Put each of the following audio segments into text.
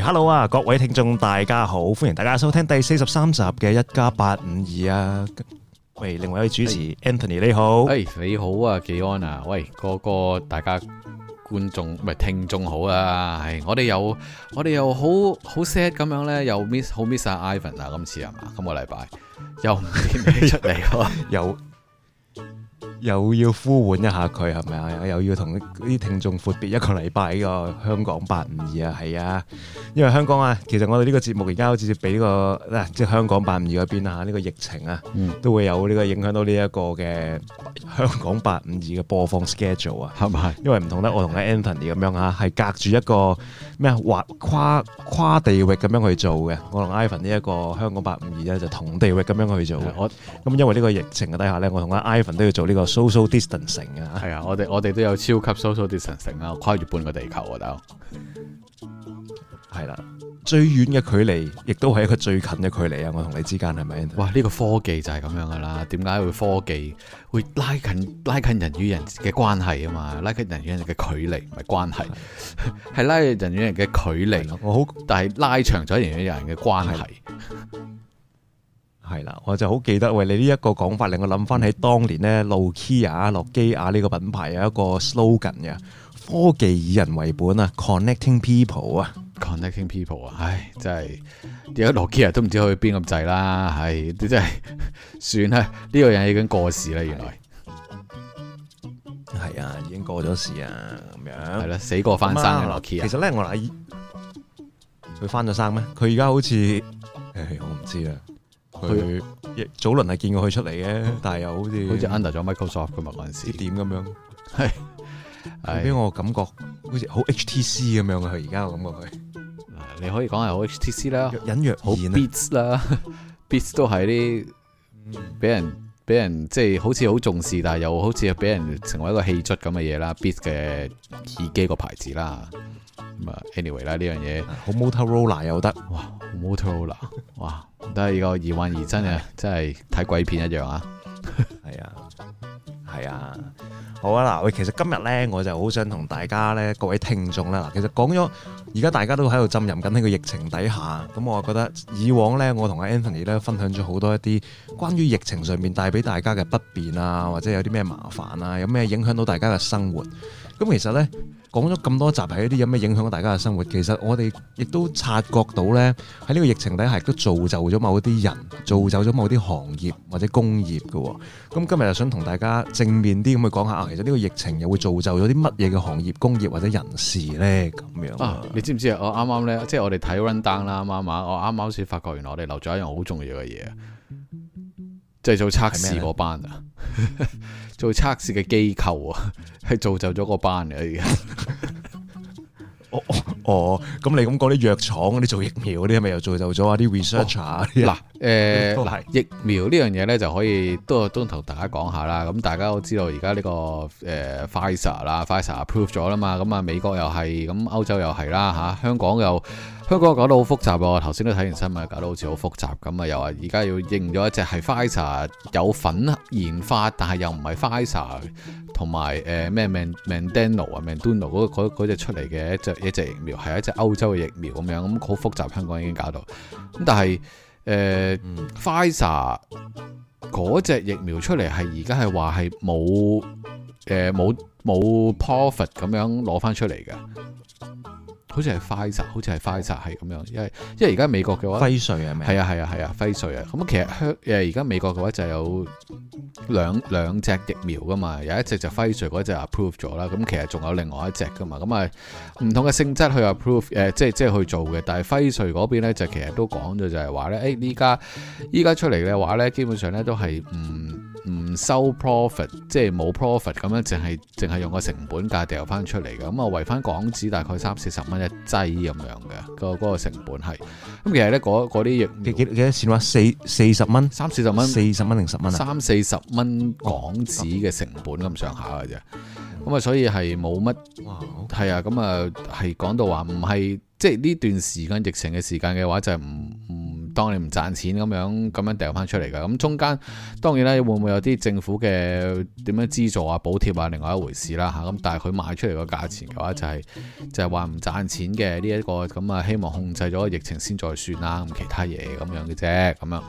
Hello 啊，各位聽眾大家好，歡迎大家收聽第四十三集嘅一家八五二啊。喂，另外一位主持 Anthony 你好，喂，你好啊，紀安啊，喂，個個大家觀眾唔係聽眾好啊。係，我哋又我哋又好好 sad 咁樣咧，又 miss 好 miss 晒 Ivan 啊，今次係嘛？今個禮拜又唔見咩出嚟咯，又。又要呼喚一下佢係咪啊？又要同啲聽眾闊別一個禮拜呢個香港八五二啊，係啊！因為香港啊，其實我哋呢個節目而家好似俾呢個，啊、即係香港八五二嗰邊啊，呢、呢個疫情啊，嗯、都會有呢個影響到呢一個嘅香港八五二嘅播放 schedule 啊，係咪吧？因為唔同咧，我同 Anthony 咁樣啊，係隔住一個咩跨跨跨地域咁樣去做嘅。我同 Ivan 呢一個香港八五二咧就是、同地域咁樣去做。的我咁、嗯、因為呢個疫情嘅底下咧，我同阿 Ivan 都要做呢、呢個。social distancing 啊，係啊，我哋我哋都有超級 social distancing 啊，跨越半個地球啊，都係啦，的最遠嘅距離，亦都係一個最近嘅距離啊，我同你之間係咪？哇，呢、這個科技就係咁樣噶啦，點解會科技會拉近拉近人與人嘅關係啊？嘛，拉近人與人嘅距離唔係關係，係的 拉近人與人嘅距離，我好，但係拉長咗人與人嘅關係。的 係啦，我就好記得喂，你呢一個講法令我諗翻起當年咧，諾基亞諾基亞呢個品牌有一個 slogan 嘅，科技以人為本啊，connecting people 啊，connecting people 啊，唉，真係而家諾 i a 都唔知去邊咁滯啦，係，真係算啦，呢個人已經過時啦，原來係啊，已經過咗時啊，咁樣係啦，死過翻生嘅諾基亞，其實咧我嗱，佢翻咗生咩？佢而家好似，我唔、欸、知啊。佢亦他早輪係見過佢出嚟嘅，但係又好似 好似 under 咗 Microsoft 噶嘛嗰陣時。點咁樣？係，俾我感覺好似好 HTC 咁樣嘅。佢而家我感覺佢，嗱你可以講係好 HTC 啦，若隱約、啊、好 Beats 啦 Beats, 都係啲俾人俾、嗯、人即係、就是、好似好重視，但係又好似俾人成為一個棄卒咁嘅嘢啦。Beats 嘅、嗯、耳機個牌子啦。咁啊，anyway 啦，呢樣嘢好 Motorola 又得，哇，Motorola，哇，都係呢個疑幻疑真啊，真係睇鬼片一樣啊，係啊。係啊，好啊，嗱，其實今日咧，我就好想同大家咧，各位聽眾啦，嗱，其實講咗，而家大家都喺度浸淫緊呢個疫情底下，咁我啊覺得以往咧，我同阿 Anthony 咧分享咗好多一啲關於疫情上面帶俾大家嘅不便啊，或者有啲咩麻煩啊，有咩影響到大家嘅生活，咁其實咧講咗咁多集係一啲有咩影響到大家嘅生活，其實我哋亦都察覺到咧，喺呢個疫情底下亦都造就咗某啲人，造就咗某啲行業或者工業嘅，哦，咁今日又想同大家正面啲咁去講下啊，其實呢個疫情又會造就咗啲乜嘢嘅行業、工業或者人事咧咁樣啊，啊？你知唔知啊？我啱啱咧，即係我哋睇 run down 啦，啱啱啊？我啱啱好似發覺原來我哋留咗一樣好重要嘅嘢啊，即係做測試嗰班啊， 做測試嘅機構啊，係造就咗嗰班嘅而家。哦咁、哦、你咁講啲藥廠嗰啲做疫苗嗰啲係咪又做就咗啲 research 啊？嗱，誒疫苗呢樣嘢咧就可以都 都同大家講下啦。咁大家都知道而家呢個誒 Pfizer 啦 Pfizer approve 咗啦嘛。咁、呃、啊美國又係，咁歐洲又係啦嚇。香港又香港講到好複雜喎。頭先都睇完新聞，搞到好似好複雜咁啊。又話而家要認咗一隻係 Pfizer 有份研發，但係又唔係 Pfizer 同埋誒咩 Moderna 啊 Moderna 嗰嗰嗰隻出嚟嘅一隻一隻疫苗係一隻歐洲嘅疫苗咁樣咁好複雜，香港已經搞到咁，但係誒，Pfizer 嗰隻疫苗出嚟係而家係話係冇誒冇冇 profit 咁樣攞返出嚟嘅。好似係 Pfizer，好似係 Pfizer，係咁樣，因為因為而家美國嘅話，輝瑞係咪？係啊係啊係啊，輝瑞啊，咁、啊、其實香誒而家美國嘅話就有兩兩隻疫苗噶嘛，有一隻就輝瑞嗰隻 approve 咗啦，咁其實仲有另外一隻噶嘛，咁啊唔同嘅性質去 approve 誒、呃，即係即係去做嘅，但係輝瑞嗰邊咧就其實都講咗就係、哎、話咧，誒依家依家出嚟嘅話咧，基本上咧都係唔。嗯唔收 profit，即係冇 profit 咁樣，淨係淨係用個成本價掉翻出嚟嘅，咁啊，圍翻港紙大概三四十蚊一劑咁樣嘅，嗰個嗰、嗰個成本係。咁其實咧，嗰啲疫幾幾多錢話四四十蚊，三四十蚊，四十蚊定十蚊啊？三四十蚊港紙嘅、哦、成本咁上下嘅啫。咁啊，所以係冇乜，係啊，咁啊，係講到話唔係，即係呢段時間疫情嘅時間嘅話，就唔、係、唔。當你唔賺錢咁樣咁樣掉翻出嚟嘅，咁中間當然啦，會唔會有啲政府嘅點樣資助啊、補貼啊，另外一回事啦嚇。咁、啊、但係佢賣出嚟個價錢嘅話就係、是、就係話唔賺錢嘅呢一個咁啊，希望控制咗疫情先再算啦，咁其他嘢咁樣嘅啫，咁樣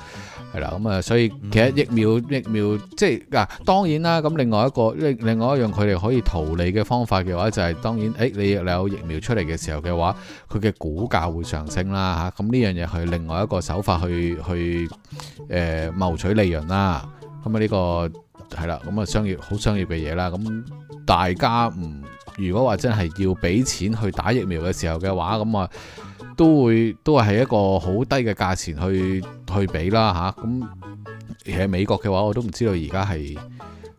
係啦。咁啊、嗯，所以其實疫苗疫苗，疫苗即係嗱、啊，當然啦。咁、嗯、另外一個另外一樣佢哋可以逃離嘅方法嘅話就係、是、當然，誒你有疫苗出嚟嘅時候嘅話，佢嘅股價會上升啦嚇。咁、啊、呢樣嘢係另外一個。手法去去、誒謀、呃、取利潤啦，咁啊呢個係啦，咁啊商業好商業嘅嘢啦，咁大家唔，如果話真係要俾錢去打疫苗嘅時候嘅話，咁啊都會都係一個好低嘅價錢去去俾啦吓，咁而喺美國嘅話，我都唔知道而家係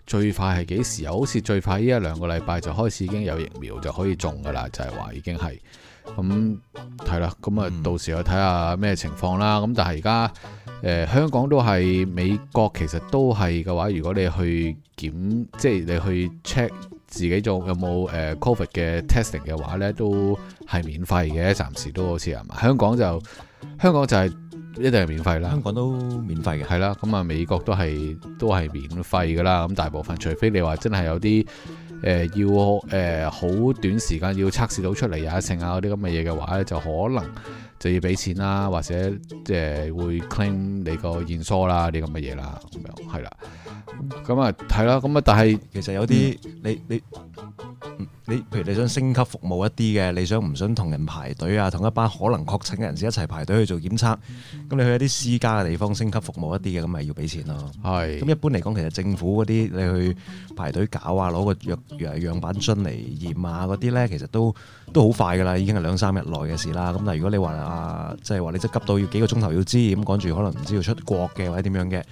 最快係幾時啊？好似最快呢一兩個禮拜就開始已經有疫苗就可以種噶啦，就係、是、話已經係。咁係啦，咁啊、嗯嗯、到時去睇下咩情況啦。咁但係而家誒香港都係美國，其實都係嘅話，如果你去檢，即係你去 check 自己做有冇誒、呃、COVID 嘅 testing 嘅話呢，都係免費嘅，暫時都好似係嘛。香港就香港就係、是、一定係免費啦。香港都免費嘅，係啦。咁、嗯、啊美國都係都係免費嘅啦。咁大部分，除非你話真係有啲。誒，要誒好短時間要測試到出嚟有剩啊，嗰啲咁嘅嘢嘅話咧，就可能就要俾錢啦，或者即係會 claim 你個驗疏啦啲咁嘅嘢啦，咁樣係啦。咁啊係啦，咁啊但係其實有啲你你。你你譬如你想升級服務一啲嘅，你想唔想同人排隊啊？同一班可能確診嘅人士一齊排隊去做檢測？咁你去一啲私家嘅地方升級服務一啲嘅，咁咪要俾錢咯。係是。咁一般嚟講，其實政府嗰啲你去排隊搞啊，攞個藥誒樣板樽嚟驗啊嗰啲咧，其實都都好快㗎喇，已經係兩三日內嘅事啦。咁但係如果你話啊，即係話你即係急到要幾個鐘頭要知，咁趕住可能唔知要出國嘅或者點樣嘅。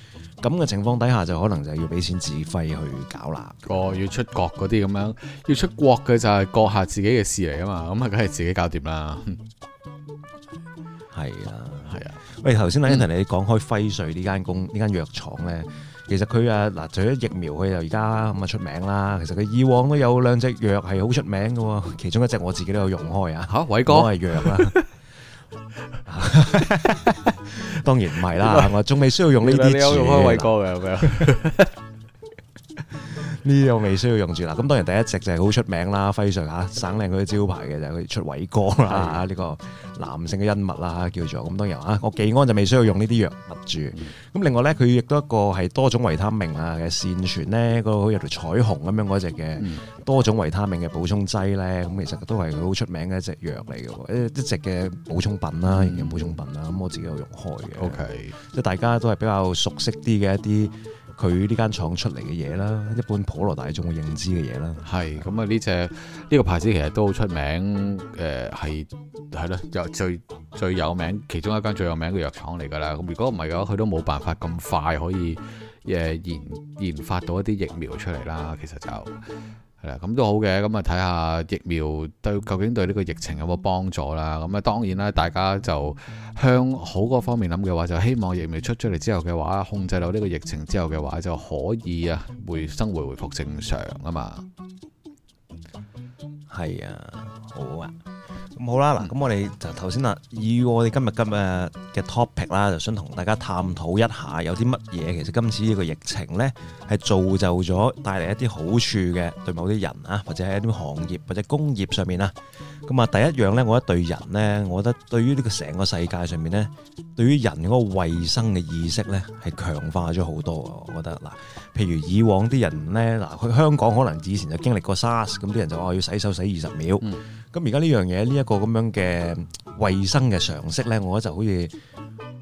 咁嘅情況底下就可能就係要俾錢指揮去搞啦。哦，要出國嗰啲咁樣，要出國嘅就係閣下自己嘅事嚟啊嘛，咁啊梗係自己搞掂啦。係 啊，係啊。喂，頭先阿 e 同你講開輝瑞呢間工呢間藥廠咧，其實佢啊，嗱，除咗疫苗佢又而家咁啊出名啦。其實佢以往都有兩隻藥係好出名嘅喎，其中一隻我自己都有用開啊。嚇，偉哥係藥啊。 當然唔係啦，我仲未需要用呢啲嘢。呢個未需要用住嗱，咁當然第一隻就係好出名啦，輝瑞吓省靚嗰啲招牌嘅就係佢出偉哥啦嚇，呢的個男性嘅恩物啦，叫做咁當然嚇。我記安就未需要用呢啲藥物住，咁、嗯、另外咧佢亦都一個係多種維他命啊嘅善存咧，嗰個好似有條彩虹咁樣嗰隻嘅多種維他命嘅補充劑咧，咁、嗯、其實都係好出名嘅一隻藥嚟嘅，一隻嘅補充品啦，營養補充品啦，咁、嗯、我自己有用開嘅。O Okay . K，即係大家都係比較熟悉啲嘅一啲。佢呢間廠出嚟嘅嘢啦，一般普羅大眾會認知嘅嘢啦，係咁啊！呢隻呢個牌子其實都好出名，誒係係喇，又最最有名其中一間最有名嘅藥廠嚟㗎啦。咁如果唔係嘅話，佢都冇辦法咁快可以誒、呃、研研發到一啲疫苗出嚟啦。其實就～咁都好嘅，咁啊睇下疫苗對究竟對呢個疫情有冇幫助啦。咁啊當然啦，大家就向好嗰方面諗嘅話，就希望疫苗出咗嚟之後嘅話，控制到呢個疫情之後嘅話，就可以啊，回生活回復正常啊嘛。係啊，好啊。咁好啦，嗱，咁我哋就頭先啦，以我哋今日今日嘅 topic 啦，就想同大家探討一下有，有啲乜嘢其實今次呢個疫情咧，係造就咗帶嚟一啲好處嘅，對某啲人啊，或者係一啲行業或者工業上面啊，咁啊，第一樣咧，我覺得對人咧，我覺得對於呢個成個世界上面咧，對於人嗰個衛生嘅意識咧，係強化咗好多啊，我覺得嗱，譬如以往啲人咧，嗱去香港可能以前就經歷過沙士，咁啲人就話我要洗手洗二十秒。嗯咁而家呢樣嘢，呢、這、一個咁樣嘅衞生嘅常識咧，我覺得就好似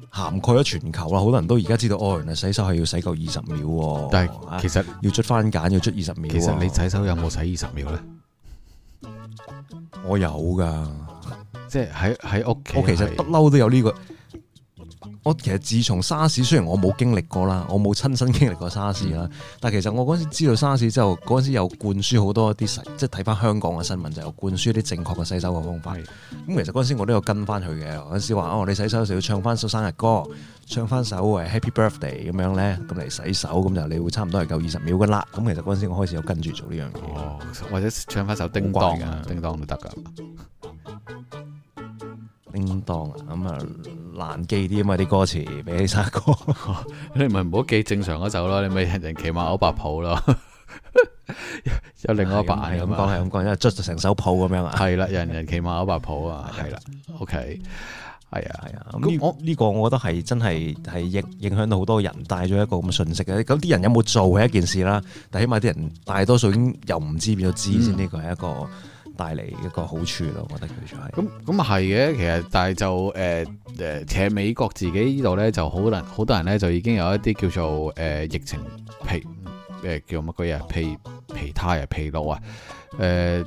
涵蓋咗全球啦。好多人都而家知道，哦，原來洗手係要洗夠二十秒喎。但係其實、啊、要捽番梘要捽二十秒。其實你洗手有冇洗二十秒咧？我有㗎，即係喺喺屋企，我其實不嬲都有呢、這個。我其實自從沙士，雖然我冇經歷過啦，我冇親身經歷過沙士啦，但其實我嗰陣時知道沙士之後，嗰陣時又灌輸好多一啲洗，即係睇翻香港嘅新聞就係、有灌輸啲正確嘅洗手嘅方法。咁是、嗯、其實嗰陣時我都有跟翻佢嘅，嗰陣時話啊、哦，你洗手時候要唱翻首生日歌，唱翻首 Happy Birthday 咁樣咧，咁嚟洗手，咁就你會差唔多係夠二十秒嘅啦。咁、嗯、其實嗰陣時我開始有跟住做呢樣嘢，或者唱翻首叮噹、啊，叮噹都得噶。叮噹啊，咁、嗯、啊。難記啲啊嘛，啲歌詞俾你首歌， 你咪唔好記正常嗰首咯，你咪人人騎馬攞白袍咯， 有另外一個白係咁講係咁講，因為捽成手抱咁樣啊。係啦，人人騎馬攞白袍啊，係 啦，OK，係啊，係 啊樣。咁我呢個我覺得係真係係影影響到好多人，帶咗一個咁嘅信息嘅。咁啲人有冇做係一件事啦？但起碼啲人大多數已經又唔知變咗知先，呢個係一個。帶嚟一個好處咯，我覺得叫做係咁咁啊，係嘅、嗯嗯。其實但係就誒誒，其、呃、實、呃、美國自己呢度咧，就好難，好多人咧就已經有一啲叫做誒、呃、疫情疲誒、呃、叫乜鬼嘢疲疲態啊、疲勞啊，誒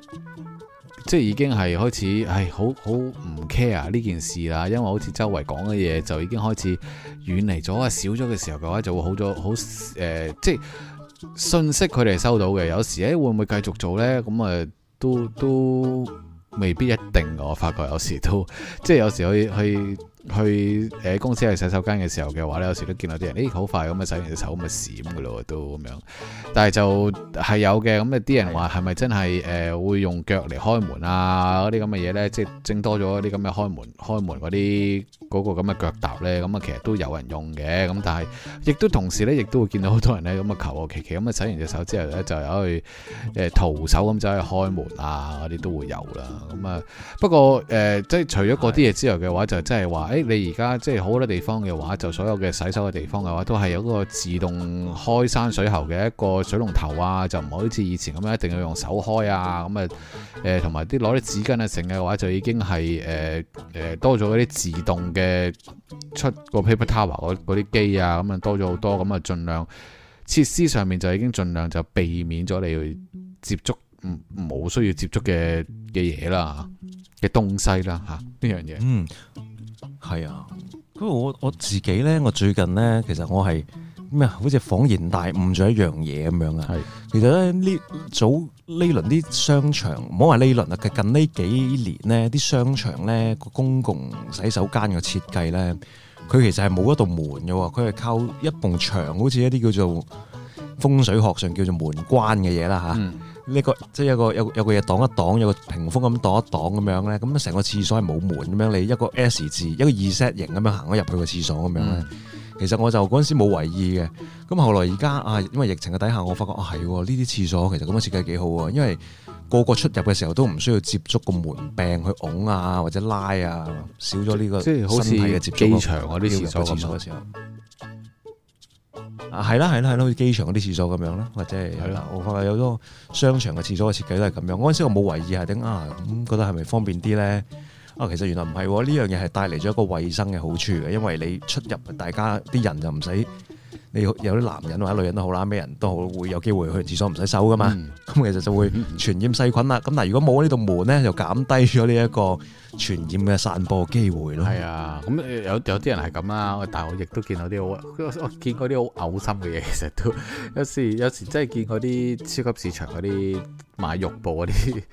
即係已經係開始係好好唔 care 呢件事啦。因為好似周圍講嘅嘢就已經開始遠離咗啊，少咗嘅時候嘅話就會好咗好誒、呃，即係信息佢哋收到嘅有時誒、欸、會唔會繼續做咧？咁啊～、呃都都未必一定，我發覺有時都即係有時可以去。去誒公司喺洗手間嘅時候嘅話咧，有時都見到啲人，哎好快咁啊！洗完隻手咪閃㗎咯，都咁樣。但係就係有嘅，咁誒啲人話係咪真係誒、呃、會用腳嚟開門啊？嗰啲咁嘅嘢咧，即係整多咗啲咁嘅開門、開門嗰啲嗰個咁嘅腳踏咧，咁啊其實都有人用嘅。咁但係亦都同時咧，亦都會見到好多人咧咁啊，求求其其咁啊洗完隻手之後咧就去誒徒手咁走去開門啊嗰啲都會有啦。咁啊不過誒、呃、即係除咗嗰啲嘢之外嘅話，的就真係話。誒、哎，你而家即係好多地方嘅話，就所有嘅洗手嘅地方嘅話，都係有個自動開山水喉嘅一個水龍頭啊，就唔好似以前咁樣一定要用手開啊。咁啊，誒同埋啲攞啲紙巾啊，成嘅話就已經係誒誒多咗嗰啲自動嘅出個 paper towel 嗰啲機啊，咁啊多咗好多咁啊、嗯嗯，盡量設施上面就已經盡量就避免咗你去接觸冇需要接觸嘅嘅嘢啦，嘅東西啦，嚇呢樣嘢。啊、嗯。係啊，不過我我自己咧，我最近咧，其實我係咩，好似恍然大悟咗一樣嘢咁樣啊。係是，其實咧呢早呢輪啲商場，唔好話呢輪啊，近呢幾年呢啲商場咧個公共洗手間嘅設計咧，佢其實係冇一道門嘅，佢係靠一埲牆，好似一啲叫做風水學上叫做門關嘅嘢啦吓。嗯呢、這個即係、就是、有個有有個嘢擋一擋，有個屏風咁擋一擋咁樣咧，咁成個廁所係冇門咁樣，你一個 S 字一個 S 型咁樣行咗入去個廁所咁樣咧。嗯、其實我就嗰陣時冇為意嘅，咁後來而家啊，因為疫情嘅底下，我發覺啊係呢啲廁所其實咁嘅設計幾好喎，因為個個出入嘅時候都唔需要接觸個門柄去拱啊或者拉啊，少咗呢個身體接、那個、即係好似機場嗰啲廁所嘅廁所。啊，係啦，係啦，係啦，好似機場嗰啲廁所咁樣啦，或者係，係啦的，我發覺有好多商場嘅廁所嘅設計都係咁樣。嗰陣時我冇懷疑係點啊，咁、嗯、覺得係咪方便啲咧？啊，其實原來唔係，呢樣嘢係帶嚟咗一個衞生嘅好處嘅，因為你出入大家啲人就唔使。你有啲男人或者女人都好啦，咩人都好，會有機會去廁所唔洗手㗎嘛，咁、嗯、其實就會傳染細菌啦。咁、嗯、但係如果冇呢度門咧，就減低咗呢一個傳染嘅散播機會咯。係啊，咁有有啲人係咁啊。但係我亦都見到啲好，我見嗰啲好嘔心嘅嘢，其實都有時有時真係見嗰啲超級市場嗰啲。賣肉部嗰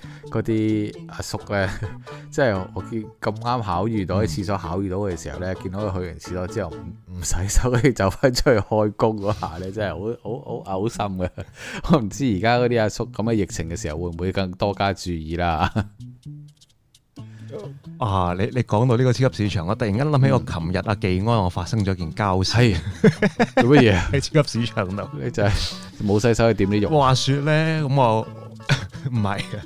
啲啲阿叔咧，即 係我見咁啱巧遇到喺廁所、嗯、巧遇到嘅時候咧，見到佢去完廁所之後唔洗手去走翻出去開工嗰下咧，真係好好好嘔心嘅。 我唔知而家嗰啲阿叔咁嘅疫情嘅時候會唔會更多加注意啦？啊，你你講到呢個超級市場，我突然間諗起我琴日阿紀安，我發生咗件交事，做乜嘢喺超級市場度？ 你就係冇洗手去點啲肉。話說咧，咁我。唔係啊！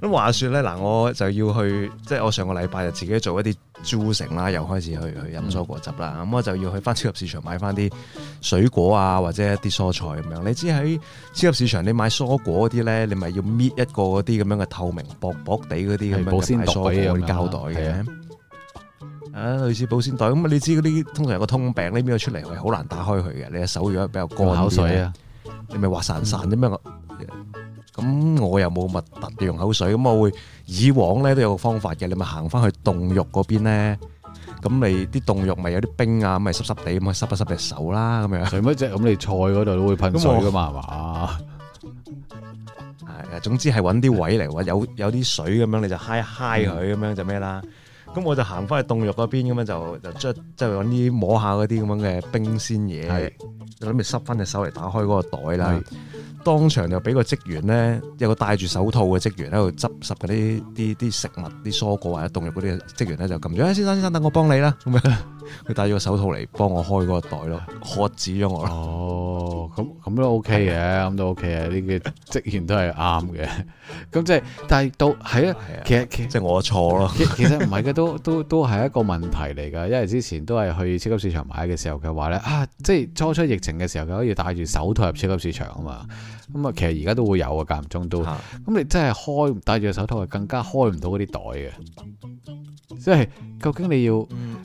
咁 話說咧，嗱，我就要去，即、就、係、是、我上個禮拜就自己做一啲 juicing 啦，又開始去去飲蔬果汁啦。咁、嗯、我就要去翻超級市場買翻啲水果啊，或者一啲蔬菜咁樣。你知喺超級市場你買蔬果嗰啲咧，你咪要搣一個嗰啲咁樣嘅透明薄薄地嗰啲咁樣嘅保鮮袋嘅膠袋嘅，啊的，類似保鮮袋。咁你知嗰啲通常有個通病咧，邊個出嚟係好難打開佢嘅。你嘅手如果比較乾，口水啊，你咪滑潺潺咁樣。咁我又冇乜特別用口水，咁我會以往咧都有個方法嘅，你咪行翻去凍肉嗰邊咧，咁你啲凍肉咪有啲冰啊，咁咪濕濕地咁去濕一濕隻手啦，咁樣。除咗只咁，你菜嗰度都會噴水㗎嘛，係嘛？係，總之係揾啲位嚟揾，有有啲水咁樣，你就揩揩佢，咁樣就咩啦？咁我就行翻去凍肉嗰邊，咁樣就就即即揾啲摸下嗰啲咁樣嘅冰鮮嘢，就諗住濕翻隻手嚟打開嗰個袋啦。當場就俾個職員咧，有個戴住手套嘅職員喺度執拾嗰啲啲啲食物、啲蔬果或者凍肉嗰啲職員咧就撳住、哎，先生先生，等我幫你啦咁樣，佢戴住個手套嚟幫我開嗰個袋咯，喝止咗我哦，咁咁都 OK 嘅，咁都 OK 啊！呢啲嗎職員都係啱嘅。咁即係，但係到係啊，啊其實即係實我錯咯。 其實唔係嘅，都都都係一個問題嚟㗎。因為之前都係去超級市場買嘅時候，佢話咧啊，即係初出疫情嘅時候，佢可以戴住手套入超級市場啊嘛。咁啊，其實而家都會有都啊，間唔中都。咁你真係開戴住隻手套，更加開唔到嗰啲袋嘅。即係究竟你要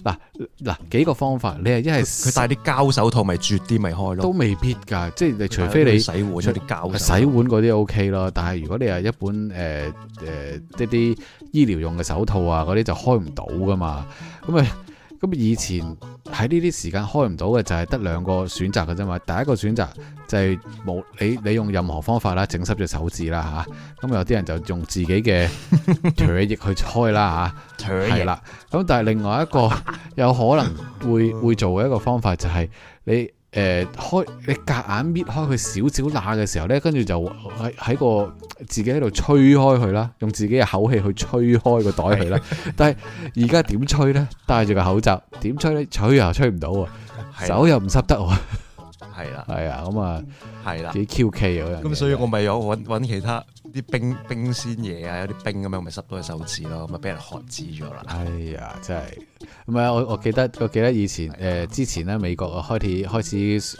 嗱嗱幾個方法？你係一係佢戴啲膠手套，咪絕啲咪開咯。都未必㗎，即係除非你洗碗出啲膠。洗碗嗰啲 OK 咯，但係如果你係一本誒誒一啲醫療用嘅手套啊，嗰啲就開唔到㗎嘛。咁啊～咁以前喺呢啲時間開唔到嘅就係得兩個選擇嘅啫嘛，第一個選擇就係冇你你用任何方法啦，整濕隻手指啦吓，咁、啊、有啲人就用自己嘅唾液去開啦吓，係、啊、啦，咁唾液但係另外一個有可能會 會做嘅一個方法就係你。誒、呃、開，你隔硬搣開佢少少罅嘅時候咧，跟住就喺喺個自己喺度吹開佢啦，用自己嘅口氣去吹開個袋佢啦。 但係而家點吹咧？戴住個口罩點吹咧？吹又、啊、吹唔到喎，手又唔濕得喎。係啦的，係啊， 咁啊，係啦的，幾 Q K！咁所以我咪有揾揾其他。啲冰冰鮮嘢啊，有啲冰咁樣，咪濕到隻手指咯，咪俾人喝止咗啦。哎呀，真係唔係啊！我我記得，我記得以前誒的、呃、之前咧，美國開始開始誒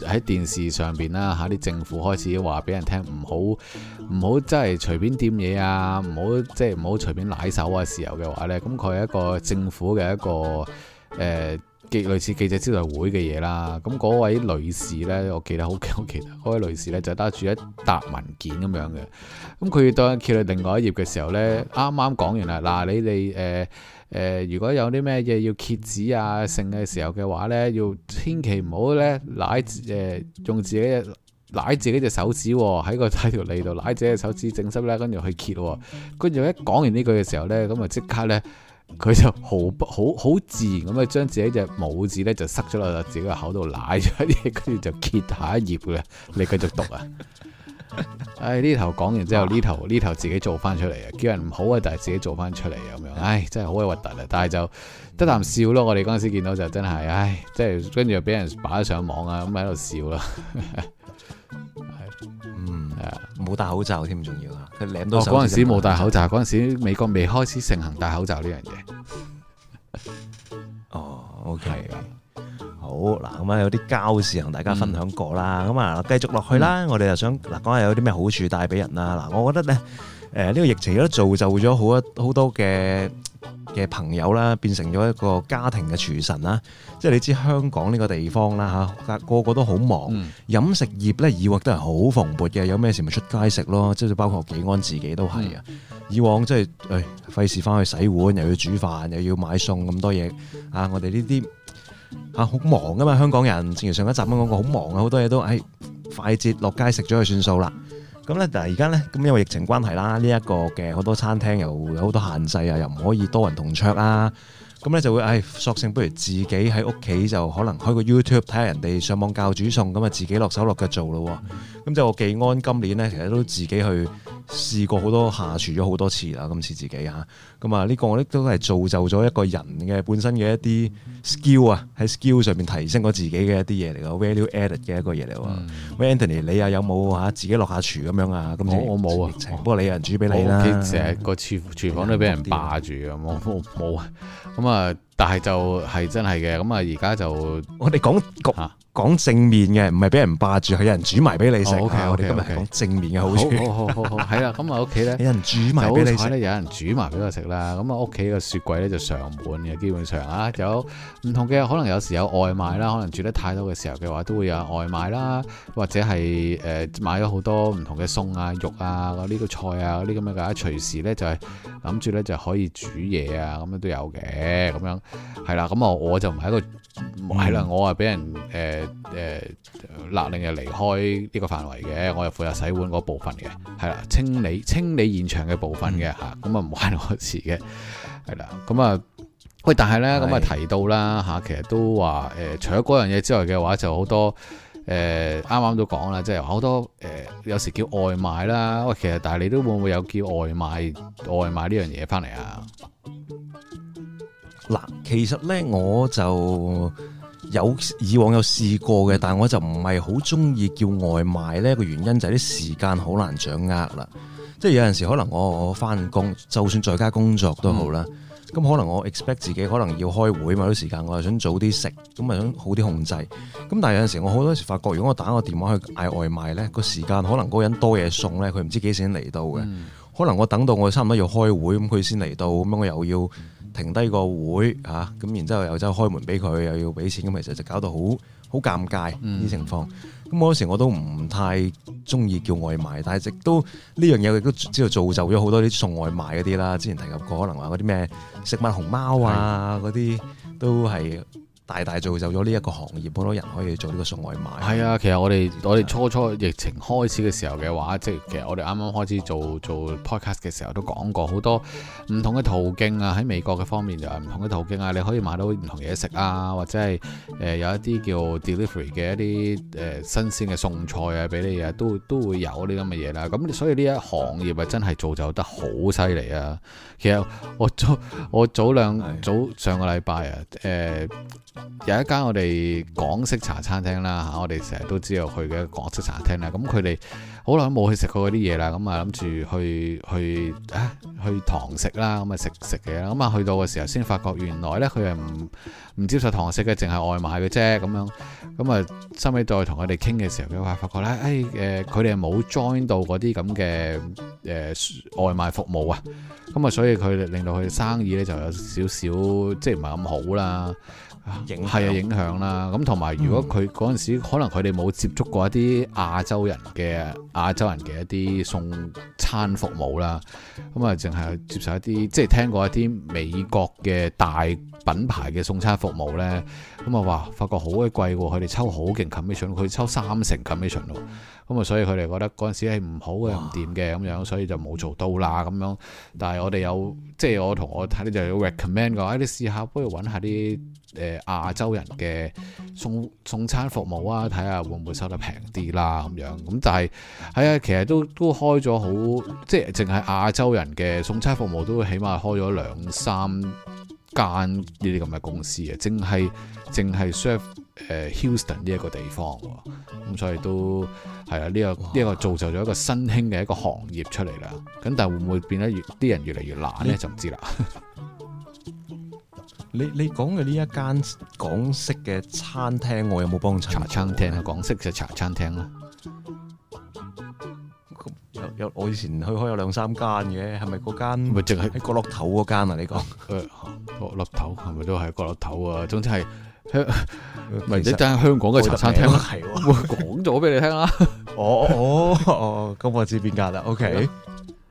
喺、呃、電視上邊啦嚇，啲、啊、政府開始話俾人聽，唔好唔好真係隨便掂嘢啊，唔好即係唔好隨便攋手啊，時候嘅話咧，咁佢係一個政府嘅一個誒。呃極類似記者招待會嘅嘢啦，咁、那、嗰、個、位女士呢，我記得好記，我記得嗰位、那個、女士呢，就揸住一沓文件咁樣嘅，咁佢當揭到另外一頁嘅時候呢，啱啱講完啦，嗱、啊、你哋誒誒，如果有啲咩嘢要揭紙啊剩嘅時候嘅話呢，要千祈唔好呢，舐誒用自己舐自己隻手指喺、哦、個喺條脷度舐自己隻手指整濕呢，跟住去揭、哦，跟住一講完呢句嘅時候呢，咁啊即刻呢。佢就毫不好好自然咁啊，將自己隻拇指咧就塞咗落自己個口度，舐咗啲，跟住就揭下一頁嘅，你繼續讀啊！唉、 哎，呢頭講完之後，呢頭呢頭自己做翻出嚟啊，叫人唔好啊，但係自己做翻出嚟咁樣，唉、哎，真係好鬼核突啊！但係就得啖笑咯，我哋嗰陣時見到就真係，唉、哎，即係跟住又俾人擺咗上網啊，咁喺度笑啦，係，嗯，係啊，冇戴口罩添，仲要哦，嗰陣時冇戴口罩，嗰陣時美國未開始盛行戴口罩呢樣嘢。哦，OK，好嗱，咁啊有啲交事同大家分享過啦，咁啊繼續落去啦，我哋又想嗱講下有啲咩好處帶俾人啦。嗱，我覺得咧，誒呢個疫情都造就咗好一好多嘅，嘅朋友啦，變成咗一個家庭嘅廚神啦。即係你知香港呢個地方啦嚇、啊，個個都好忙。嗯、飲食業咧，以往都係好蓬勃嘅。有咩事咪出街食咯。即係包括幾安自己都係啊。嗯、以往即係誒，費事返去洗碗，又要煮飯，又要買餸咁多嘢啊。我哋呢啲啊，好忙噶嘛。香港人正如上一集咁講過，好忙啊，好多嘢都誒、哎，快捷落街食咗就算數啦。咁咧，但係而家咧，咁因為疫情關係啦，呢一個嘅好多餐廳又有好多限制啊，又唔可以多人同桌啦。咁咧就會，唉，索性不如自己喺屋企就可能開個 YouTube 睇下人哋上網教煮餸，咁啊自己落手落腳做咯。咁、嗯、就我記安今年咧，其實都自己去試過好多下廚咗好多次啦。今次自己嚇，咁啊呢、這個我都係造就咗一個人嘅本身嘅一啲 skill sk、嗯、啊，喺 skill 上面提升咗自己嘅一啲嘢嚟嘅 value added 嘅一個嘢嚟喎。Anthony，你啊有冇嚇自己落下廚咁樣啊？我我冇啊，不過你有人煮俾你啦、啊。我屋企個廚房都俾人霸住咁。我冇啊。嗯嗯嗯嗯嗯咁、嗯嗯、啊！但係就係真係嘅，咁啊而家就我哋講局。講正面嘅，唔係俾人霸住，係有人煮埋俾你食。OK，我哋今日講正面嘅好處。好好好好，係啦，咁啊屋企咧，有人煮埋俾你食咧，有人煮埋俾我食啦。咁啊屋企個雪櫃咧就常滿嘅，基本上啊，有唔同嘅，可能有時有外賣啦，可能煮得太多嘅時候嘅話，都會有外賣啦，或者係誒、呃、買咗好多唔同嘅餸啊、肉啊、呢個菜啊、嗰啲咁樣嘅，隨時咧就係諗住咧就可以煮嘢啊，咁樣都有嘅，咁樣係啦。咁啊我就唔係一個。係啦、嗯，我啊俾人誒誒勒令就離開呢個範圍嘅，我又負責洗碗嗰部分嘅，係啦，清理清理現場嘅部分嘅吓，咁、嗯、啊唔係我事嘅，係啦，咁啊喂，但係咧咁啊提到啦吓、啊，其實都話誒、呃，除咗嗰樣嘢之外嘅話，就好多誒啱啱都講啦，即係好多誒、呃、有時叫外賣啦，喂，其實但係你都會唔會有叫外賣外賣呢樣嘢翻嚟啊？嗱，其實咧我就有以往有試過嘅，但係我就唔係好中意叫外賣呢，個原因就係啲時間好難掌握啦。即係有陣時可能我我翻工，就算在家工作都好啦。咁、嗯、可能我 expect 自己可能要開會嘛，啲時間我又想早啲食，咁啊想好啲控制。咁但係有陣時我好多時發覺，如果我打個電話去嗌外賣呢，個時間可能嗰個人多嘢送呢，佢唔知幾時先嚟到嘅。嗯、可能我等到我差唔多要開會咁，佢先嚟到，咁樣我又要。停低個會嚇，咁、啊、然之後又真係開門俾佢，又要俾錢，咁其實就搞到好好尷尬呢、嗯、情況。咁嗰時我都唔太中意叫外賣，但係直都呢樣嘢亦都知道造就咗好多啲送外賣嗰啲啦。之前提及過，可能話嗰啲咩食物熊貓啊嗰啲的都係。大大造就咗呢一個行業，好多人可以做呢個送外賣。係啊，其實我哋我哋初初疫情開始嘅時候嘅話，即係其實我哋啱啱開始做做 podcast 嘅時候都講過好多唔同嘅途徑啊，喺美國嘅方面就係唔同嘅途徑啊，你可以買到唔同嘢食啊，或者係誒有一啲叫 delivery 嘅一啲誒新鮮嘅送菜啊，俾你啊，都都會有呢咁嘅嘢啦。咁所以呢一行業啊，真係造就得好犀利啊！其實我早我早兩早上個禮拜啊，誒。有一間我哋港式茶餐廳啦，吓我哋成日都知道去嘅港式茶餐廳啦。咁佢哋好耐冇去食過嗰啲嘢啦。咁啊，諗住去去啊去堂食啦，咁啊食食嘅。咁啊，去，去到嘅時候先發覺原來呢佢係唔唔接受堂食嘅，淨係外賣嘅啫。咁樣咁啊，收尾再同佢哋傾嘅時候，佢話發覺呢：哎「誒、呃、誒，佢哋冇 join 到嗰啲咁嘅誒外賣服務啊。咁啊，所以佢令到佢哋生意呢就有少少即係唔係咁好啦。係啊，影響啦。咁同埋，如果佢嗰陣時可能佢哋冇接觸過一啲亞洲人嘅亞洲人嘅一啲送餐服務啦，咁啊，淨係接受一啲即係聽過一啲美國嘅大品牌嘅送餐服務呢。咁啊話發覺好鬼貴喎，佢哋抽好勁 commission，佢抽三成 commission。咁啊，所以佢哋覺得嗰陣時係唔好嘅，唔掂嘅咁樣，所以就冇做到啦咁樣。但係我哋有，即係我同我睇咧就要 recommend 個，你試下不如揾下啲誒、呃、亞洲人嘅送送餐服務啊，睇下會唔會收得平啲啦咁樣。咁但係係啊，其實都都開咗好，即係淨係亞洲人嘅送餐服務都起碼開咗兩三間呢啲咁嘅公司啊，淨係淨係 serve 誒 Houston 呢一個地方喎，咁所以都係啊，呢個呢個造就咗一個新興嘅一個行業出嚟啦。咁但係會唔會變得越啲人越嚟越難咧？就唔知啦。你你講嘅呢一間港式嘅餐廳，我有冇幫襯茶餐廳啊？港式就茶餐廳咯。有有，我以前去開有兩三間嘅，係咪嗰間？咪淨係喺角落頭嗰間啊？你講？誒，角落頭係咪都係角落頭啊？總之係。香唔係你睇香港嘅茶餐廳係，我講咗俾你聽啦。哦哦哦，咁我知邊間啦。OK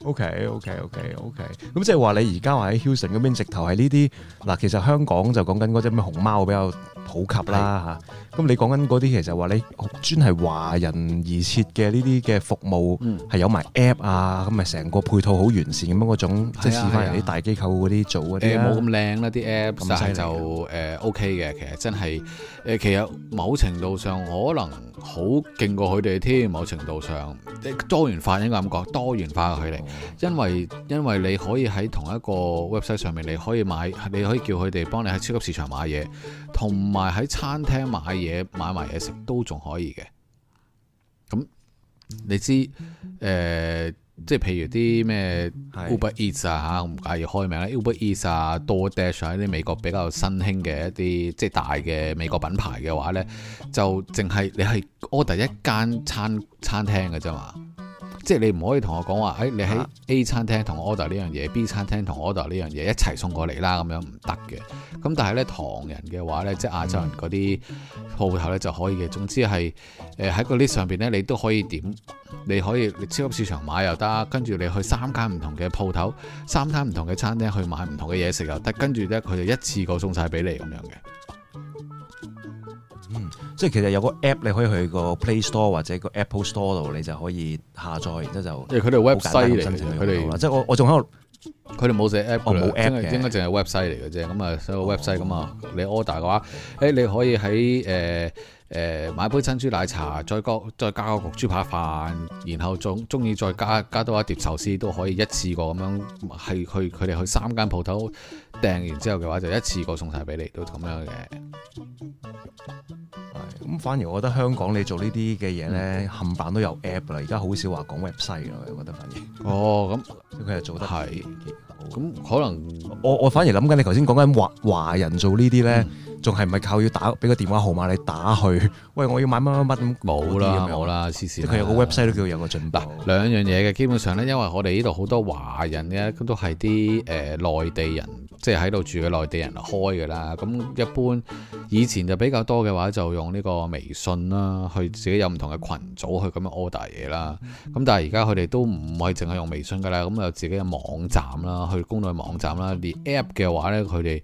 OK OK OK OK，咁即係話你而家話喺 Hilton 嗰邊直頭係呢啲。嗱，其實香港就講緊嗰隻咩熊貓比較普及啦嚇，咁你講緊嗰啲其實話你專係華人而設嘅呢啲嘅服務，係有埋 App 啊，咁咪成個配套好完善咁樣嗰種，即係似翻人哋大機構嗰啲做嗰啲啦。冇咁靚啦啲 App，但係就誒 OK 嘅，其實真係誒，其實某程度上可能好勁過佢哋添。某程度上多元化應該咁講，多元化嘅佢哋，因為因為你可以喺同一個 website 上面，你可以買，你可以叫佢哋幫你喺超級市場買嘢，同埋，喺餐廳買嘢，買埋嘢食都仲可以嘅。咁你知誒、呃，即係譬如啲咩 Uber Eats 的啊嚇，我唔介意開名啦。的 Uber Eats 啊，DoorDash 啊，啲美國比較新興嘅一啲即係大嘅美國品牌嘅話咧，的就淨係你係 order 一間餐餐廳嘅啫嘛。即係你唔可以同我講話，誒、哎、你喺 A 餐廳同 order 呢樣嘢，B 餐廳同 order 呢樣嘢，一齊送過嚟啦，咁樣唔得嘅。咁但係咧，唐人嘅話咧，即係亞洲人嗰啲鋪頭咧就可以嘅。總之係誒喺個 list 上邊咧，你都可以點，你可以你超級市場買又得，跟住你去三間唔同嘅鋪頭，三間唔同嘅餐廳去買唔同嘅嘢食又得，跟住咧佢就一次過送晒俾你咁樣嘅。即係其實有個 app 你可以去個 Play Store 或者個 Apple Store 度，你就可以下載，然之後就即係佢哋 website 佢哋即係我我仲喺度，佢哋冇寫 app，冇 app 嘅，應該淨係 website 嚟嘅啫。咁啊的，喺個 website 咁啊，你 order 嘅話，誒、哦欸、你可以喺誒誒買杯珍珠奶茶，再加再加個焗豬扒飯，然後仲中意再加加多一碟壽司都可以一次過咁樣係去佢哋去三間鋪頭。訂完之後嘅話，就一次過送晒俾你，都咁樣嘅。咁，反而我覺得香港你做呢啲嘅嘢咧，冚唪唥、okay。都有 app 啦。而家好少話講 website 啊，我覺得反而。哦，咁佢又做得係。咁可能我我反而諗緊，你頭先講緊華華人做呢啲咧，仲係咪靠要打俾個電話號碼你打去？喂，我要買乜乜乜咁。冇啦，冇啦，試試。佢有個 website 都叫有個準備。兩樣嘢嘅，基本上咧，因為我哋呢度好多華人咧，都係啲誒內地人。即係喺度住嘅內地人開㗎啦，咁一般以前就比較多嘅話，就用呢個微信啦，去自己有唔同嘅群組去咁樣 order 嘢啦。咁但係而家佢哋都唔係淨係用微信㗎啦，咁有自己嘅網站啦，去公眾嘅網站啦，連 app 嘅話呢，佢哋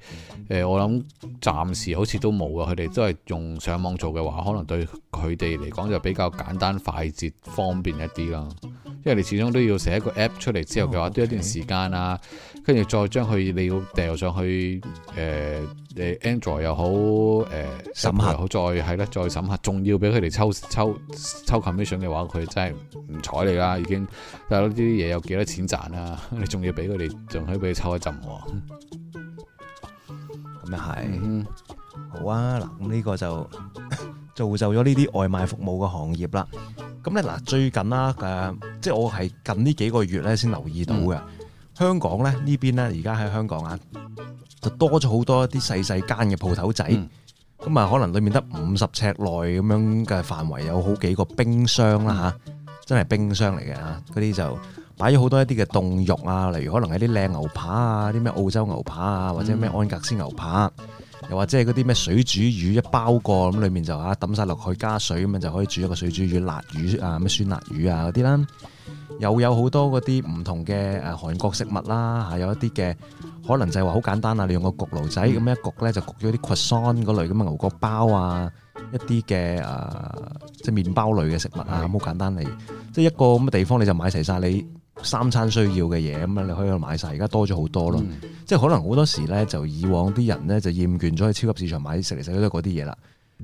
誒我諗暫時好似都冇㗎。佢哋都係用上網做嘅話，可能對佢哋嚟講就比較簡單、快捷、方便一啲啦。因為你始終都要寫一個 app 出嚟之後嘅話，oh, okay. 都要一段時間啦。跟住再將佢你要掉上去，誒、呃、誒 Android 又好，誒、呃、審核好，再係咧再審核，仲要俾佢哋抽抽抽 commission 嘅話，佢真係唔睬你啦，已經。但係呢啲嘢有幾多錢賺啊？你仲要俾佢哋，仲可以俾佢抽一陣。哦，咁又係。嗯、好啊，嗱，咁呢個就造 就咗呢啲外賣服務嘅行業啦。咁咧嗱，最近啦，誒、呃，即係我係近呢幾個月咧先留意到嘅。嗯香港咧呢邊咧，而家喺香港啊，就多咗好多一啲細細間嘅鋪頭仔，咁啊、嗯、可能裏面得五十尺內咁樣嘅範圍有好幾個冰箱啦吓，嗯、真係冰箱嚟嘅啊！嗰啲就擺咗好多一啲嘅凍肉啊，例如可能係啲靚牛扒啊，啲咩澳洲牛扒啊，或者咩安格斯牛扒。嗯嗯又或者係嗰啲咩水煮魚一包過咁，裏面就嚇抌曬落去加水咁就可以煮一個水煮魚、辣魚啊、咩酸辣魚啊嗰啲啦。又有好多嗰啲唔同嘅誒韓國食物啦嚇、啊，有一啲嘅可能就係話好簡單啊，你用個焗爐仔咁、嗯、一焗咧就焗咗啲 croissant 嗰類咁嘅牛角包啊，一啲嘅誒即係麵包類嘅食物、嗯、啊，好簡單嚟。即係一個咁嘅地方你就買齊晒你三餐需要嘅嘢，咁啊你可以喺度買晒，而家多咗好多咯。嗯、即係可能好多時咧，就以往啲人咧就厭倦咗去超級市場買食嚟食去都係嗰啲嘢啦。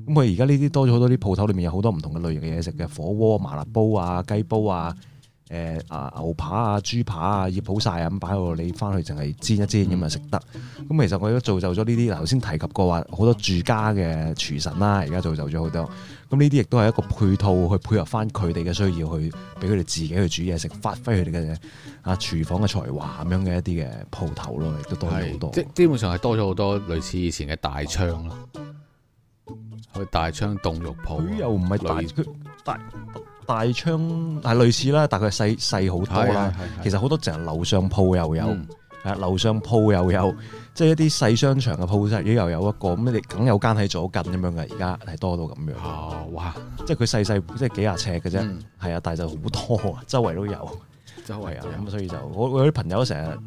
咁佢而家呢啲多咗好多啲鋪頭裏面有好多唔同嘅類型嘅嘢食嘅，火鍋、麻辣煲啊、雞煲啊、誒、呃、啊牛扒啊、豬扒啊，醃好晒啊咁擺喺度，你翻去淨係煎一煎咁啊食得。咁、嗯、其實我而家造就咗呢啲，頭先提及過話好多住家嘅廚神啦，而家造就咗好多。咁呢啲亦都係一個配套，去配合翻佢哋嘅需要，去俾佢哋自己去煮嘢食，發揮佢哋嘅啊廚房嘅才華，咁樣嘅一啲嘅鋪頭咯，亦都多咗好多。即基本上係多咗好多類似以前嘅大昌咯，去哇大昌凍肉鋪，佢又唔係大類大大昌，係類似啦，但係佢係細細好多啦。其實好多淨係樓上鋪又有。嗯啊！樓上鋪又有，即係一啲細商場嘅鋪，即係又有一個咁，你哋梗有間喺左近咁樣嘅，而家係多到咁樣。啊、哦！哇！即係佢細細，即係幾廿尺嘅啫，係啊、嗯，但係就好多，周圍都有。周圍啊，咁、嗯、所以就我我啲朋友成日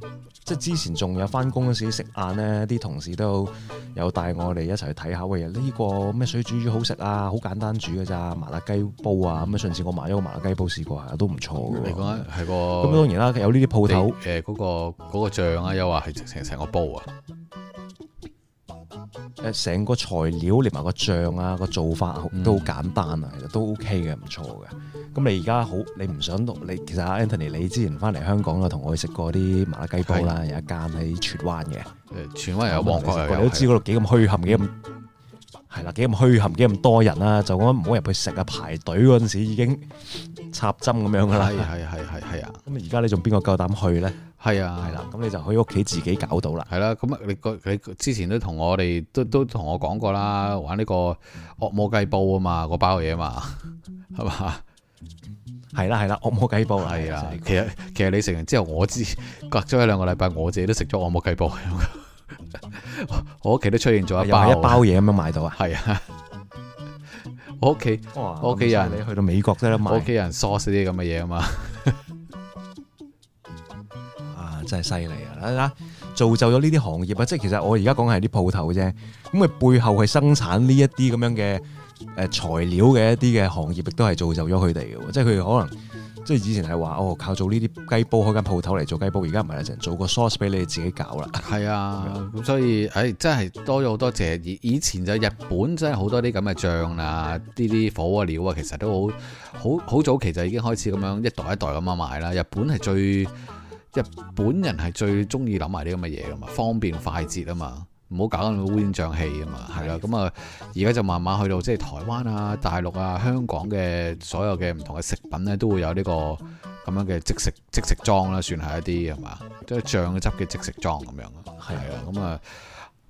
即係之前仲有翻工嗰時食晏咧，啲同事都有帶我哋一齊去睇下喂，啊、這、呢個咩水煮魚好食啊，好簡單煮嘅咋麻辣雞煲啊，咁啊，上次我買咗個麻辣雞煲試過、啊，係都唔錯嘅。你講係喎，咁當然啦，有呢啲鋪頭誒，嗰、呃嗰個嗰、嗰個醬啊，又話係成成個煲啊，誒，成個材料連埋個醬啊，個做法都好簡單啊，其實、嗯、都 OK 嘅，唔錯嘅。咁你而家好，你唔想讀你其實阿 Anthony，你之前翻嚟香港同我去食過啲麻辣雞煲啦，的有一間喺荃灣嘅。荃灣又有旺嘅，你，的你都知嗰度幾咁虛冚，幾咁係啦，幾咁虛冚，幾咁多人啦、啊，就咁唔好入去食啊，排隊嗰陣時已經插針咁樣噶啦，係係係係啊！咁而家你仲邊個夠膽去咧？係啊的，係啦，咁你就去屋企自己搞到啦。係啦，咁啊，你個之前都同我哋都都同我講過啦，玩呢個惡魔雞煲啊嘛，個包嘢嘛，係嘛？ 係啦係啦，惡魔雞煲係啊的的，其實其實你食完之後，我知隔咗一兩個禮拜，我自己都食咗惡魔雞煲。 我屋企都出現咗一又係一包嘢咁樣買到啊！係啊，我屋企哇我屋企人你去到美國都得賣，屋企人 source 啲咁嘅嘢啊嘛。 啊，真係犀利啊！啦造就咗呢啲行業啊！即係其實我而家講係啲鋪頭啫，咁啊背後係生產呢一啲咁樣嘅。誒，材料嘅一啲嘅行業亦都係造就咗佢哋嘅。即係佢哋可能即係以前係話哦，靠做呢啲雞煲開間鋪頭嚟做雞煲，而家唔係成做，做個 source 俾你哋自己搞啦。係啊，咁吧所以誒、哎，真係多咗好多謝。以前就日本真係好多啲咁嘅醬啊、啲啲火鍋料啊，其實都好好好早期就已經開始咁樣一代一代咁樣賣啦。日本係最日本人係最中意諗埋啲咁嘅嘢噶嘛，方便快捷啊嘛。唔好搞到烏煙瘴氣啊嘛，係啦，咁啊而家就慢慢去到即係台灣啊、大陸啊、香港嘅所有嘅唔同嘅食品咧，都會有呢個咁樣嘅即食即食裝啦，算係一啲係嘛，即係醬汁嘅即食裝咁樣啊，係啊，咁啊的。嗯嗯。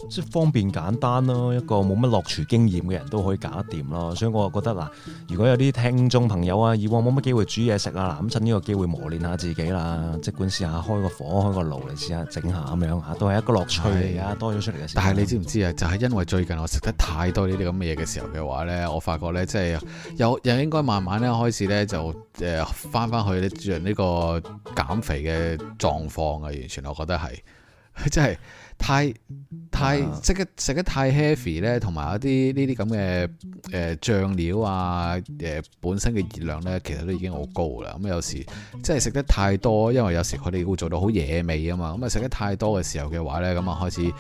即方便簡單咯，一個冇乜落廚經驗嘅人都可以搞掂咯，所以我又覺得嗱，如果有啲聽眾朋友啊，以往冇乜機會煮嘢食啊，嗱，咁趁呢個機會磨練下自己啦，即管試下開個火，開個爐嚟試下整下咁樣啊，都係一個樂趣嚟啊，是多咗出嚟嘅時候。但係你知唔知啊？就係因為最近我食得太多呢啲咁嘅嘢嘅時候嘅話咧，我發覺咧，即係又又應該慢慢咧開始咧就誒翻翻去呢呢個減肥嘅狀況啊，完全我覺得係，即係。太太即係食得太 heavy 咧，同埋一啲呢啲咁嘅誒醬料啊，誒、呃、本身嘅熱量咧，其實都已經好高啦。咁、嗯、有時即係食得太多，因為有時佢哋會做到好野味啊嘛。咁、嗯、啊食得太多嘅時候嘅話咧，咁啊開始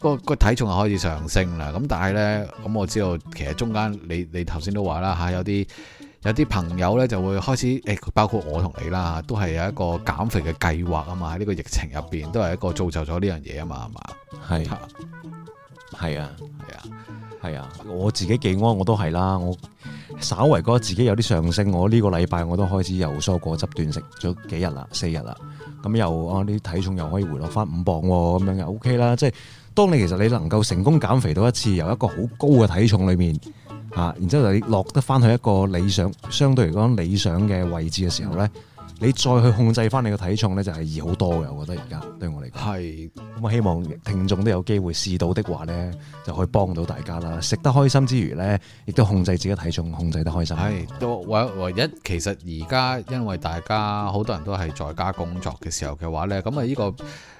個個體重就開始上升啦。咁、嗯、但係咧，咁、嗯、我知道其實中間你你頭先都話啦嚇，下有啲。有啲朋友咧就會開始，誒、哎、包括我同你啦，都係有一個減肥嘅計劃啊嘛。喺、這、呢個疫情入邊，都係一個造就咗呢樣嘢啊嘛，係嘛是？係，係啊，係啊，係啊！啊我自己幾安，我都係啦。我稍為覺得自己有啲上升，我呢個禮拜我都開始又蔬果汁斷食咗幾日啦，四日啦。咁又啱啲、啊、體重又可以回落返五磅，哦，咁樣又 OK 啦。即係當你其實你能夠成功減肥到一次，由一個好高嘅體重裏面。啊！然之後你落得翻去一個理想，相對嚟講理想嘅位置嘅時候咧，你再去控制翻你嘅體重咧，就係易好多嘅。我覺得而家對我嚟講係咁啊，希望聽眾都有機會試到的話咧，就可以幫到大家啦。食得開心之餘咧，亦都控制自己體重，控制得開心。係唯唯一其實而家因為大家好多人都係在家工作嘅時候嘅話咧，咁啊呢個。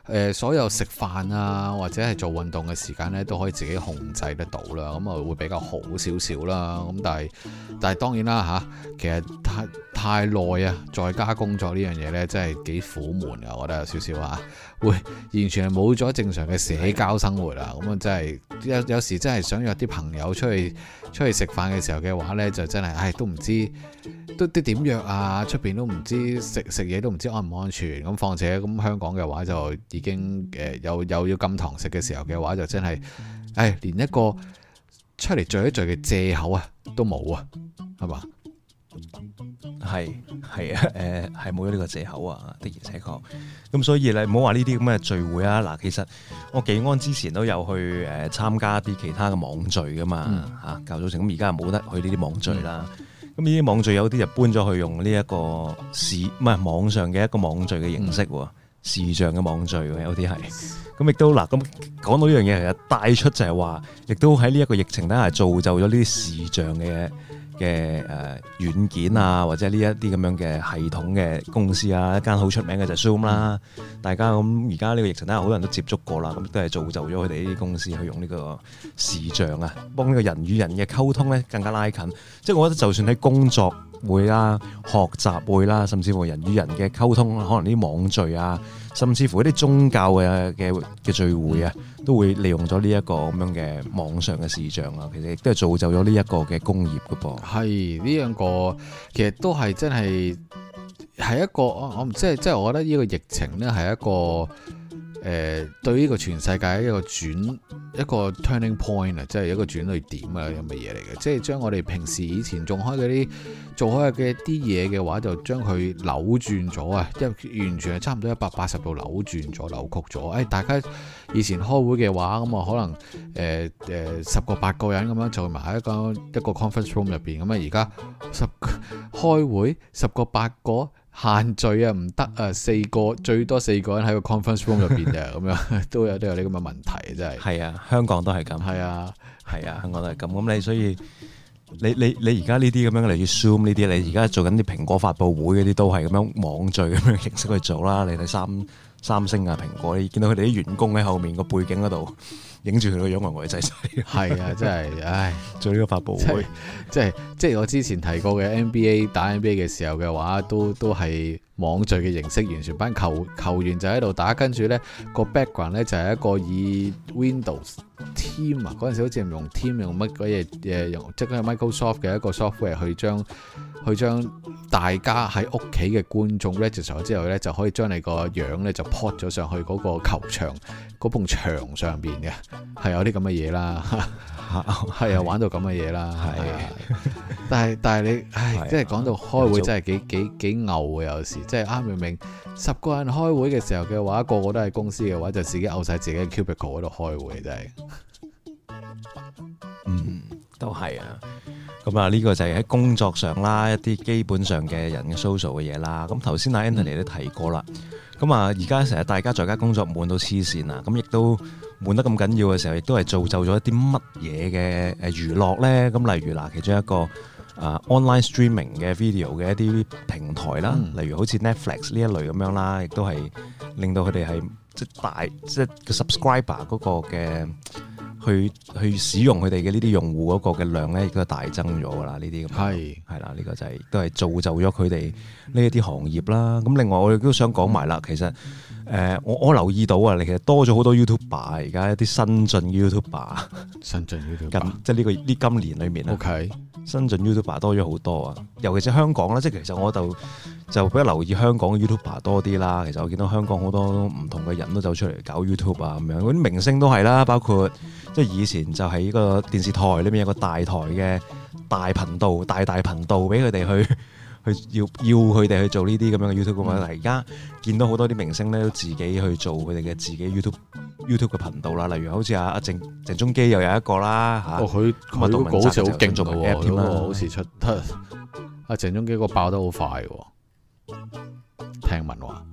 誒所有食飯啊，或者係做運動嘅時間呢，都可以自己控制得到啦，咁啊會比較好少少啦。咁但係但係當然啦嚇、啊，其實太太耐啊，在家工作呢樣嘢呢，真係幾苦悶嘅，我覺得有少少啊。會完全係冇咗正常嘅社交生活啦，咁啊真係有有時真係想約啲朋友出去出去食飯嘅時候嘅話呢，就真係唉，都唔知都啲點約啊，出邊都唔知食食嘢，都唔知安唔安全，咁況且咁香港嘅話就已經誒又又要禁堂食嘅時候嘅話，就真係唉，連一個出嚟聚一聚嘅借口啊都冇啊，係嘛？係係啊，誒係冇咗呢個藉口啊，的而且確。咁所以你唔好話呢啲咁嘅聚會啊。嗱，其實我幾安之前都有去誒參加一啲其他嘅網聚噶嘛，嚇舊、嗯啊、早成咁，而家冇得去呢啲網聚啦。咁呢啲網聚有啲就搬咗去用呢一個視唔係網上嘅一個網聚嘅形式喎，嗯、視像嘅網聚有啲係。咁亦都嗱，咁、啊、講到呢樣嘢，其實帶出就係話，亦都喺呢一個疫情底下造就咗呢啲視像嘅。嘅誒軟件啊，或者呢一啲咁樣嘅系統嘅公司啊，一間好出名嘅就 Zoom 啦、啊。大家咁而家呢個疫情都係好多人都接觸過啦，咁、嗯、都係造就咗佢哋呢啲公司去用呢個視像啊，幫呢個人與人嘅溝通咧更加拉近。即係我覺得，就算喺工作會啦、啊、學習會啦、啊，甚至乎人與人嘅溝通，可能啲網聚啊。甚至乎一啲宗教嘅嘅嘅聚會啊，都會利用咗呢一個咁樣嘅網上嘅視像啊，其實亦都係造就咗呢一個嘅工業噶噃。係呢兩個，其實都係真係，係一個我我唔知，即係我覺得呢個疫情咧係一個誒、呃、對呢個全世界一個轉。一個 turning point 啊，即係一個轉捩點啊，咁嘅嘢嚟嘅，即係將我哋平時以前仲開嗰啲做開嘅啲嘢嘅話，就將佢扭轉咗啊！即完全係差唔多一百八十度扭轉咗、扭曲咗。誒、哎，大家以前開會嘅話，咁啊可能誒誒十個八個人咁樣坐埋喺一個一個 conference room 入邊咁啊，而家十開會十個八個。限聚啊，唔得啊，四個最多四個人喺個 conference room 入邊嘅，咁 樣都有都有呢啲咁嘅問題，真係。係 啊，香港都係咁。係 啊，係 啊，香港都係咁。咁你所以你你你而家呢啲咁樣例如 Zoom 呢啲，你而家做緊啲蘋果發佈會嗰啲都係咁樣網聚咁樣形式去做啦。你睇三三星啊蘋果，你見到佢哋啲員工喺後面個背景嗰度，影住佢個樣為我哋製曬，係啊，真係，唉，做呢個發布會，即係即係我之前提過嘅 NBA 打 NBA 嘅時候嘅話，都都係網聚嘅形式，完全班球球員就喺度打，跟住呢個 background 呢，就係一個以 Windows。team 啊，嗰陣時好似唔用 team，用乜嘢誒用，即係 Microsoft 嘅一個 software 去將去將大家喺屋企嘅觀眾 register 咗之後呢，就可以將你個樣呢就 post 咗上去嗰個球場嗰埲牆上邊嘅，係有啲咁嘅嘢啦，係啊，玩到咁嘅嘢啦，係，但係但係你，唉， 啊、即係講到開會真係幾幾幾牛嘅。有時即係啱明明,明。十個人開會嘅時候嘅話，個個都喺公司嘅話，就自己嘔曬自己嘅 cubicle 喺度開會，真係，嗯，都係啊。咁啊，呢個就係喺工作上啦，一啲基本上嘅人嘅 social 嘅嘢啦。咁頭先阿 Anthony 都提過啦。咁啊，而家成日大家在家工作悶到黐線啊。咁亦都悶得咁緊要嘅時候，亦都係造就咗一啲乜嘢嘅誒娛樂咧？咁例如嗱，其中一個。啊，online streaming 嘅 video 嘅一啲平台啦，嗯、例如好似 Netflix 呢一類咁樣啦，亦都係令到佢哋係即係大即係、即係、subscriber 嗰個嘅去去使用佢哋嘅呢啲用戶嗰個嘅量咧，亦都係大增咗噶啦，呢啲咁係係啦，呢、呢個就係、係、都係造就咗佢哋呢一啲行業啦。咁另外我哋都想講埋啦，其實。誒、呃，我我留意到啊，你其實多咗好多 YouTuber，而家一啲新晉 YouTuber，新晉 YouTuber，即係、這、呢個啲今年裏面，OK，新晉 YouTuber 多咗好多啊，尤其是香港啦，即係其實我就就比較留意香港嘅 YouTuber 多啲啦。其實我見到香港好多唔同嘅人都走出嚟搞 YouTube 啊咁樣，嗰啲明星都係啦，包括即係以前就喺呢個電視台裏面有個大台嘅大頻道、大大頻道俾佢哋去要要佢哋去做呢啲咁樣嘅 YouTube 咁樣，但而家見到好多啲明星咧都自己去做佢哋嘅自己 YouTube, YouTube YouTube 嘅頻道啦，例如好似阿阿鄭鄭中基又有一個啦，嚇、哦，佢佢嘅廣告好似好勁仲㗎喎，嗰個好似出阿、啊啊啊、鄭中基嗰個爆得好快喎。聽聞話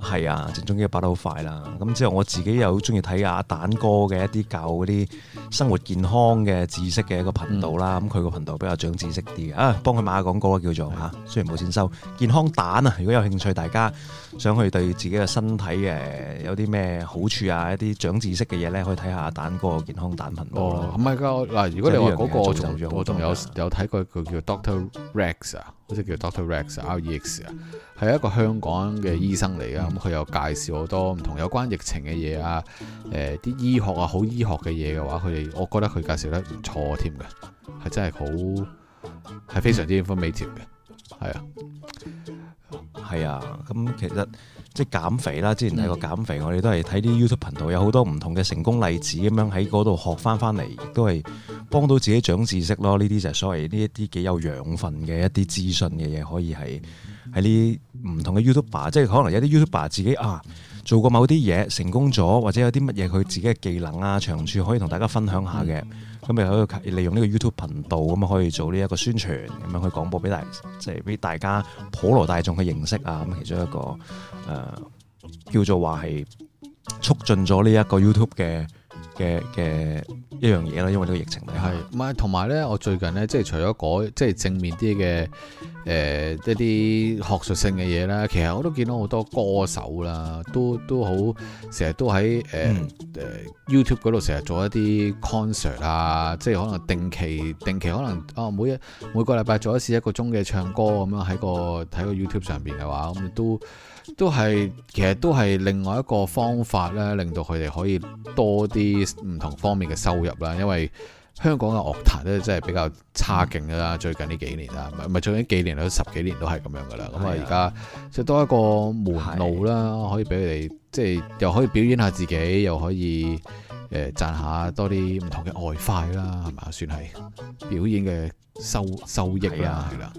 係啊，鄭中基又擺得好快啦、啊。咁之後我自己又好中意睇下蛋哥嘅一啲舊嗰啲生活健康嘅知識嘅一個頻道啦。咁佢個頻道比較長知識啲啊，幫佢買下廣告啊，叫做吓的、啊。雖然冇錢收，健康蛋啊。如果有興趣，大家想去對自己嘅身體誒，有啲咩好處啊，一啲長知識嘅嘢咧，可以睇下、啊、蛋哥嘅健康蛋頻道。哦，唔係噶嗱？如果你話嗰個我仲有有睇過一個叫 Doctor Rex 啊。好似叫 Doctor Rex R E X 啊，係一個香港嘅醫生嚟啦。咁佢又介紹好多唔同有關疫情嘅嘢啊，誒、呃、啲醫學啊，好醫學嘅嘢嘅話，佢哋我覺得佢介紹得唔錯添嘅，係真係好，係非常之 informative 嘅，係啊，係啊，咁其實。即係減肥啦！之前睇過減肥，我哋都係睇啲 YouTube 頻道，有好多唔同嘅成功例子咁樣喺嗰度學翻翻嚟，亦都係幫到自己長知識咯。呢啲就係所謂呢一啲幾有養分嘅一啲資訊嘅嘢，可以係。喺呢唔同嘅 Youtuber 即係可能有啲 Youtuber 自己啊，做過某啲嘢成功咗，或者有啲乜嘢佢自己嘅技能啊、長處可以同大家分享下嘅，咁又可以利用呢個 YouTube 頻道咁啊，可以做呢一個宣傳，咁樣去廣播俾大，即係俾大家普羅大眾去認識啊，咁其中一個誒叫做話係促進咗呢一個 YouTube 嘅。嘅嘅一樣嘢咯，因為呢個疫情嚟、就係。係，唔係同埋咧，我最近咧，即係除咗改，即係正面啲嘅，誒、呃、一啲學術性嘅嘢啦。其實我都見到好多歌手啦，都都好成日都喺誒誒 YouTube 嗰度成日做一啲 concert 啊，即係可能定期定期可能啊，每日每個禮拜做一次一個鐘嘅唱歌咁樣喺個喺個 YouTube 上邊嘅話，咁都。都係，其實都係另外一個方法咧，令到佢哋可以多啲唔同方面嘅收入啦。因為香港嘅樂壇咧，真係比較差勁噶啦，最近呢幾年啊，唔係唔係最近幾年都十幾年都係咁樣噶啦。咁是啊，而家即多一個門路啦，是啊、可以俾佢哋，即、就、係、是、又可以表演下自己，又可以誒、呃、賺下多啲唔同嘅外快啦，係嘛？算係表演嘅收收益啦，係啦。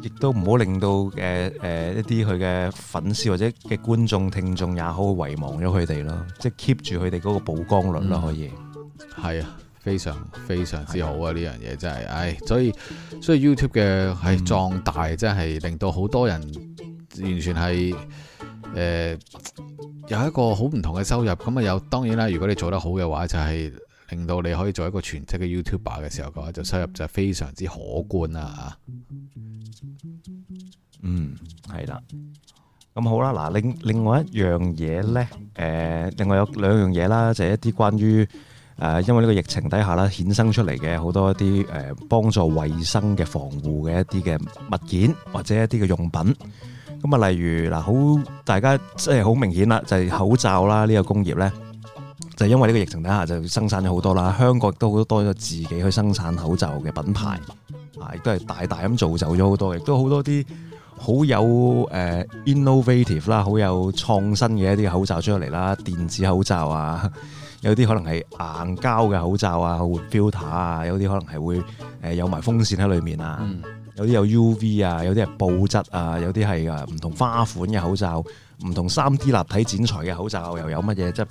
亦都唔好令到誒誒、呃呃、一啲佢嘅粉絲或者嘅觀眾聽眾也好遺忘咗佢哋咯，即係 keep 住佢哋嗰個曝光率咯，可以係、嗯、啊，非常非常之好啊！呢樣嘢真係，唉、哎，所以所以 YouTube 嘅係壯大，嗯、真係令到好多人完全係誒、呃、有一個好唔同嘅收入。咁啊，有當然啦，如果你做得好嘅話、就是，就係。令到你可以做一個全職嘅 YouTuber 嘅時候嘅話，就收入就非常之可觀啦。嗯，係啦。咁好啦，嗱另另外一樣嘢呢，誒，另外有兩樣嘢啦，就係一啲關於誒，因為呢個疫情底下咧，衍生出嚟嘅好多一啲誒，幫助衛生嘅防護嘅一啲嘅物件或者一啲嘅用品。咁啊，例如嗱，好大家即係好明顯啦，就係口罩啦，呢個工業呢，就因為呢個疫情底下就生產咗好多啦，香港亦都好多咗自己去生產口罩嘅品牌，啊，亦都係大大咁造就咗好多，亦都好多啲好有誒、呃、innovative 啦，好有創新嘅一啲口罩出嚟啦，電子口罩啊，有啲可能係硬膠嘅口罩啊，換 filter 啊，有啲可能係會誒有埋風扇喺裏面啊，有啲有 UV 啊，有啲係布質啊，有啲係啊唔同花款嘅口罩，唔同三 D 立體剪裁嘅口罩，又有乜嘢即係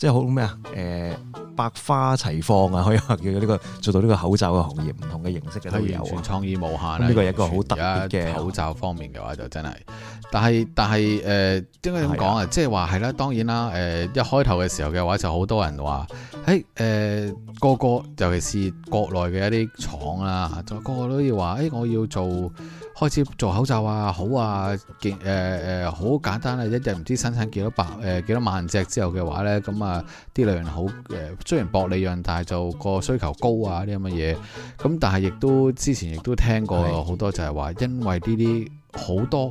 即係好咩啊？誒百花齊放啊！可以叫做呢個做到呢個口罩嘅行業唔同嘅形式嘅都有創意無限，呢個係一個好特別嘅口罩方面嘅話就真係。但係但係誒、呃、應該咁講啊？即係話係啦，當然啦誒、呃、一開頭嘅時候嘅話就好多人話誒誒個個尤其是國內嘅一啲廠啊，就個個都要話誒、欸、我要做。開始做口罩啊，好啊，健誒好簡單啊，一日唔知生產幾多百誒、呃、幾多萬隻之後嘅話呢，咁啊啲量好誒，雖然薄利潤，但係就個需求高啊啲咁嘅嘢，咁但係亦都之前亦都聽過好多就係話，因為呢啲好多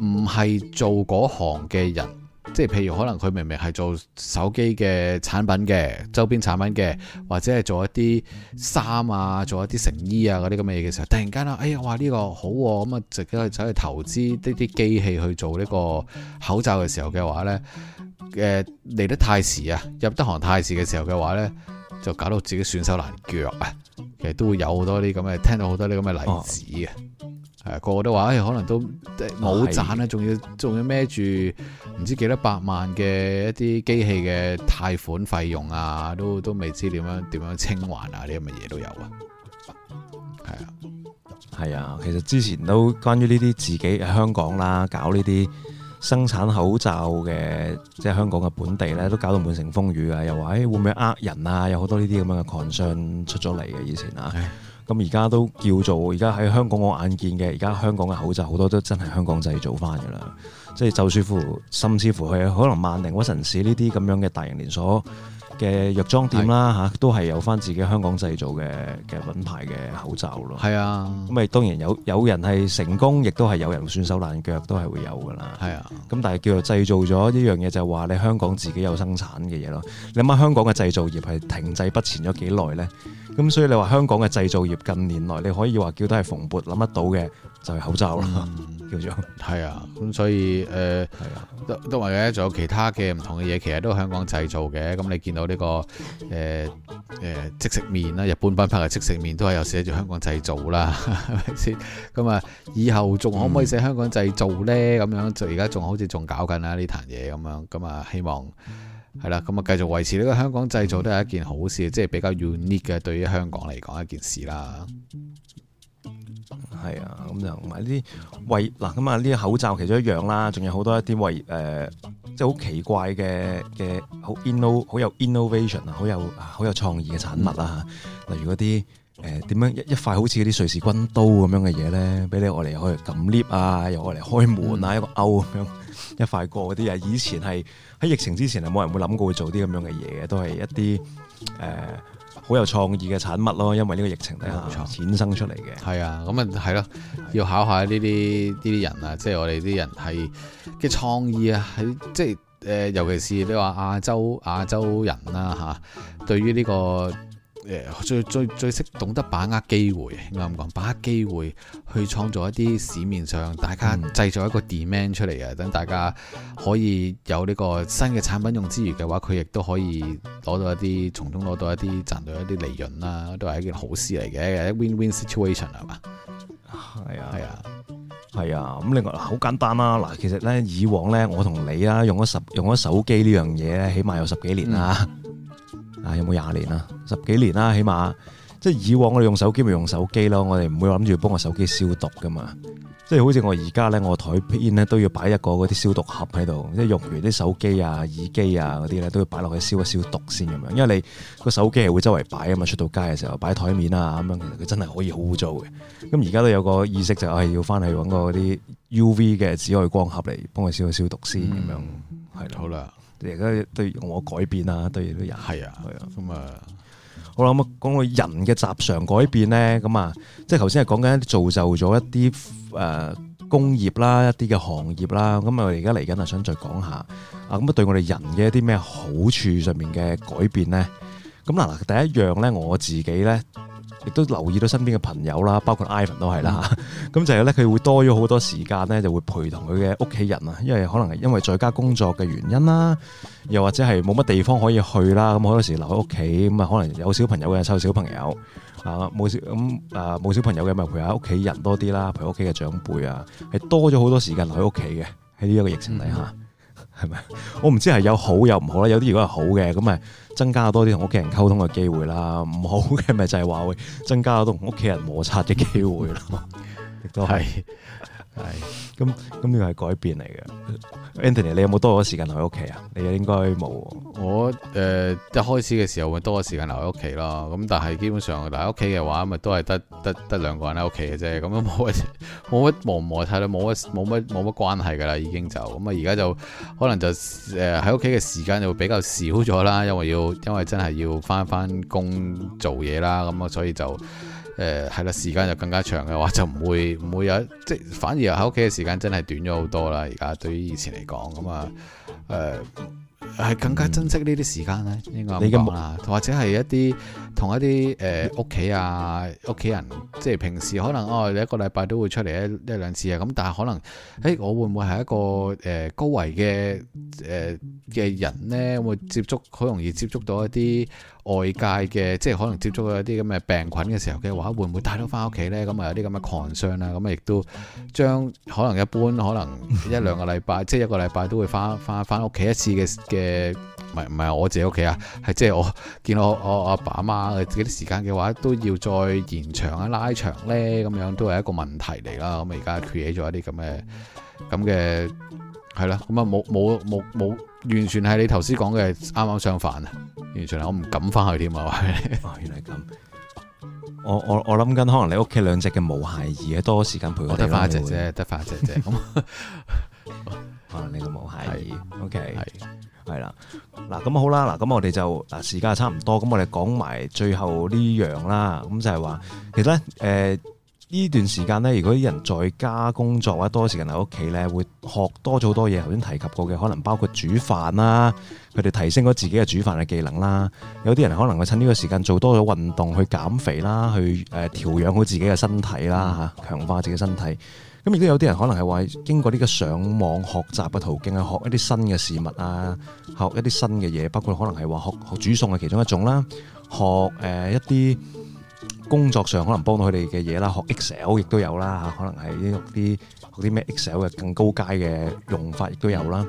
唔係做嗰行嘅人。即係譬如可能佢明明係做手機嘅產品嘅周邊產品嘅，或者係做一啲衫啊，做一啲成衣啊嗰啲咁嘅嘢嘅時候，突然間啦，哎呀，話呢個好喎，咁啊直接去走去投資呢啲機器去做呢個口罩嘅時候嘅話呢，誒、呃、嚟得太遲啊，入得行太遲嘅時候嘅話呢，就搞到自己損手爛腳啊，其實都會有好多啲咁嘅，聽到好多啲咁嘅例子。啊。係個個都話，誒，可能都冇賺啊，仲要仲要孭住唔知幾多百萬嘅一啲機器嘅貸款費用啊，都都未知點樣點樣清還啊，啲咁嘅嘢都有啊。係啊，係啊，其實之前都關於呢啲自己喺香港啦，搞呢啲生產口罩嘅，即係香港嘅本地咧，都搞到滿城風雨啊。又話誒，會唔會呃人啊？有好多呢啲咁樣嘅抗商出咗嚟嘅，以前啊。咁而家都叫做，而家喺香港我眼見嘅，而家香港嘅口罩好多都真係香港製造翻嘅啦，即係就算乎，甚至乎係可能萬寧、屈臣氏呢啲咁樣嘅大型連鎖嘅藥妝店啦嚇，是都係有返自己香港製造嘅嘅品牌嘅口罩咯。係啊，咁咪當然有有人係成功，亦都係有人損手爛腳，都係會有㗎喇。係啊，咁但係叫做製造咗一樣嘢，就係話你香港自己有生產嘅嘢咯。你諗下香港嘅製造業係停滯不前咗幾耐呢？咁所以你話香港嘅製造業近年來你可以話叫得係蓬勃，諗得到嘅就係口罩啦。嗯係啊，咁所以誒、呃啊，都都係嘅，仲有其他嘅唔同嘅嘢，其實都係香港製造嘅。咁你見到呢、這個誒誒、呃呃、即食麵啦，日本品牌嘅即食麵都係有寫住香港製造啦，係咪先？咁啊，以後仲可唔可以寫香港製造呢？咁、嗯、樣就而家仲好似仲搞緊啊呢壇嘢咁樣。咁啊，希望係啦。咁啊，繼續維持呢個香港製造都係一件好事，即、就、係、是、比較 unique 嘅對於香港嚟講一件事啦。係啊，咁就唔係呢啲衛嗱咁啊，呢個口罩其中一樣啦，仲有好多一啲衛誒，即係好奇怪嘅嘅，好 inno 好有 innovation 啊，好有好有創意嘅產物啊，嗯、例如嗰啲誒點樣一一塊好似啲瑞士軍刀咁樣嘅嘢咧，俾你我嚟可以撳 lift 啊，又我嚟開門啊，一個勾咁樣一塊過嗰啲啊，以前係喺疫情之前啊，冇人會諗過會做啲咁樣嘅嘢嘅，都係一啲誒。呃好有創意嘅產物咯，因為呢個疫情係無錯衍生出嚟嘅。係啊，咁啊係咯，要考下呢啲呢啲人啊，即係我哋啲人係嘅創意啊，喺即係誒，尤其是你話亞洲亞洲人啦嚇，對於呢個。誒、yeah，最最最識懂得把握機會，啱講把握機會去創造一啲市面上大家製造一個 demand 出嚟啊！等大家可以有呢個新嘅產品用之餘嘅話，佢亦都可以攞到一啲，從中攞到一啲賺到一啲利潤啦，都係一件好事嚟嘅，win win situation 係嘛？係啊係啊係啊！咁、啊啊、另外好簡單啦，嗱，其實咧以往咧，我同你啊，用咗十用咗手機呢樣嘢咧，起碼有十幾年啦。 啊，有冇廿年啦、啊？十幾年啦、啊，起碼即係以往我哋用手機咪用手機咯，我哋唔會諗住幫我手機消毒噶嘛。即係好似我而家咧，我台邊咧都要擺一個嗰啲消毒盒喺度，即係用完啲手機啊、耳機啊嗰啲咧都要擺落去消一消毒先咁樣。因為你個手機係會周圍擺啊嘛，出到街嘅時候擺台面啊咁樣，其實佢真係可以好污糟嘅。咁而家都有個意識就係要翻去搵個嗰啲 UV 嘅紫外光盒嚟幫佢消一消毒先咁樣，係啦、嗯，的好啦、啊。而家對我改變啊，對啲人係啊，係啊、嗯，咁啊，好啦，咁啊，講到人嘅習常改變咧，咁啊，即係頭先係講緊一啲造就咗一啲誒、呃、工業啦，一啲嘅行業啦，咁啊，而家嚟緊啊，想再講下啊，咁啊，對我哋人嘅一啲咩好處上面嘅改變咧，咁嗱，第一樣咧，我自己咧。亦都留意到身邊嘅朋友啦，包括 Ivan 都係啦，咁就係咧佢會多咗好多時間咧，就會陪同佢嘅屋企人啊，因為可能係因為在家工作嘅原因啦，又或者係冇乜地方可以去啦，咁好多時留喺屋企，咁啊可能有小朋友嘅湊小朋友冇、啊、小咁啊冇小朋友嘅咪陪下屋企人多啲啦，陪屋企嘅長輩啊，係多咗好多時間留喺屋企嘅，喺呢一個疫情底下，係咪？嗯、 我唔知係有好有唔好啦，有啲如果係好嘅咁啊。增加多啲同屋企人溝通嘅機會啦，唔好嘅咪就係、係、話會增加多同屋企人摩擦嘅機會咯，亦 都係。係，咁咁呢個係改變嚟嘅。Anthony，你有冇多咗時間留喺屋企啊？你應該冇。我誒、呃，一開始嘅時候會多咗時間留喺屋企咯。咁但係基本上留，留喺屋企嘅話咪都係得得得兩個人喺屋企嘅啫。咁樣冇乜冇乜磨唔磨擦啦，冇乜冇乜冇乜關係噶啦，已經就。咁啊，而家就可能就誒喺屋企嘅時間就會比較少咗啦，因為要因為真係要翻翻工做嘢啦，咁啊所以就。誒係啦，時間就更加長嘅話，就唔會唔會有，即反而喺屋企嘅時間真係短咗好多啦。而家對於以前嚟講，咁啊誒係更加珍惜呢啲時間呢。應該咁講啦。或者係一啲同一啲誒屋企啊、屋企人，即係平時可能哦，你一個禮拜都會出嚟一一兩次啊。咁但係可能誒、欸，我會唔會係一個誒、呃、高危嘅誒嘅人呢？會接觸好容易接觸到一啲。外界嘅即係可能接觸到一啲咁嘅病菌嘅時候嘅話，會唔會帶到翻屋企咧？咁啊有啲咁嘅 concern 啦，咁啊亦都將可能一般可能一兩個禮拜， 即係一個禮拜都會翻翻翻屋企一次嘅嘅，唔係唔係我自己屋企啊，係即係我見到我阿爸阿媽嘅啲時間嘅話，都要再延長啊拉長咧，咁樣都係一個問題嚟啦。咁而家 create 咗一啲咁嘅咁嘅係啦，咁啊冇冇冇冇。完全係你頭先講嘅，啱啱相反啊！完全係我唔敢翻去添啊、哦！原來咁，我我我諗緊，可能你屋企兩隻嘅毛孩兒，多時間陪我哋。得翻一隻啫，得翻一隻啫。咁啊、 哦，你個毛孩兒，OK，係啦。嗱咁好啦，嗱咁我哋就嗱時間差唔多，咁我哋講埋最後呢樣啦。咁就係話，其實咧，誒、呃。呢段時間呢，如果啲人在家工作或者多時間喺屋企呢，會學多咗好多嘢。頭先提及過嘅，可能包括煮飯啦，佢哋提升咗自己嘅煮飯嘅技能啦。有啲人可能會趁呢個時間做多咗運動去減，去減肥啦，去誒調養好自己嘅身體啦，嚇強化自己嘅身體。咁亦都有啲人可能係話經過呢個上網學習嘅途徑去學一啲新嘅事物啊，學一啲新嘅嘢，包括可能係話學學煮餸嘅其中一種啦，學誒一啲。工作上可能幫到佢哋嘅嘢啦，學 Excel 亦都有啦嚇，可能係啲學啲咩 Excel 嘅更高階嘅用法亦都有啦。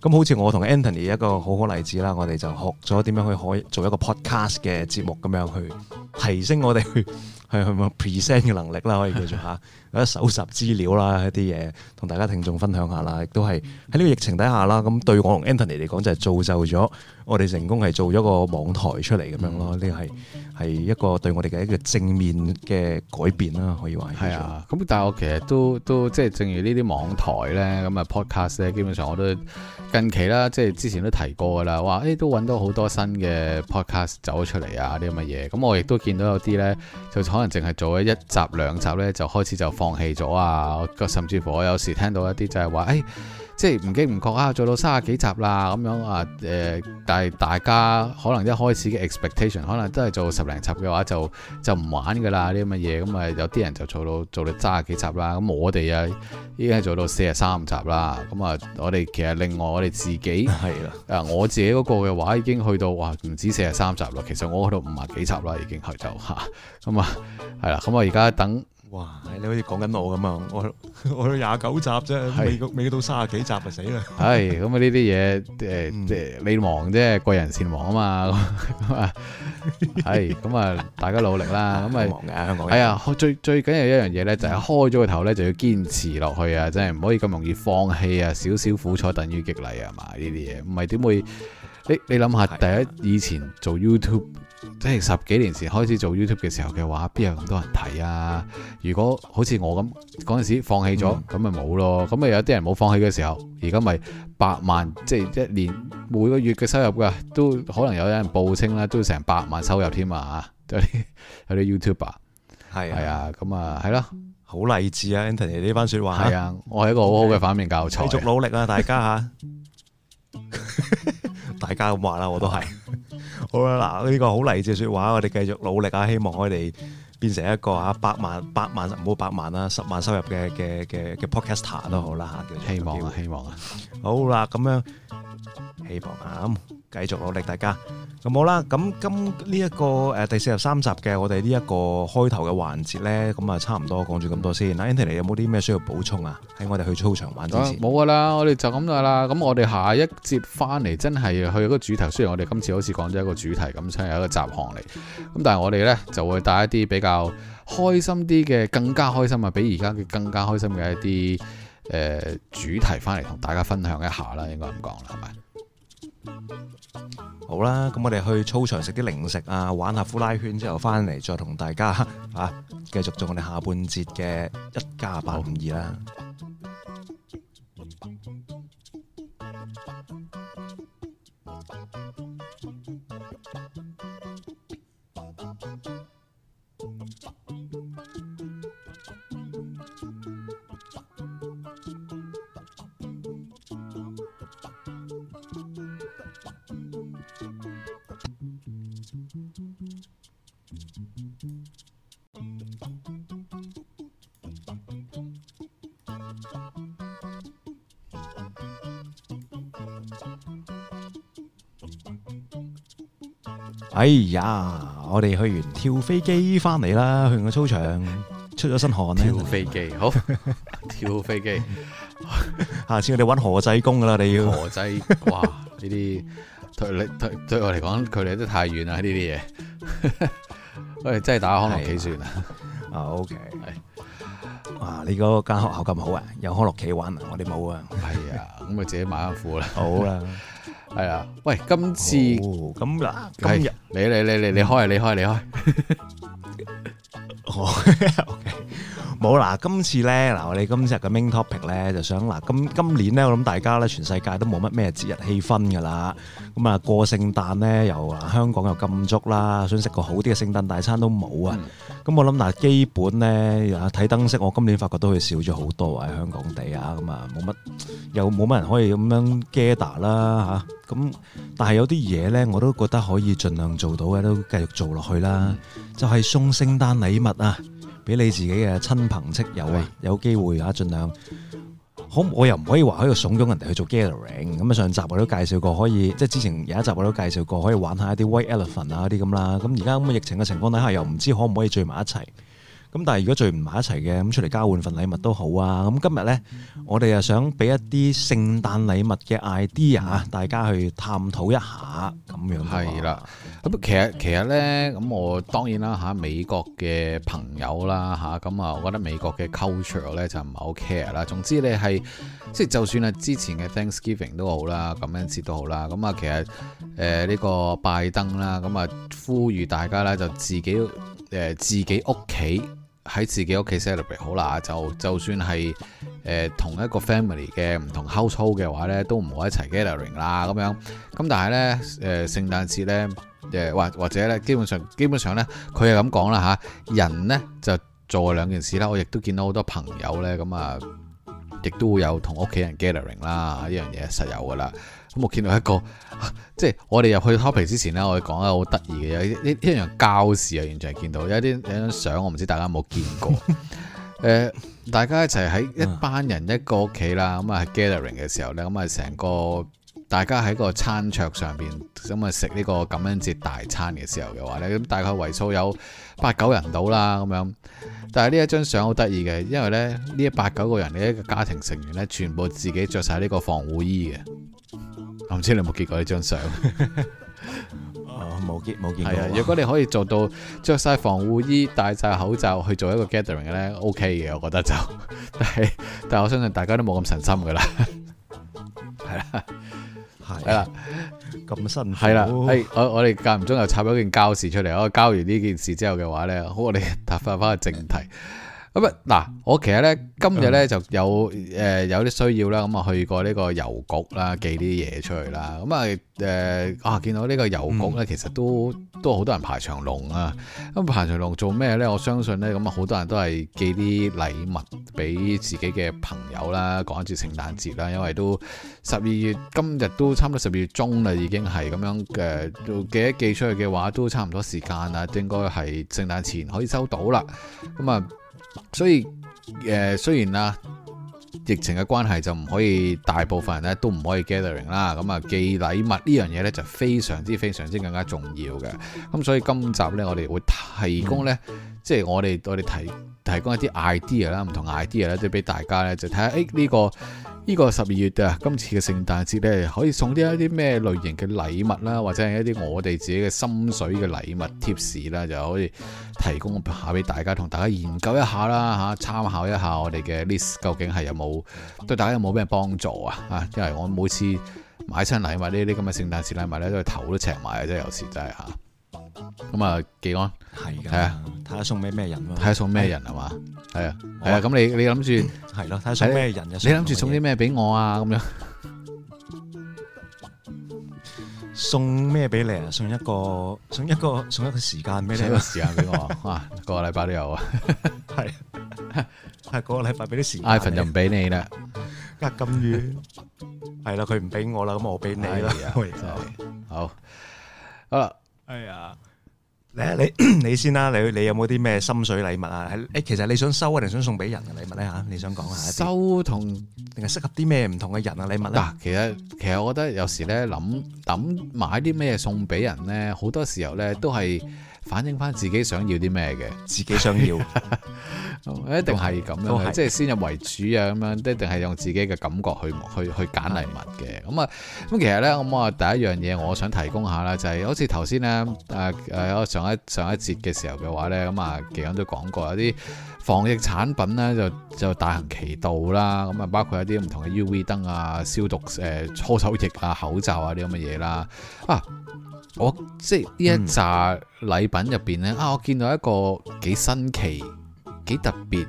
咁好似我同 Anthony 一個好好例子啦，我哋就學咗點樣去可以做一個 podcast 嘅節目咁樣去提升我哋去去去 present 嘅能力啦，可以叫做吓。一搜集資料啦，一啲嘢同大家聽眾分享下啦，亦都係喺呢個疫情底下啦，咁對我同 Anthony 嚟講就係造就咗。我哋成功係做咗個網台出嚟咁樣咯，呢個係係一個對我哋嘅一個正面嘅改變啦，可以話。係啊，咁但係我其實都都即係正如呢啲網台咧，咁啊 Podcast 咧，基本上我都近期啦，即係之前都提過噶啦，話，誒都搵到好多新嘅 Podcast 走咗出嚟啊，啲咁嘅嘢。咁我亦都見到有啲咧，就可能淨係做咗一集兩集咧，就開始就放棄咗啊，甚至乎我有時聽到一啲就係話誒。誒即係唔經唔覺啊！做到三十幾集啦，咁樣啊，誒，但係大家可能一開始嘅 expectation，可能都係做十零集嘅話，就就唔玩噶啦啲咁嘅嘢。咁啊、嗯，有啲人就做到做到三十幾集啦。咁、嗯、我哋啊已經係做到四十三集啦。咁、嗯、啊，我哋其實另外我哋自己係啦，誒的、啊，我自己嗰個嘅話已經去到哇，唔止四十三集啦。其實我去到五十幾集啦，已經去就嚇。咁、嗯、啊，係、嗯、啦。咁我而家等。哇！你好似講緊我咁啊！我我廿九集啫，是未到三十幾集就死啦！唉，咁啊呢啲嘢，誒即係你忙啫，貴人善忙啊嘛，咁係咁啊，大家努力啦，咁 就啊，忙嘅香港人。係啊，最最緊要一樣嘢咧，就係、是、開咗個頭咧，就要堅持落去啊！真係唔可以咁容易放棄啊！少少苦楚等於激勵啊嘛，呢啲嘢唔係點會？你你諗下第一、啊、以前做 YouTube。即係十幾年前開始做 YouTube 嘅時候嘅話，邊有咁多人睇啊？如果好似我咁嗰陣時放棄咗，咁咪冇咯。咁咪有啲人冇放棄嘅時候，而家咪百萬即係一年每個月嘅收入噶，都可能有有人報稱啦，都要成百萬收入添啊！對， 有啲 YouTuber 係啊，咁啊係咯，好勵、啊、志啊 Anthony 呢番說話，係啊，我係一個好好嘅反面教材，繼、okay, 續努力啊，大家吓。 大家咁話啦，我都係 好啦。嗱，呢個好勵志說話，我哋繼續努力啊！希望我哋變成一個啊百萬、百萬唔好百萬啦，十萬收入嘅嘅嘅嘅 podcaster 都好啦吓、嗯。希望希望啊，好啦，咁樣希望啊，繼續努力，大家咁好啦。咁今呢、這、一個誒、呃、第四十三集嘅我哋呢一個開頭嘅環節呢，咁啊差唔多講住咁多先。阿 Antony 有冇啲咩需要補充啊？喺我哋去操場玩之前，冇噶啦，我哋就咁噶啦。咁我哋下一節翻嚟，真係去嗰個主題。雖然我哋今次好似講咗一個主題咁，真係一個集行嚟。咁但係我哋呢就會帶一啲比較開心啲嘅，更加開心啊，比而家更加開心嘅一啲誒、呃、主題翻嚟同大家分享一下啦。應該咁講啦，係咪？好啦，咁我哋去操場食啲零食啊，玩下呼拉圈之後，翻嚟再同大家啊，繼續做我哋下半節嘅一加八五二啦。哎呀！我哋去完跳飛機翻嚟啦，去完個操場出咗身汗跳飛機，好哈哈跳飛機。 下次我哋揾何濟公噶啦，你要何濟。哇！呢啲對我嚟講，距離都太遠啦，呢啲嘢。喂， 真係打康樂棋算啦。啊，OK。哇！你嗰間學校咁好啊，有康樂棋玩，啊，我哋冇啊。係啊，咁啊自己買一副啦。 好啦，係啊。喂，今次咁嗱，哦今日 你你你你你開你開你開，我。好啦，今次咧，嗱我哋今日嘅 main topic 咧，就想嗱，今今年咧，我諗大家咧，全世界都冇乜咩節日氣氛噶啦，咁啊過聖誕咧，又香港又禁足啦，想食個好啲嘅聖誕大餐都冇啊，咁我諗嗱，基本咧睇燈飾，我今年發覺都會少咗好多喺香港地啊，咁啊冇乜，又冇乜人可以咁樣 gather 啦嚇，咁但係有啲嘢咧，我都覺得可以盡量做到嘅，都繼續做落去啦，就係送聖誕禮物啊！俾你自己嘅親朋戚友啊，對有機會啊，盡量，好，我又唔可以話喺度慫恿人哋去做 gathering、嗯。咁啊，上集我都介紹過，可以即係之前有一集我都介紹過，可以玩下一啲 white elephant 啊啲咁啦。咁而家咁嘅疫情嘅情況底下，又唔知可唔可以聚埋一齊。咁但係如果聚唔埋一齊嘅，咁出嚟交換份禮物都好啊！咁今日呢，我哋又想俾一啲聖誕禮物嘅 idea，大家去探討一下咁樣。係啦，咁其實其實呢，咁我當然啦，吓美國嘅朋友啦，吓，咁啊我覺得美國嘅 culture 呢就唔係好 care 啦。總之你係即係就算係之前嘅 Thanksgiving 都好啦，咁樣節都好啦。咁啊其實誒呢個拜登啦，咁啊呼籲大家呢，就自己誒自己屋企。喺自己屋企 celebrate 好啦，就就算係誒、呃、同一個 family 嘅唔同 household 嘅話呢，都唔會一齊 gathering 啦咁樣。咁但係呢，誒、呃、聖誕節呢，誒、呃、或或者呢，基本上基本上呢，佢係咁講啦吓，人呢就做兩件事啦。我亦都見到好多朋友呢，咁啊，亦都會有同屋企人 gathering 啦，呢樣嘢實有噶啦。咁我見到一個，即係我哋入去 topic 之前呢，我講一個好得意嘅嘢，一一樣膠事啊，原來見到。有一啲有張相，我唔知大家有冇見過。誒、 呃，大家一齊喺一班人一個屋企啦，咁啊係 gathering 嘅時候呢，咁啊成個大家喺個餐桌上邊咁啊食呢個感恩節大餐嘅時候嘅話呢，咁大概為數有八九人到啦，咁樣。但係呢一張相好得意嘅，因為咧呢一八九個人嘅一、一個家庭成員呢，全部自己着晒呢個防護衣嘅。我唔知你有冇見過呢張相，哦冇見冇見過。係啊，如果你可以做到着晒防護衣，戴晒口罩去做一個 gathering 咧，OK 嘅，我覺得就，但係但係我相信大家都冇咁神心噶啦，係啦，係啦，咁辛苦，係啦，係我我哋間唔中又插咗一件膠事出嚟。我交完呢件事之後嘅話咧，好，我哋答翻翻個正題。咁嗱、啊，我其實咧今日咧就有誒、呃、有啲需要啦，咁啊去過呢個郵局啦，寄啲嘢出去啦。咁啊誒、呃、啊，見到個呢個郵局咧，其實都都好多人排長龍啊。咁、啊、排長龍做咩咧？我相信咧，咁好多人都係寄啲禮物俾自己嘅朋友啦，趕住聖誕節啦。因為都十二月今日都差唔多十二月中啦，已經係咁樣嘅、呃。記得寄出去嘅話，都差唔多時間啦，應該係聖誕前可以收到啦。咁啊～所以，誒呃雖然啊，疫情嘅關係就唔可以，大部分人咧都唔可以 gathering 啦。咁啊，寄禮物呢樣嘢咧就非常之非常之更加重要嘅。咁啊所以今集咧，我哋會提供咧，即係我哋我哋提提供一啲 idea 啦，唔同 idea 咧，即係俾大家咧就睇下，誒呢個。呢個十二月啊，今次嘅聖誕節呢，可以送啲一啲咩類型嘅禮物啦，或者係一啲我哋自己嘅心水嘅禮物貼士啦，就可以提供下俾大家，同大家研究一下啦嚇，啊、參考一下我哋嘅 list 究竟係有冇對大家有冇咩幫助啊嚇、啊？因為我每次買親禮物呢啲咁嘅聖誕節禮物呢，都係頭都赤埋嘅啫，有時真係嚇。啊。咁啊，寄安係噶，睇下送咩咩人咯，睇下送咩人係嘛，係啊，係啊，咁你你諗住係咯，睇下送咩人嘅，你諗住送啲咩俾我啊，咁樣送咩俾你啊？送一個送一個送一個時間俾你？一個時間俾我啊，個個禮拜都有啊，係係個個禮拜俾啲時間。Ivan 就唔俾你啦，隔咁遠係啦，佢唔俾我啦，咁我俾你啦，係好好啦，哎呀～你你先啦，你你有冇啲咩心水禮物啊？誒，其實你想收定想送俾人嘅禮物咧吓，你想講下收同定係適合啲咩唔同嘅人啊禮物咧？嗱，其實其實我覺得有時咧諗諗買啲咩送俾人咧，好多時候咧都係。反映翻自己想要啲咩嘅，自己想要 一定係咁樣，是即係先入為主啊咁樣，一定係用自己嘅感覺去去去揀禮物嘅。咁啊的，咁、嗯、其實咧，我、嗯、啊第一樣嘢，我想提供下咧，就係好似頭先咧，誒誒、啊，上一上一節嘅時候嘅話咧，咁、嗯、啊，幾樣都講過，有啲防疫產品咧就就大行其道啦。咁啊，包括有啲唔同嘅 U V 燈啊、消毒誒搓、呃、手液啊、口罩啊啲咁嘅嘢啦啊。我即係呢一紮禮品入邊呢，嗯、啊，我見到一個幾新奇、幾特別，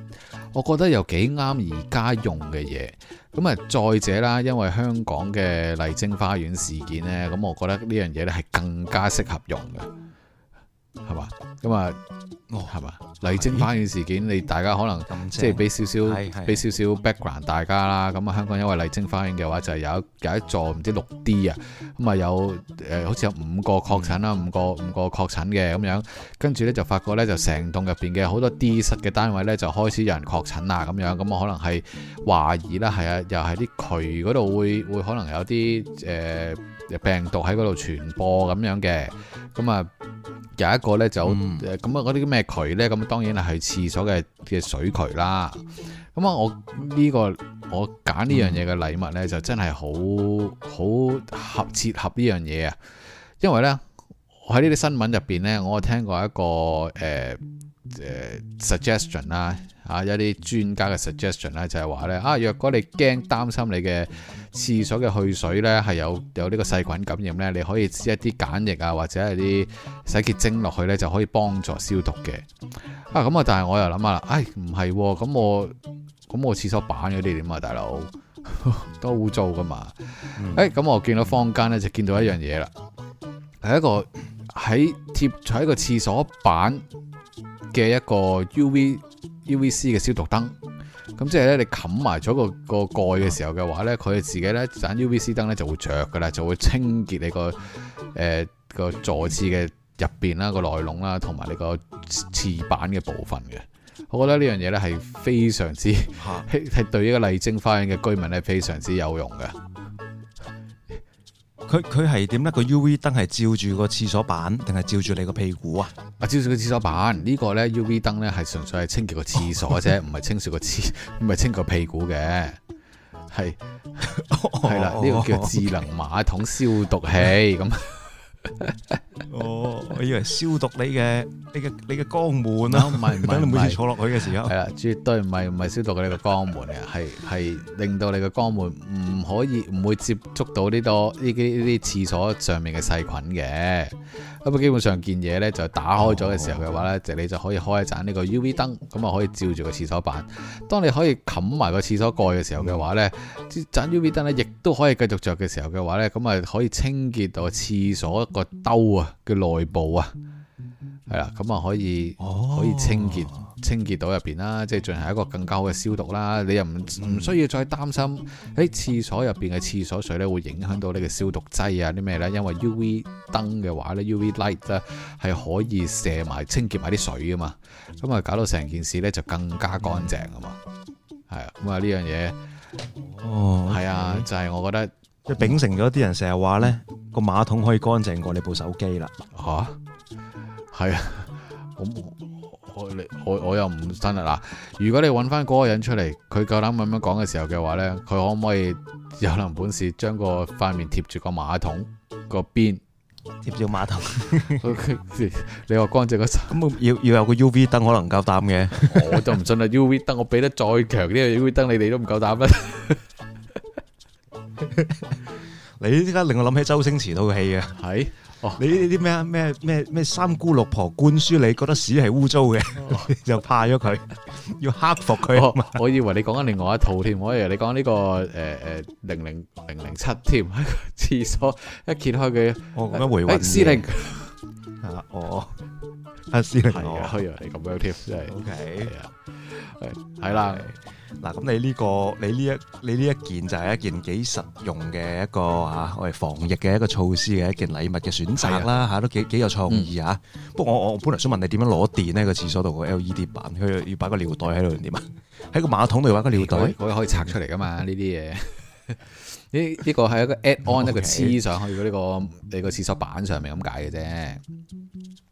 我覺得又幾啱而家用嘅嘢。咁啊，再者啦，因為香港嘅麗晶花園事件呢，咁我覺得呢樣嘢呢係更加適合用嘅。係嘛？咁啊，係嘛？麗晶花園事件，是你大家可能正即係俾少少俾少少 background 大家啦。咁啊，香港因為麗晶花園嘅話，就係、是、有一有一座唔知六 D 啊，咁啊有誒，好似有五個確診啦，嗯、五個五個確診嘅咁樣。跟住咧就發覺咧，就成棟入邊嘅好多 D 室嘅單位咧，就開始有人確診啊咁樣。咁我可能係懷疑啦，係啊，又係啲渠嗰度會會,會可能有啲誒。呃病毒喺嗰度傳播咁樣嘅，咁啊有一個呢就咁啊嗰啲咩渠呢？咁當然係廁所嘅嘅水渠啦。咁啊、這個，我呢個我揀呢樣嘢嘅禮物呢，就真係好好、嗯、合切合呢樣嘢啊！因為呢，喺呢啲新聞入邊呢，我聽過一個誒。呃誒、uh，suggestion 啦，吓一啲專家嘅 suggestion 咧，就係話咧啊，若果你驚擔心你嘅廁所嘅去水咧係有有呢個細菌感染咧，你可以使一啲鹼液啊或者係啲洗潔精落去咧就可以幫助消毒嘅、uh, 哎、啊。咁啊，但係我又諗下啦，唉，唔係咁我咁我廁所板嗰啲點啊，大佬 都污糟㗎嘛。誒、嗯，咁、哎、我見到坊間咧就見到一樣嘢啦，係一個喺貼喺，喺一個廁所板。嘅一個 U V U V C 嘅消毒燈，咁即係咧，你冚埋咗個個蓋嘅時候嘅話咧，佢自己咧盞、那個、U V C 燈咧就會着噶啦，就會清潔你個誒個坐廁嘅入邊啦、呃面那個內籠啦，同埋你個廁板嘅部分嘅。我覺得呢樣嘢咧係非常之係、啊、 對呢個麗晶花園嘅居民咧非常之有用嘅。佢佢係點咧？UV 燈個 U V 燈係照住個廁所板，定係照住你個屁股啊？啊，照住個廁所板，呢個，呢個咧 U V 燈咧係純粹係清潔個廁所嘅啫，唔係，哦，清潔個廁，唔係 清潔屁股嘅，係係啦，呢， 呢個叫智能馬桶消毒器咁。哦哦 okay 哦，我以為消毒你嘅，你嘅，你嘅肛門啊，唔係 是，唔係，等你每次坐落去嘅時候，係啦，絕對唔係唔係消毒你個肛門啊，係係令到你個肛門唔可以唔會接觸到呢個呢啲呢啲廁所上面嘅細菌嘅。咁基本上見嘢咧就打開咗嘅時候嘅話咧，就、oh, okay. 你就可以開一盞呢個 U V 燈，咁啊可以照住個廁所板。當你可以冚埋個廁所蓋嘅時候嘅話咧，mm hmm. 盞 U V 燈咧亦都可以繼續着嘅時候嘅話咧，咁啊可以清潔到廁所個兜啊嘅內部啊，係啦、mm，咁、hmm. 啊可以、oh. 可以清潔。清潔到入邊啦，即係進行一個更加好嘅消毒啦。你又唔唔需要再擔心喺廁所入邊嘅廁所水咧，會影響到呢個消毒劑啊啲咩咧？因為 U V 燈嘅話咧，U V light 咧、啊、係可以射埋清潔埋啲水啊嘛。咁啊，搞到成件事咧就更加乾淨啊嘛。係、mm hmm. 啊，咁啊呢樣嘢，哦，係啊，就係、是、我覺得即係秉承咗啲人成日話咧，個馬桶可以乾淨過你部手機啦。吓？係啊，咁、啊。我我又唔真啦，如果你揾翻嗰個人出嚟，佢夠膽咁樣講嘅時候嘅話咧，佢可唔可以有能本事將個塊面貼住個馬桶個邊？貼住馬桶，馬桶 你話乾淨個身， 要要有個 U V 燈可能夠膽嘅，我就唔信啦。U V 燈我俾得再強啲嘅 U V 燈，你哋都唔夠膽啦。 你依家令我諗起周星馳套戲呀係。哦，你呢啲咩啊？咩咩咩三姑六婆灌輸你覺得屎係污糟嘅，就怕咗佢，要克服佢。 我以為你講緊另外一套添，我以為你講呢個誒誒零零零零七添，喺個廁所一揭開佢，我咁樣回魂司令啊！哦。阿詩玲，係啊，係咁的樣添，真係 Okay. 的。O K，係啊，係啦 Okay.。嗱，咁你呢、這個，你呢一，你呢一件就係一件幾實用嘅一個啊，我哋防疫嘅一個措施嘅一件禮物嘅選擇啦，吓的、啊、都幾幾有創意啊。嗯、不過我我本嚟想問你點樣攞電呢個廁所度個 L E D 板，佢要擺個尿袋喺度點啊？喺個馬桶度擺個尿袋，嗰個可以拆出嚟噶嘛？呢啲嘢，呢呢個係一個 add on 一個黐、這個、Okay. 上去嘅呢、這個你個廁所板上面咁解嘅啫。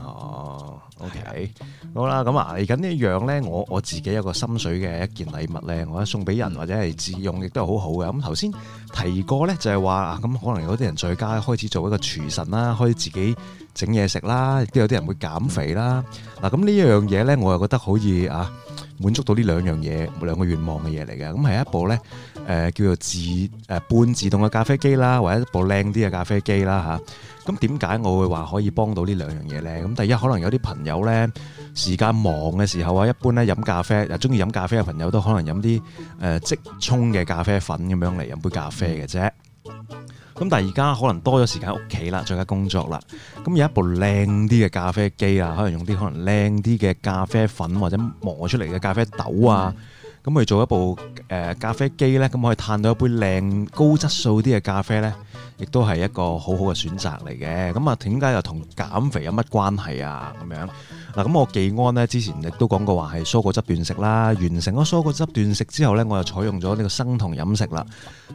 哦、oh,，OK，Yeah. 好啦，咁啊嚟緊呢樣呢，我我自己有個心水嘅一件禮物呢，我咧送俾人或者係自己用亦都係好好嘅。咁頭先提過呢，就係話啊，咁可能有啲人在家開始做一個廚神啦，開始自己整嘢食啦，亦都有啲人會減肥啦。嗱、啊，咁呢樣嘢呢，我又覺得可以啊，滿足到呢兩樣嘢兩個願望嘅嘢嚟嘅。咁係一部呢，誒、呃，叫做自誒、呃、半自動嘅咖啡機啦，或者一部靚啲嘅咖啡機啦，吓。咁點解我會話可以幫到呢兩樣嘢呢？咁第一可能有啲朋友呢，時間忙嘅時候啊，一般呢飲咖啡，又中意飲咖啡嘅朋友都可能飲啲誒即沖嘅咖啡粉咁樣嚟飲杯咖啡嘅啫。咁但係而家可能多咗時間屋企啦，再加工作啦，咁有一部靚啲嘅咖啡機啊，可能用啲可能靚啲嘅咖啡粉或者磨出嚟嘅咖啡豆啊。咁去、嗯、做一部誒、呃、咖啡機呢，咁可以嘆到一杯靚高質素啲嘅咖啡呢，亦都係一個好好嘅選擇嚟嘅。咁、嗯、啊，點解又同減肥有乜關係啊？咁樣？嗱咁我忌安咧，之前亦都講過話係蔬果汁斷食啦。完成咗蔬果汁斷食之後咧，我又採用咗呢個生酮飲食啦。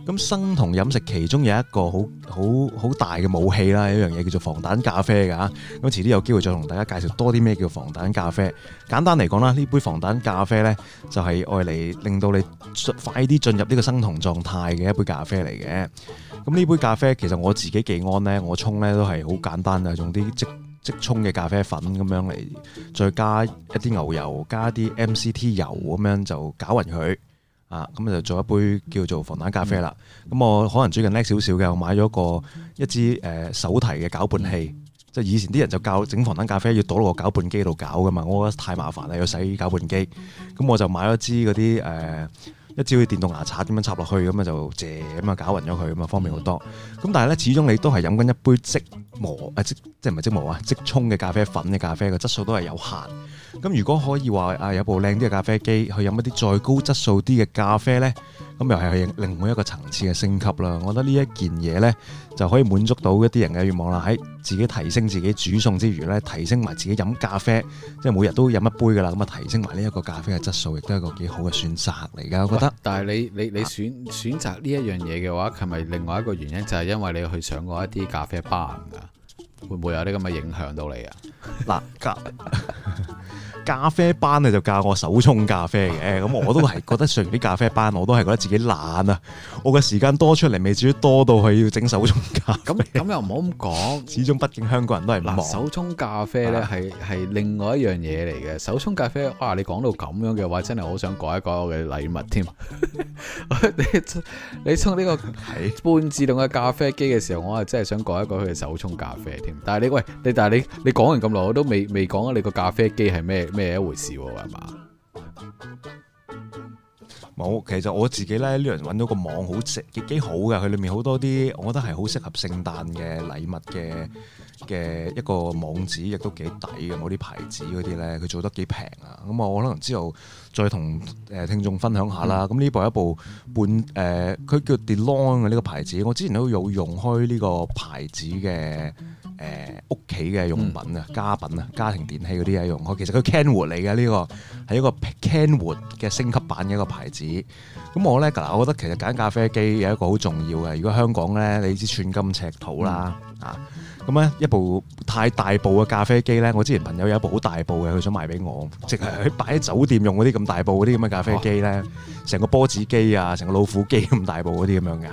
咁生酮飲食其中有一個好好好大嘅武器啦，有一樣嘢叫做防彈咖啡㗎，啊。咁遲啲有機會再同大家介紹多啲咩叫防彈咖啡。簡單嚟講啦，呢杯防彈咖啡咧就係愛嚟令到你快啲進入呢個生酮狀態嘅一杯咖啡嚟嘅。咁呢杯咖啡其實我自己忌安咧，我沖咧都係好簡單嘅，用啲即即沖嘅咖啡粉咁樣嚟，再加一啲牛油，加啲 MCT 油咁樣就攪勻佢啊！咁、嗯、就做一杯叫做防彈咖啡啦。咁、嗯嗯、我可能最近叻少少嘅，我買咗個一支誒、呃、手提嘅攪拌器。即係以前啲人就教整防彈咖啡要倒落個攪拌機度攪噶嘛，我覺得太麻煩啦，要洗攪拌機。咁、嗯、我就買咗支嗰啲誒。呃一支嘅電動牙刷咁樣插落去，咁啊就借，咁啊搞勻咗佢，咁啊方便好多咁，但係咧，始終你都係飲緊一杯即磨啊，即即唔係即磨啊，即沖嘅咖啡粉嘅咖啡，個質素都係有限。咁如果可以話啊，有部靚啲嘅咖啡機去飲一啲再高質素啲嘅咖啡咧。咁又係另外一個層次嘅升級啦，我覺得呢一件嘢呢，就可以滿足到一啲人嘅願望啦。喺自己提升自己煮餸之餘呢，提升埋自己飲咖啡，即係每日都飲一杯噶啦。咁啊，提升埋呢一個咖啡嘅質素，亦都係一個幾好嘅選擇嚟噶。我覺得。但係你你你選選擇呢一樣嘢嘅話，係咪另外一個原因就係因為你去上過一啲咖啡班啊？會唔會有啲咁嘅影響到你啊？嗱， 咖啡班咧就教我手沖咖啡嘅，咁我都係覺得上完啲咖啡班，我都係覺得自己懶啊！我嘅時間多出嚟，未至於多到去要整手沖咖啡。咁咁又唔好咁講，始終畢竟香港人都係懶。手沖咖啡咧係係另外一樣嘢嚟嘅。手沖咖啡哇，你講到咁樣嘅話，真係我好想改一改我嘅禮物添。你你沖呢個半自動嘅咖啡機嘅時候，我係真係想改一改佢嘅手沖咖啡添。但係你喂，你但係你你講完咁耐，我都未未講啊！你個咖啡機係咩？咩一回事喎、啊？係嘛？冇，其實我自己咧呢輪揾、這個、到個網好食，幾好噶。佢裏面好多啲，我覺得係好適合聖誕嘅禮物嘅嘅一個網址，亦都幾抵嘅。嗰啲牌子嗰啲咧，佢做得幾平啊！咁我可能之後再同誒聽眾分享下啦。咁呢、嗯、部一部半誒，佢、呃、叫 Delong 嘅呢個牌子，我之前都有用開呢個牌子嘅。誒屋、呃、企嘅用品啊、家品啊、家庭電器嗰啲嘢用、嗯、其實佢 Kenwood 嚟嘅呢個係一個 Kenwood 嘅升級版嘅一個牌子。咁我咧嗱，我覺得其實揀咖啡機有一個好重要嘅。如果香港咧，你知寸金尺土啦、嗯、啊，咁咧一部太大部嘅咖啡機咧，我之前朋友有一部好大部嘅，佢想賣俾我，淨係佢擺喺酒店用嗰啲咁大部嗰啲咁嘅咖啡機咧，成、哦、個波子機啊，成個老虎機咁大部嗰啲咁樣嘅。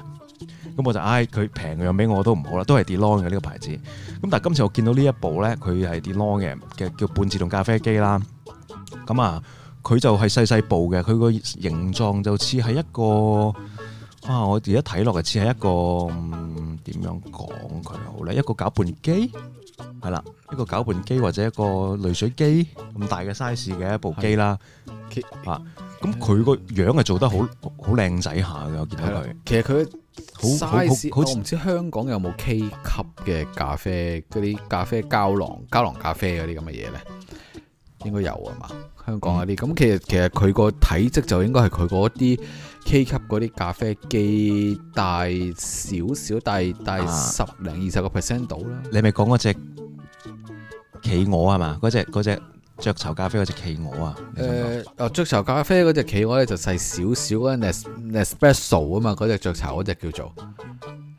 咁我就唉，佢平又俾我都唔好啦，都係 De'Longhi 嘅呢個牌子。咁但係今次我見到呢一部咧，佢係 De'Longhi 嘅嘅叫半自動咖啡機啦。咁啊，佢就係細細部嘅，佢個形狀就似係一個啊！我而家睇落嚟似係一個點樣講佢好咧？一個攪拌機係啦，一個攪拌機或者一個濾水機咁大嘅 size 嘅一部機啦。啊！咁佢個樣係做得對好對好靚仔下嘅，我見到佢。其實佢好好好，我唔知香港有冇 K 級嘅咖啡嗰啲咖啡膠囊、膠囊咖啡嗰啲咁嘅嘢咧，應該有啊嘛。香港嗰啲咁，其實其實佢個體積就應該係佢嗰啲 K 級嗰啲咖啡機大少少，但大十零二十個 percent 度啦。你咪講嗰隻企鵝係嘛？嗰隻嗰隻。雀巢咖啡嗰隻企鵝啊，誒，啊雀巢咖啡嗰隻企鵝咧就細少少啊 nes，Nespresso 啊嘛，嗰隻雀巢嗰隻叫做。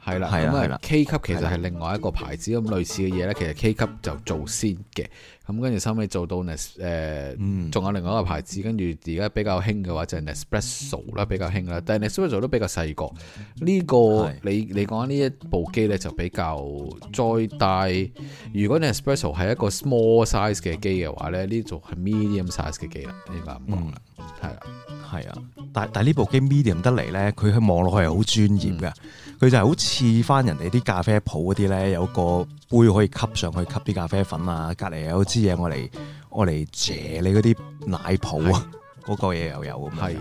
係啦，咁的 K 級其實係另外一個牌子咁，的類似嘅嘢咧，其實 K 級就先做先嘅，咁跟住收尾做到 Nes 仲、呃嗯、有另外一個牌子，跟住而家比較興嘅話就係 Nespresso 啦，比較興啦，但 Nespresso 都比較細個。呢、這個的你你講呢一部機咧就比較再大。如果你 Nespresso 係一個 small size 嘅機嘅話咧，呢就係 medium size 嘅機啦，呢、這個唔同啦。係啦、嗯，係啊，但但呢部機 medium 得嚟咧，佢望落去係好專業嘅。嗯佢就係好似翻人哋啲咖啡鋪嗰啲咧，有個杯可以吸上去吸啲咖啡粉啊，隔離有支嘢我嚟我嚟借你嗰啲奶泡啊，嗰是的 個嘢又有，咁係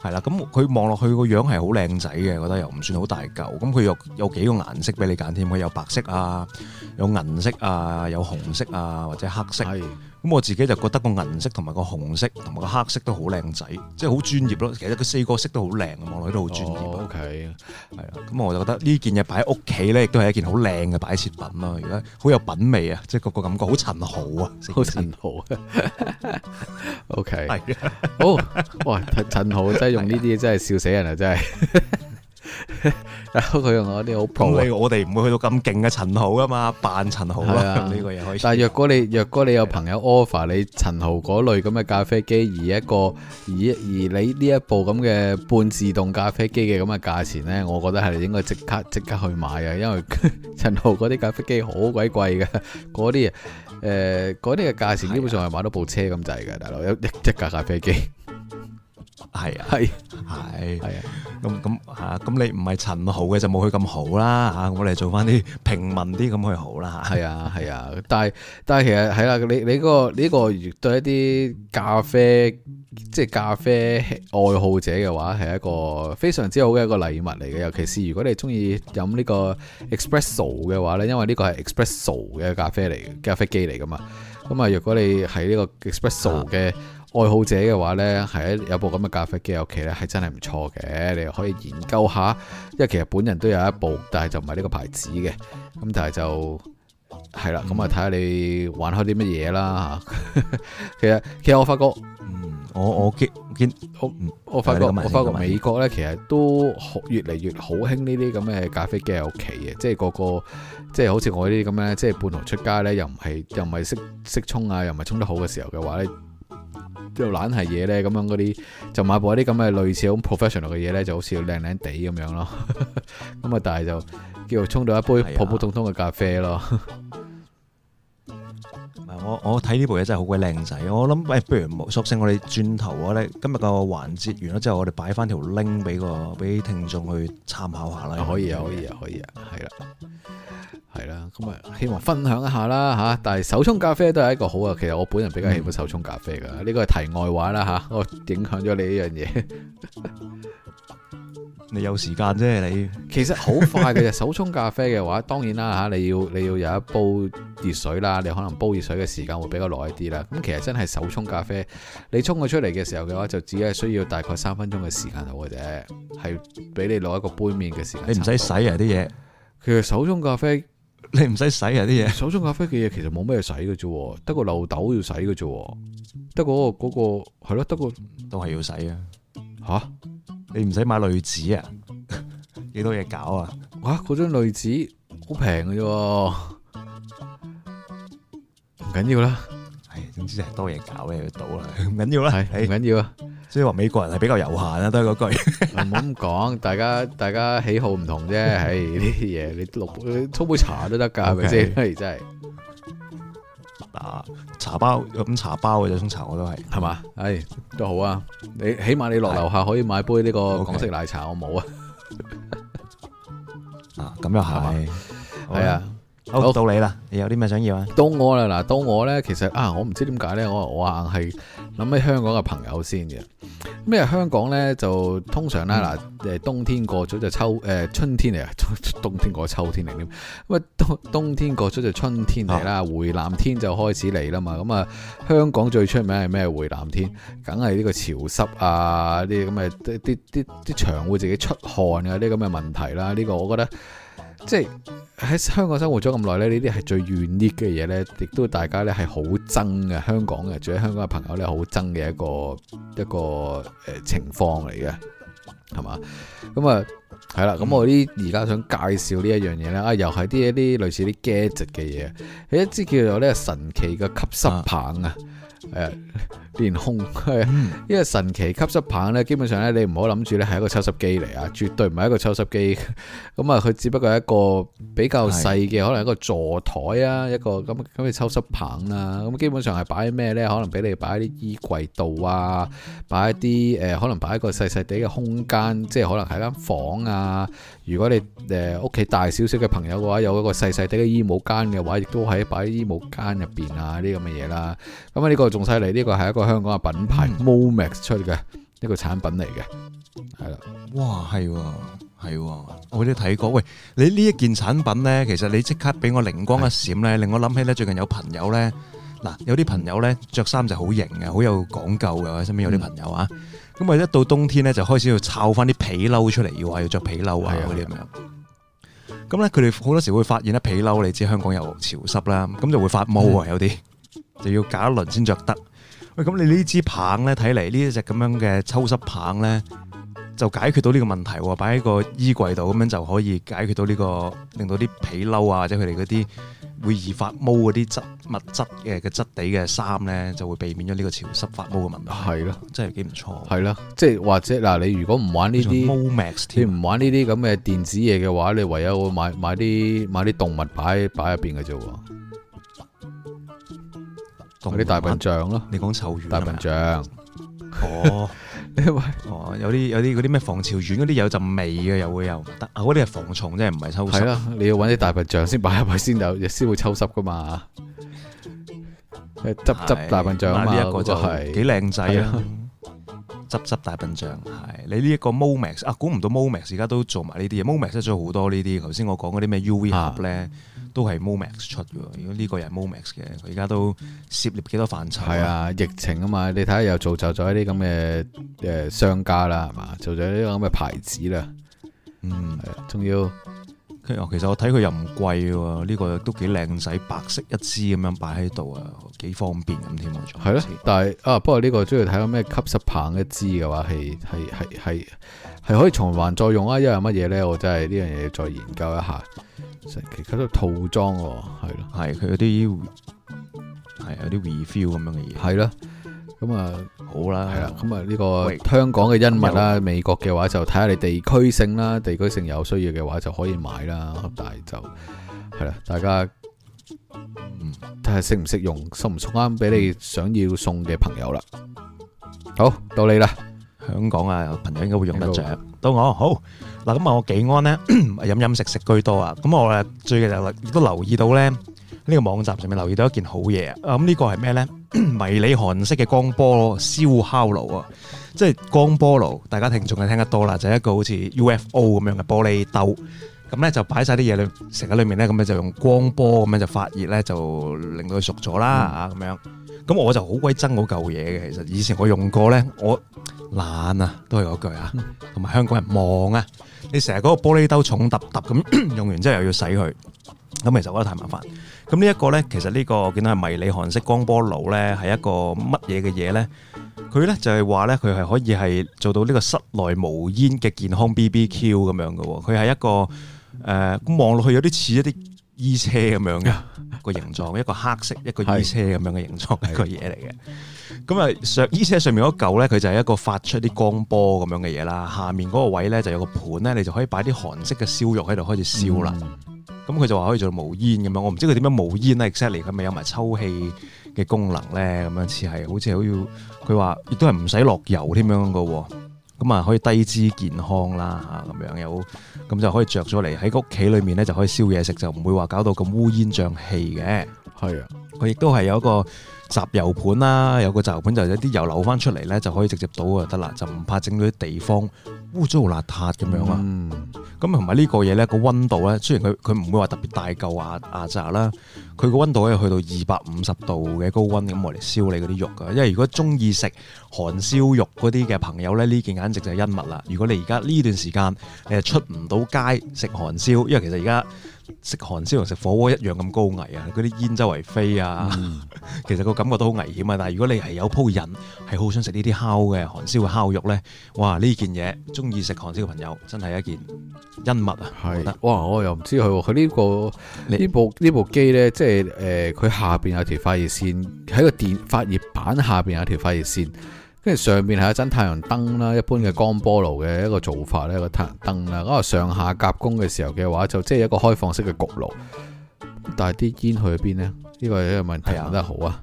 係啦，咁佢望落去個樣係好靚仔嘅，覺得又唔算好大嚿，咁佢又有幾個顏色俾你揀添，佢有白色啊，有銀色啊，有紅色啊，或者黑色。咁我自己就覺得個銀色同埋個紅色同埋個黑色都好靚仔，即係好專業咯。其實佢四個色都好靚，望落去都好專業。O K，係啊。咁，okay，我就覺得呢件嘢擺喺屋企咧，亦都係一件好靚嘅擺設品咯。而家好有品味啊，即係個感覺好陳豪啊，好陳像豪。O K，好，哇！陳豪真係用呢啲嘢真係笑死人啊，真係。 佢用嗰啲好，咁你 我哋唔會去到咁勁嘅陳豪噶嘛，扮陳豪啊，呢個嘢可以，但係若果你若果你有朋友 offer 你陳豪嗰類咁嘅咖啡機，而一個而而你呢一部咁嘅半自動咖啡機嘅咁嘅價錢呢，我覺得係應該即刻即刻去買嘅，因為陳 豪嗰啲咖啡機好鬼貴嘅，嗰啲誒，嗰啲嘅價錢基本上係買到部車咁滯嘅，是啊、大佬，一一,一架咖啡機。係啊，係係係啊，咁咁吓，咁、啊嗯啊嗯，你唔係陳豪嘅就冇佢咁好啦吓，啊，我哋做翻啲平民啲咁去好啦吓，係啊係啊，啊，但係但係其實係啦，你你，這個呢個對一啲咖啡即係咖啡愛好者嘅話，係一個非常之好嘅一個禮物嚟嘅，尤其是如果你中意飲呢個 Espresso 嘅話咧，因為呢個係 Espresso 嘅咖啡嚟嘅，咖啡機嚟噶嘛，咁啊如果你喺呢個 Espresso 嘅。啊愛好者嘅話呢，係有部咁嘅咖啡機喺屋企呢，係真係唔錯嘅。你又可以研究下，因為其實本人都有一部，但係就唔係呢個牌子嘅。咁但係就係啦，咁啊，睇下、嗯、你玩開啲乜嘢啦吓。 其實其實我發覺，嗯，我我見見我，我發覺，我，我，發覺我發覺美國呢，其實都越嚟越好興呢啲咁嘅咖啡機喺屋企嘅，即係個個即係好似我呢啲咁咧，即係半途出街呢，又唔係又唔係識識沖啊，又唔係沖得好嘅時候嘅話咧。就懶係嘢呢，咁樣嗰啲就買部一啲咁嘅類似咁 professional 嘅嘢呢，就好似靚靚地咁樣咯。咁啊，但係就叫做沖到一杯普普通通嘅咖啡咯。是啊 我我睇呢部嘢真係好鬼靚仔，我諗喂、哎，不如無索性我哋轉頭，我哋今日個環節完咗之後，我哋擺翻條 link 俾個俾聽眾去參考下啦、啊。可以啊，可以啊，可以啊，係啦，係啦，咁啊，希望分享一下啦嚇、啊。但係手沖咖啡都係一個好啊，其實我本人比較喜歡手沖咖啡噶，呢個係題外話啦嚇、啊。我影響咗你呢樣嘢。 你有時間啫，你其實好快嘅手沖咖啡嘅話，當然啦吓，你要你要有一煲熱水啦，你可能煲熱水嘅時間會比較耐啲啦。咁其實真係手沖咖啡，你沖佢出嚟嘅時候嘅話，就只係需要大概三分鐘嘅時間度嘅啫，或者係俾你攞一個杯麵嘅時間。你唔使洗啊啲嘢，其實手沖咖啡你唔使洗啊啲嘢。手沖咖啡嘅嘢其實冇咩洗嘅啫，得個漏斗要洗嘅啫，得個嗰個係咯，得個都係要洗啊吓。你唔使買濾紙啊？幾 多嘢搞啊？哇！嗰張濾紙好平㗎啫，唔緊要啦。唉、哎，總之就係多嘢搞嘅賭 啦，唔緊要啦，係唔緊要啊。所以話美國人係比較悠閒啦，都係嗰句。唔好咁講，大家大家喜好唔同啫。唉， 啲嘢你六沖杯茶都得噶，係咪先？係真係。茶包飲茶包嘅啫，沖茶我都係，係嘛？ 唉，都好啊！你起碼你落樓下可以買杯呢個港式奶茶，Okay. 我冇啊！ 啊，咁又係，係吧好吧 啊。好、oh, 到你啦，你有啲咩想要啊？到我啦，嗱，到我咧，其實啊，我唔知點解咧，我我硬係諗起香港嘅朋友先嘅。咩香港咧就通常咧嗱，誒冬天過咗就秋誒春天嚟啊，冬天過秋、呃、天嚟添。咁啊冬冬天過咗就春天嚟啦，oh. 回南天就開始嚟啦嘛。咁、嗯、啊香港最出名係咩？回南天，梗係呢個潮濕啊，啲咁嘅啲啲啲啲牆會自己出汗啊，啲咁嘅問題啦、啊。呢、這個我覺得。即係喺香港生活咗咁耐咧，呢啲係最怨啲嘅嘢咧，亦都大家咧係好憎嘅，香港嘅住喺香港嘅朋友咧好憎嘅一個一個誒、呃、情況嚟嘅，係嘛？咁啊，係、嗯、啦，咁我啲而家想介紹呢一樣嘢咧，啊，又係啲一啲類似啲 gadget 嘅嘢，一支叫做呢神奇嘅吸濕棒啊，誒、嗯。連空 因為神奇吸濕棒呢，基本上呢，你唔好諗住呢係一個抽濕機嚟啊，絕對唔係一個抽濕機。咁 啊、嗯，佢只不過係一個比較細嘅，的可能一個座台啊，一個咁咁嘅抽濕棒啦、啊。咁、嗯、基本上係擺咩呢？可能俾你擺啲衣櫃度啊，擺一啲誒、呃，可能擺一個細細哋嘅空間，即係可能係間房啊。如果你誒屋企大少少嘅朋友嘅話，有一個細細哋嘅衣帽間嘅話，亦都係擺喺衣帽間入邊啊啲咁嘅嘢啦。咁、嗯、啊，呢、這個仲犀利，呢、這個係一個。香港嘅品牌 MoMax 出嘅一個產品嚟嘅，係啦，哇，係，係，我都睇過。喂，你呢一件產品咧，其實你即刻俾我靈光一閃咧，令我諗起咧，最近有朋友咧，嗱，有啲朋友咧着衫就好型嘅，好有講究嘅，身邊有啲朋友啊，咁啊，一到冬天咧就開始要摷返啲皮褸出嚟，要話，要着皮褸啊，嗰啲咁樣。咁咧，佢哋好多時會發現咧，皮褸你知香港又潮濕啦，咁就會發毛啊，有啲就要搞一輪先着得。喂，咁你呢支棒咧，睇嚟呢一隻咁樣嘅抽濕棒咧，就解決到呢個問題喎，擺喺個衣櫃度，咁樣就可以解決到呢、呢個，令到啲皮褸啊，或者佢哋嗰啲會易發毛嗰啲質物質嘅嘅質地嘅衫咧，就會避免咗呢個潮濕發毛嘅問題。係咯的，真係幾唔錯。係啦，即係或者嗱，你如果唔玩呢啲，no、Max 你唔玩呢啲咁嘅電子嘢嘅話，你唯有會買買啲買啲動物擺擺入邊嘅啫。嗰啲大笨象咯，你講臭丸大笨象哦，你喂哦，有啲有啲啲咩防潮丸嗰啲有陣味嘅，又會有。得啊，嗰啲係防蟲，即係唔係抽濕。係咯，你要揾啲大笨象先擺入去，先有，先會抽濕噶嘛。執執 大笨象呢一個就係幾靚仔啊！執執大笨象係，你呢一個 MoMax 啊，估唔到 MoMax 而家都做埋 呢啲嘢，MoMax 出咗好多呢啲，頭先我講嗰啲咩 UV 盒咧。都係 MOMAX 出嘅，如果呢個又係 MOMAX 嘅，佢而家都涉獵幾多範疇啊？係啊，疫情啊嘛，你睇下又造就咗一啲咁嘅誒商家啦，係嘛？造就啲咁嘅牌子啦。嗯，係。仲、嗯、要，其實我睇佢又唔貴喎，呢、這個都幾靚仔，白色一支咁樣擺喺度啊，幾方便咁添啊。係咯，但係啊，不過呢個中意睇下咩吸濕棒一支嘅話係係係係係可以循環再用啊？因為乜嘢咧？我真係呢樣嘢再研究一下。神奇級數套裝喎，係咯，係佢有啲係有啲 review 咁樣嘅嘢，係咯，咁啊好啦，係啦，咁啊呢個喂香港嘅恩物啦，喂美國嘅話就睇下你地區性啦，地區性有需要嘅話就可以買啦，但係就係啦，大家，嗯，睇下適唔適用，送唔送啱俾你想要送嘅朋友啦。好，到你啦。香港啊，朋友應該會用得着。到我好嗱，咁啊，我幾安咧？飲 飲食食居多啊。咁我咧最近就亦都留意到咧，呢個網站上面留意到一件好嘢啊！咁呢個係咩咧？迷你韓式嘅光波燒烤爐啊，即係光波爐。大家聽眾係聽得多啦，就係一個好似 UFO 咁樣嘅玻璃兜。咁咧就擺晒啲嘢落成喺裏面咧，咁樣就用光波咁樣就發熱咧，就令到佢熟咗啦啊咁樣。咁我就好鬼憎嗰嚿嘢嘅，其實以前我用過咧，我懶啊，都係嗰句啊，同埋香港人忙啊，你成日嗰個玻璃兜重揼揼咁，用完之後又要洗佢，咁其實我覺得太麻煩。咁呢一個咧，其實呢個見到係迷你韓式光波爐咧，係一個乜嘢嘅嘢咧？佢咧就係話咧，佢係可以係做到呢個室內無煙嘅健康 B B Q 咁樣噶。佢係一個誒，望落去有啲似一啲。衣車咁樣嘅個形狀，一個黑色一個衣車咁樣嘅形狀嘅一個嘢嚟嘅。咁啊上衣車上面嗰嚿咧，佢就係一個發出啲光波咁樣嘅嘢啦。下面嗰個位咧就有個盤咧，你就可以擺啲韓式嘅燒肉喺度開始燒啦。咁佢、嗯嗯、就話可以做到無煙咁樣，我唔知佢點樣無煙咧。Exactly，佢咪有埋抽氣嘅功能咧？咁樣似係好似好似，佢話亦都係唔使落油添，樣噶。咁啊，可以低脂健康啦嚇，咁樣有，咁就可以着咗嚟喺屋企裏面咧，就可以燒嘢食，就唔會話搞到咁烏煙瘴氣嘅。係啊的，佢亦都係有一個。集油盤啦，有個集油盤就係一啲油流翻出嚟咧，就可以直接倒就得啦，就唔怕整到啲地方污糟邋遢咁樣啊。咁同埋呢個嘢咧，個溫度咧，雖然佢佢唔會話特別大嚿壓榨啦，佢個溫度可以去到二百五十度嘅高溫，咁嚟燒你嗰啲肉噶。因為如果中意食韓燒肉嗰啲嘅朋友咧，呢件簡直就係恩物啦。如果你而家呢段時間你係出唔到街食韓燒，因為其實而家。食韓燒同食火鍋一樣咁高危啊！嗰啲煙周圍飛啊，嗯、其實個感覺都好危險啊！但係如果你係有鋪癮，係好想食呢啲烤嘅韓燒嘅烤肉咧，哇！呢件嘢中意食韓燒嘅朋友真係一件恩物啊！係是哇！我又唔知佢佢呢個呢你 部呢部機咧，即係誒，佢、呃、下邊有條發熱線，喺個電發熱板下邊有條發熱線。跟住上面係一盞太陽燈啦，一般嘅光波爐嘅一個做法咧，一個太陽燈啦，嗰、啊、個上下夾攻嘅時候嘅話就即係一個開放式嘅焗爐，但係啲煙去邊咧？呢、這個係一個問題，問得好啊！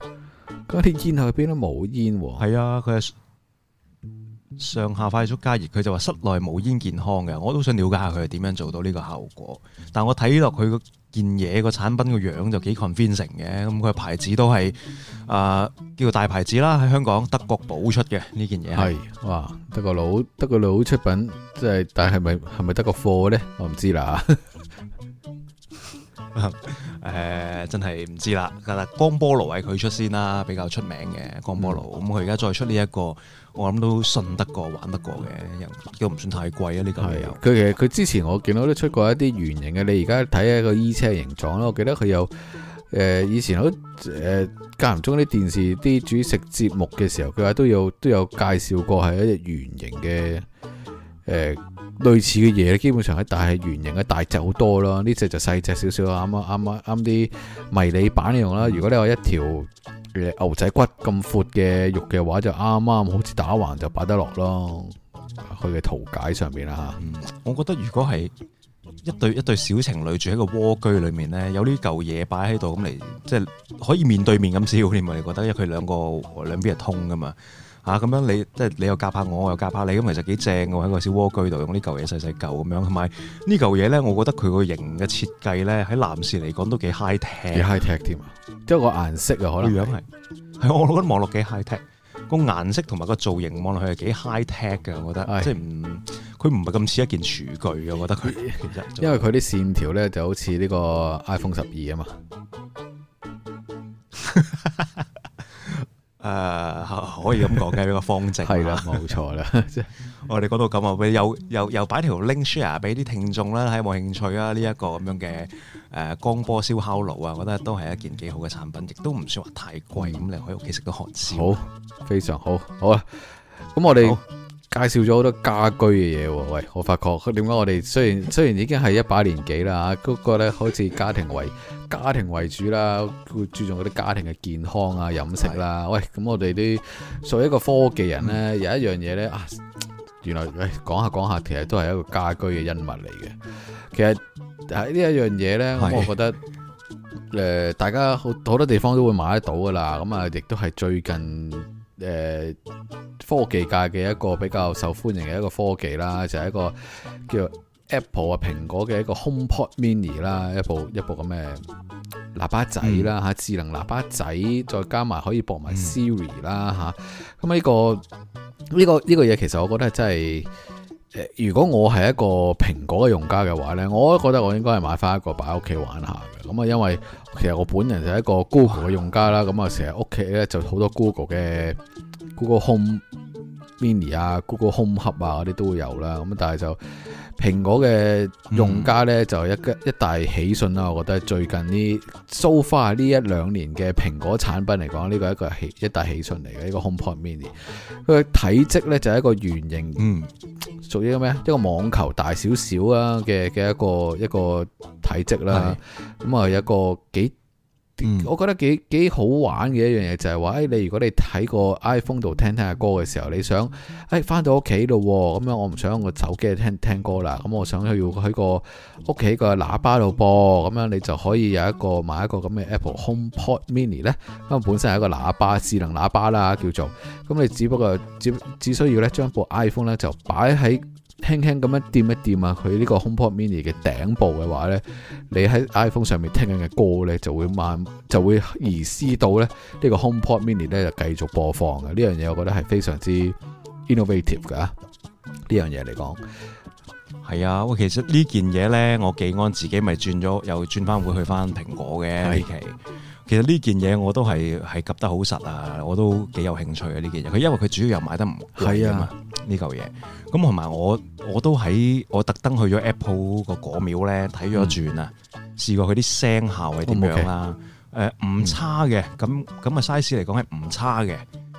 咁啲是、啊、煙去邊都冇煙喎，係啊，佢係上下快速加熱，佢就話室內冇煙健康嘅，我都想了解下佢係點樣做到呢個效果，但我睇落佢個件嘢個產品個樣就幾 confusing 嘅，咁佢牌子都係啊、呃、叫做大牌子啦，喺香港德國寶出嘅呢件嘢係哇，德國佬德國佬出品，即係但係咪係咪德國貨咧？我唔知啦。誒、 呃，真係唔知啦。嗱，光波爐係佢出先啦，比較出名嘅光波爐。咁佢而家再出呢一個。我諗都信得過，玩得過嘅，又買唔算太貴啊！呢嚿係有佢嘅。佢之前我見到都出過一啲圓形嘅，你而家睇下個衣車形狀啦。我記得佢有誒、呃、以前喺誒間唔中啲電視啲煮食節目嘅時候，佢話都有都有介紹過係一隻圓形嘅誒、呃、類似嘅嘢。基本上係大係圓形嘅大隻好多啦，呢隻就細隻少少啊！啱啱啱啲迷你版嚟用啦。如果你有一條，牛仔骨咁闊嘅肉嘅話就對對，就啱啱好似打橫就擺得落咯。佢嘅圖解上面啦嚇，嗯、我覺得如果係一對一對小情侶住喺個蝸居裏面咧，有呢嚿嘢擺喺度咁嚟，即係可以面對面咁笑，你咪你覺得因為佢兩個兩邊係通噶嘛。嚇咁、啊、樣你即係你又夾下我，我又夾下你，咁其實幾正喎，喺個小蝸居度用啲嚿嘢細細嚿咁樣，同埋呢嚿嘢咧，我覺得佢個型嘅設計咧，喺男士嚟講都幾 high tech，幾 high tech 添啊！即係個顏色啊，可能咁係係我覺得望落幾 high tech，個顏色同埋個造型望落去係幾 high tech 嘅，我覺得即係唔佢唔係咁似一件廚具嘅，我覺得佢因為佢啲的線條咧就好似呢個 iPhone 十二啊嘛。可以咁講嘅，比較方正係啦，冇 錯啦。 我哋講到咁啊，我哋又又又擺條 link share 俾啲聽眾啦，睇冇興趣啊呢一個咁樣嘅誒、呃、光波燒烤爐啊，我覺得都係一件幾好嘅產品，亦都唔算話太貴。咁你可以喺屋企食到韓燒，好非常好好啊。咁我哋。介紹咗好多家居嘅嘢喎，喂，我發覺點解我哋雖然雖然已經係一把年紀啦吓，不過咧好似家庭為家庭為主啦，會注重嗰啲家庭嘅健康啊、飲食啦、啊。是的 喂，咁我哋啲作為一個科技人呢，嗯、有一樣嘢呢。啊，原來講下講下，其實都係一個家居嘅恩物嚟嘅。其實喺呢一樣嘢呢，我覺得誒是的、呃，大家好好多地方都會買得到噶啦。咁啊，亦都係最近。誒科技界嘅一個比較受歡迎嘅一個科技啦，就係、是、一個叫 Apple 啊蘋果嘅一個 HomePod Mini 啦，一部一部咁嘅喇叭仔啦嚇，嗯、智能喇叭仔，再加埋可以播埋 Siri 啦嚇，咁呢、嗯啊這個呢、這個呢、這個嘢其實我覺得真係。如果我係一個蘋果嘅用家嘅話呢，我都覺得我應該係買翻一個擺喺屋企玩下嘅。咁啊，因為其實我本人就係一個 Google 嘅用家啦。咁啊的，成日屋企呢就好多 Google 嘅 Google Home Mini 啊、Google Home Hub 啊嗰啲都會有啦。咁但係就～蘋果嘅用家咧、嗯、就一一大喜訊啦，我覺得最近呢 So far，呢一兩年嘅蘋果產品嚟講，呢、這個係一個喜一大喜訊嚟嘅呢個 HomePod Mini，佢體積咧就係一個圓形，屬於咩一個網球大少少啊嘅嘅一個一個體積啦，咁啊是、嗯、有一個幾。嗯、我覺得幾幾好玩嘅一樣嘢就係、是、話，誒、哎，你如果你睇個 iPhone 度聽聽下歌嘅時候，你想，誒、哎，翻到屋企咯，咁樣我唔想用個手機聽聽歌啦，咁我想去要喺個屋企個喇叭度播，咁樣你就可以有一個買一個咁嘅 Apple HomePod Mini 呢，咁本身係一個喇叭，智能喇叭啦，叫做，咁你只不過只只需要咧將部 iPhone 呢就擺喺。輕輕咁樣掂一掂啊，佢呢個 HomePod Mini 嘅頂部嘅話咧，你喺 iPhone 上面聽緊嘅歌咧，就會慢，就會移師到咧呢個 HomePod Mini 咧就繼續播放嘅。呢樣嘢我覺得係非常之 innovative 噶，呢樣嘢嚟講，係啊，我其實呢件嘢咧，我紀安自己咪轉咗，又轉翻會去翻蘋果嘅呢期。其實呢件嘢我都係係夾得好實啊！我都幾有興趣啊！呢件嘢佢因為佢主要又買得唔貴啊嘛，呢嚿嘢咁同埋我我都喺我特登去咗 Apple 個果廟咧睇咗轉啊，一轉嗯、試過佢啲聲效係點樣啦？誒唔 Okay、呃、差嘅，咁咁啊 size 嚟講係唔差嘅，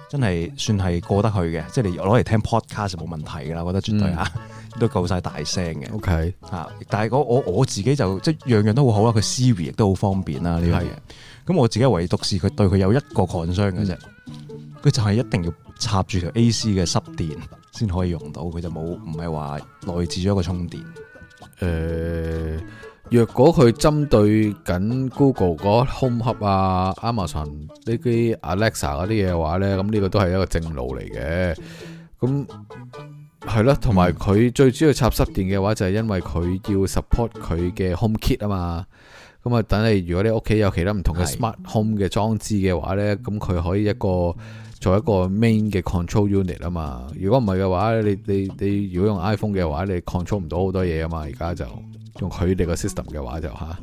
真係算係過得去嘅，即係你攞嚟聽 podcast 冇問題㗎啦，覺得絕對嚇、啊嗯、都夠晒大聲嘅。OK 嚇、啊，但係我我自己就即係樣樣都好好啦，佢 Siri 亦都好方便啦呢樣嘢。咁我自己唯獨是佢對佢有一個擴張嘅啫，佢就係一定要插住條 AC 嘅濕電先可以用到，佢就冇唔係話內置咗一個充電。誒、呃，若果佢針對緊 Google 嗰 Home 盒啊、Amazon 呢啲 Alexa 嗰啲嘢嘅話咧，咁呢個都係一個正路嚟嘅。咁係咯，同埋佢最主要插濕電嘅話，就係因為佢要 support 佢嘅 Home Kit 啊嘛。咁啊，等你如果你屋企有其他唔同嘅 smart home 嘅裝置嘅話咧，咁佢可以一個做一個 main 嘅 control unit 啊嘛。如果唔係嘅話，你你你如果用 iPhone 嘅話，你 control 唔到好多嘢啊嘛。而家就用佢哋個 system 嘅話就吓，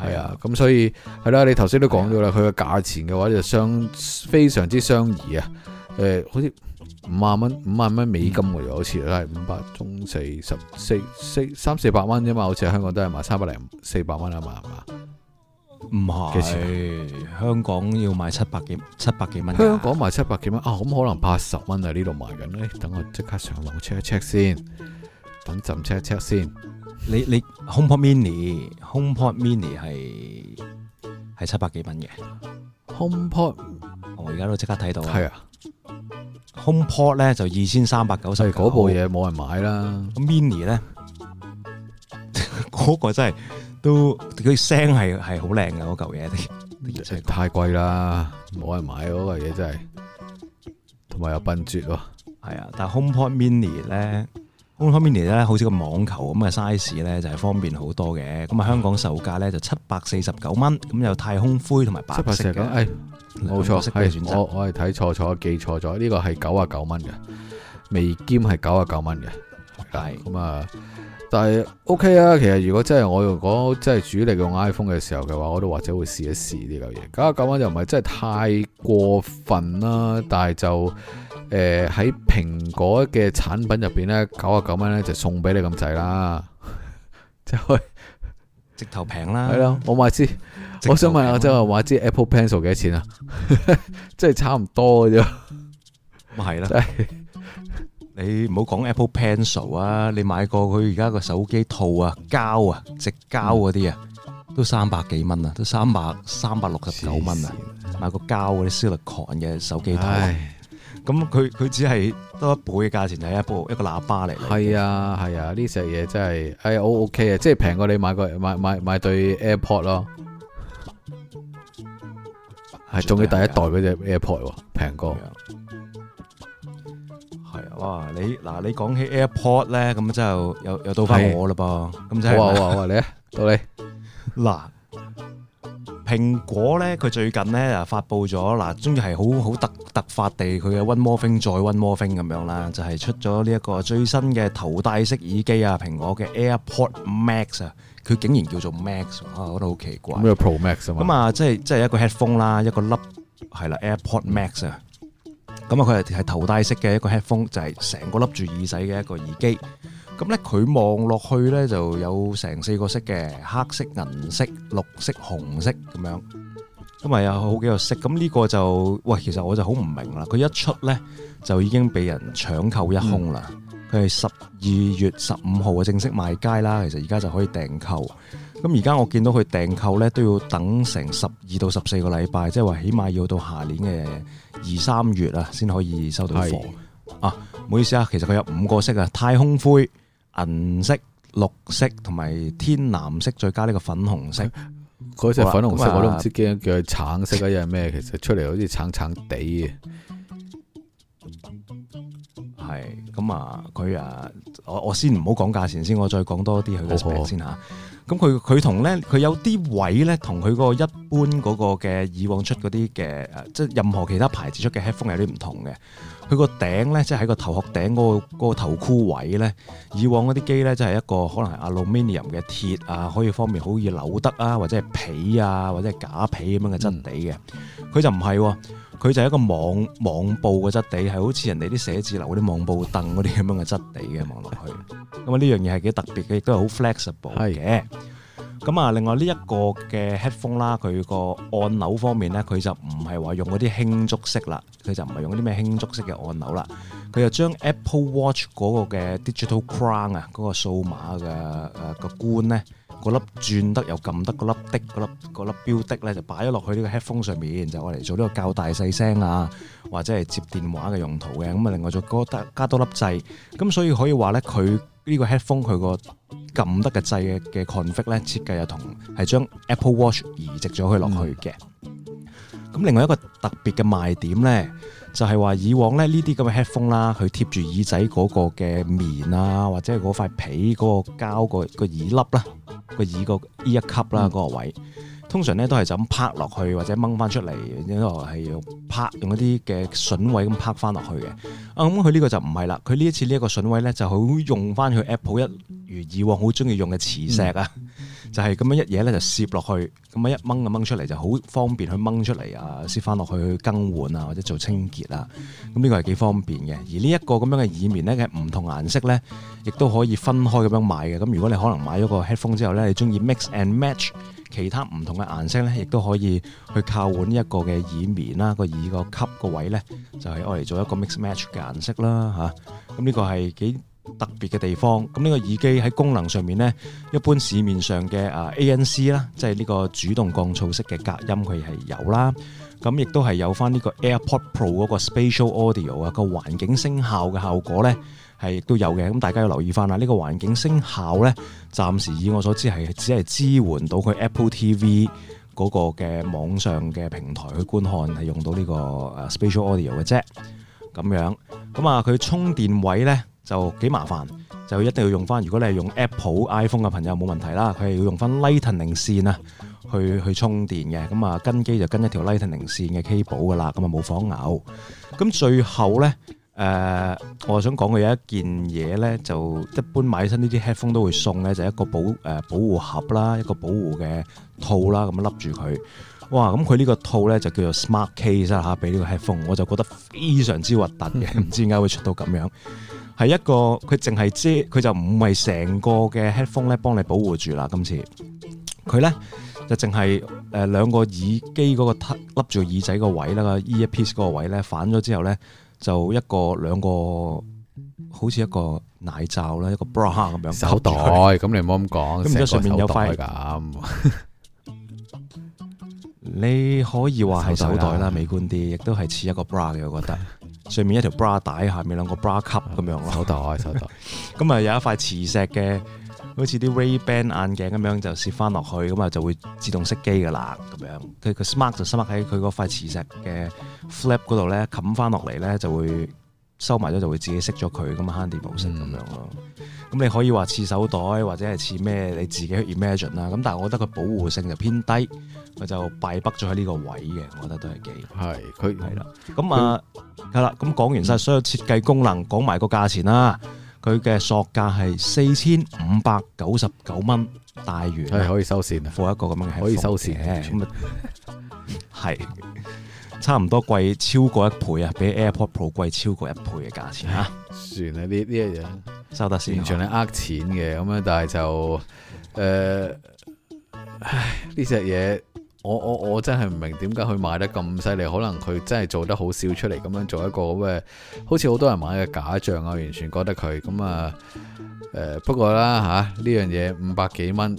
係啊。咁所以係啦，你頭先都講咗啦，佢嘅價錢嘅話就相非常之相宜啊。誒、呃、好似～五萬蚊，五萬蚊美金嘅油好似都係五百中四十四四三四百蚊啫嘛，好似香港都係賣三百零四百蚊啊嘛，係嘛？唔係，其實香港要賣七百幾七百幾蚊。香港賣七百幾蚊啊？咁、嗯、可能八十蚊喺呢度賣緊咧、欸。等我即刻上網 check 一 check 先，等陣 check 一 check 先你。你你 HomePod Mini，HomePod Mini 係係七百幾蚊嘅。HomePod，我而家、哦、都即刻睇到，係啊。HomePod 咧就二千三百九十九，係嗰、哎、部嘢冇人買啦。Mini 咧，嗰 個真係都佢聲係係好靚嘅嗰嚿嘢，那個、太貴啦，冇人買嗰個嘢真係，同埋有笨絕喎、啊。係啊，但係 HomePod Mini 咧，HomePod Mini 咧好似個網球咁嘅 size 咧就係、是、方便好多嘅。咁啊，香港售價咧就七百四十九蚊，咁有太空灰同埋白色冇錯，係我我係睇錯咗，記錯咗，呢個係九啊九蚊嘅，未兼係九啊九蚊嘅，係咁啊！但係 O K 啊，其實如果真係我用講、嗰個，即係主力用 iPhone 嘅時候嘅話，我都或者會試一試呢嚿嘢。九啊九蚊又唔係真係太過分啦，但係就誒喺蘋果嘅產品入邊咧，九啊九蚊咧就送俾你咁滯啦， 就去、係、直頭平啦，係咯，我買支。我想問下，即係話知 Apple Pencil 幾多錢啊？即 係差唔多嘅啫、 就是，咁係啦。你唔好講 Apple Pencil 啊，你買過佢而家個手機套啊、膠啊、直膠嗰啲啊，都三百幾蚊啊，都三百三百六十九蚊啊。啊買個膠嗰啲 Silicon 嘅手機套、啊，咁佢佢只係多一倍嘅價錢，就係 Apple 一個喇叭嚟。係啊係啊，呢隻嘢真係係 O O K 啊，即係平過你買個買買買,買對 AirPod 咯。係中嘅第一代嗰隻 AirPod 喎，蘋果。係啊，你嗱你講起 AirPod 咧，咁就又又到翻我啦噃。咁就我話我話你啊，到你。嗱，蘋果咧，佢最近咧又發布咗嗱，終於係好好突突發地，佢嘅 One More Thing 再 One More Thing 咁樣啦，就係出咗呢一個最新嘅頭戴式耳機啊，蘋果嘅 AirPod Max 啊。佢竟然叫做 Max 啊，我覺得好奇怪。咩叫 Pro Max 啊嘛。咁啊，即係即係一個 headphone 啦，一個粒係啦，AirPod Max 啊。咁啊，佢係係頭戴式嘅一個 headphone，就係成個笠住耳仔嘅一個耳機。咁咧佢望落去咧就有成四個色嘅，黑色、銀色、綠色、紅色咁樣。咁咪有好幾個色。咁呢個就喂，其實我就好唔明啦。佢一出咧就已經畀人搶購一空啦。佢係十二月十五號嘅正式賣街啦，其實而家就可以訂購。咁而家我見到佢訂購咧都要等成十二到十四個禮拜，即係話起碼要到下年嘅二三月啊，先可以收到貨是啊。唔好意思啊，其實佢有五個色啊：太空灰、銀色、綠色同埋天藍色，再加呢個粉紅色。嗰隻粉紅色我都唔知，說知叫佢橙色啊，又係咩？其實出嚟好似橙橙地嘅。 係咁啊！佢啊，我我先唔好講價錢先，我再講多啲佢嘅特點先吓。咁佢佢同咧，佢有啲位咧，同佢個一般嗰個嘅以往出嗰啲嘅，即係任何其他牌子出嘅 headphone 有啲唔同嘅。佢個頂咧，即係喺個頭殼頂嗰個嗰、嗰個頭箍位咧，以往嗰啲機咧，即係一個可能係 aluminium 嘅鐵啊，可以方便好易扭得啊，或者係皮啊，或者係假皮咁樣嘅質地嘅，佢、嗯、就唔係、啊。佢就係一個網網布嘅質地，係好似人哋啲寫字樓嗰啲網布凳嗰啲咁樣嘅質地嘅望落去。咁啊呢樣嘢係幾特別嘅，亦都係好 flexible 嘅。咁啊另外呢一個嘅 headphone 啦，佢個按鈕方面咧，佢就唔係話用嗰啲輕觸式啦，佢就唔係用嗰啲咩輕觸式嘅按鈕啦。佢就將 Apple Watch 嗰個嘅 Digital Crown 啊，嗰個數碼嘅誒個冠咧。個粒轉得又撳得，個粒滴，個粒個粒標的咧，就擺咗落去呢個 headphone 上面，就愛嚟做呢個校大細聲啊，或者係接電話嘅用途嘅。咁啊，另外再加多粒掣，咁所以可以話咧，佢呢個 headphone 佢個撳得嘅掣嘅嘅 config 咧設計又，同係將 Apple Watch 移植咗佢落去嘅。咁另外一個特別嘅賣點咧。就係話以往咧呢啲咁嘅 headphone 啦，佢貼住耳仔嗰個嘅棉啊，或者係嗰塊皮嗰個膠個個耳粒啦，嗰個耳個呢一級啦嗰個位，嗯、通常咧都係就咁拍落去或者掹翻出嚟，呢個係用拍用一啲嘅榫位咁拍翻落去嘅。啊，咁佢呢個就唔係啦，佢呢一次筍呢一個榫位咧就好用翻佢 Apple 一如以往好中意用嘅磁石啊。嗯就係咁樣一嘢咧就攝落去，咁樣一掹就掹出嚟就好方便去掹出嚟啊，攝翻落去去更換啊或者做清潔啊，咁呢個係幾方便嘅。而呢一個咁樣嘅耳棉咧嘅唔同顏色咧，亦都可以分開咁樣買嘅。咁如果你可能買咗個 headphone 之後咧，你中意 mix and match 其他唔同嘅顏色咧，亦都可以去靠換一個嘅耳棉啦，個耳個吸個位咧就係愛嚟做一個 mix match 嘅顏色啦吓，咁、啊、呢個係幾特別嘅地方，咁呢個耳機喺功能上面呢，一般市面上嘅啊 ANC 啦，即係呢個主動降噪式嘅隔音，佢係有啦。咁亦都係有翻呢個 AirPod Pro 嗰個 Spatial Audio 啊個環境聲效嘅效果呢，係亦都有嘅。咁大家要留意翻啦，呢個環境聲效呢，暫時以我所知係只係支援到佢 Apple TV 嗰個嘅網上嘅平台去觀看係用到呢個啊 Spatial Audio 嘅啫。咁樣咁啊，佢充電位呢，就幾麻煩，就一定要用翻。如果你係用 Apple iPhone 嘅朋友，冇問題啦。佢係要用翻 Lightning 線啊，去去充電嘅。咁啊，跟機就跟一條 Lightning 線嘅 cable 㗎啦。咁啊，冇房牛。咁最後咧，誒，我啊想講嘅有一件嘢咧，就一般買親呢啲 headphone 都會送咧，就係一個保誒保護盒啦，一個保護嘅套啦，咁笠住佢。哇！咁佢呢個套咧就叫做 Smart Case 吓，俾呢個 headphone，我就覺得非常之核突嘅，唔知點解會出到咁樣。係一個佢淨係遮佢，就唔係成個嘅 headphone 咧，幫你保護住啦。今次佢咧就淨係誒，兩個耳機嗰、嗰個凸笠住耳仔個位啦，依一 piece 嗰個位咧反咗之後咧，就一個兩個好似一個奶罩啦，一個 bra 咁樣。手袋咁你唔好咁講，咁就、嗯、上面有塊咁， 你可以話係手袋啦，袋啊，美觀啲，亦都係似一個 bra 嘅，我覺得。上面一條 bra 帶，下面兩個 bra cup 咁樣咯。好大、嗯，好大。咁啊、 嗯、有一塊磁石嘅，好似啲 Ray-Ban 眼鏡咁樣就攝翻落去，咁啊就會自動熄機噶啦。咁樣佢個 smart 就 smart 喺佢嗰塊磁石嘅 flap 嗰度咧，冚翻落嚟咧就會。收埋咗就會自己熄咗佢，咁就慳啲，handy 咁樣咯。咁、嗯、你可以話似手袋或者係似咩，你自己去 imagine 啦。咁但係我覺得佢保護性就偏低，佢就敗北咗喺呢個位嘅。我覺得都係幾係佢係啦。咁他啊係啦。咁講完晒所有設計功能，講埋個價錢啦。佢嘅索價係四千五百九十九蚊大元。係可以收線啊！一個咁樣可以收線嘅，那 差唔多貴超過一倍啊，比 AirPod Pro 貴超過一倍嘅價錢吓、啊，算啦，呢呢樣收得先，完全係呃錢嘅咁樣，但係就誒，呢隻嘢我我我真係唔明點解佢買得咁犀利，可能佢真係做得好少出嚟，咁樣做一個咁嘅，好似好多人買嘅假象啊，完全覺得佢咁啊，誒、呃，不過啦吓，呢樣嘢五百幾蚊，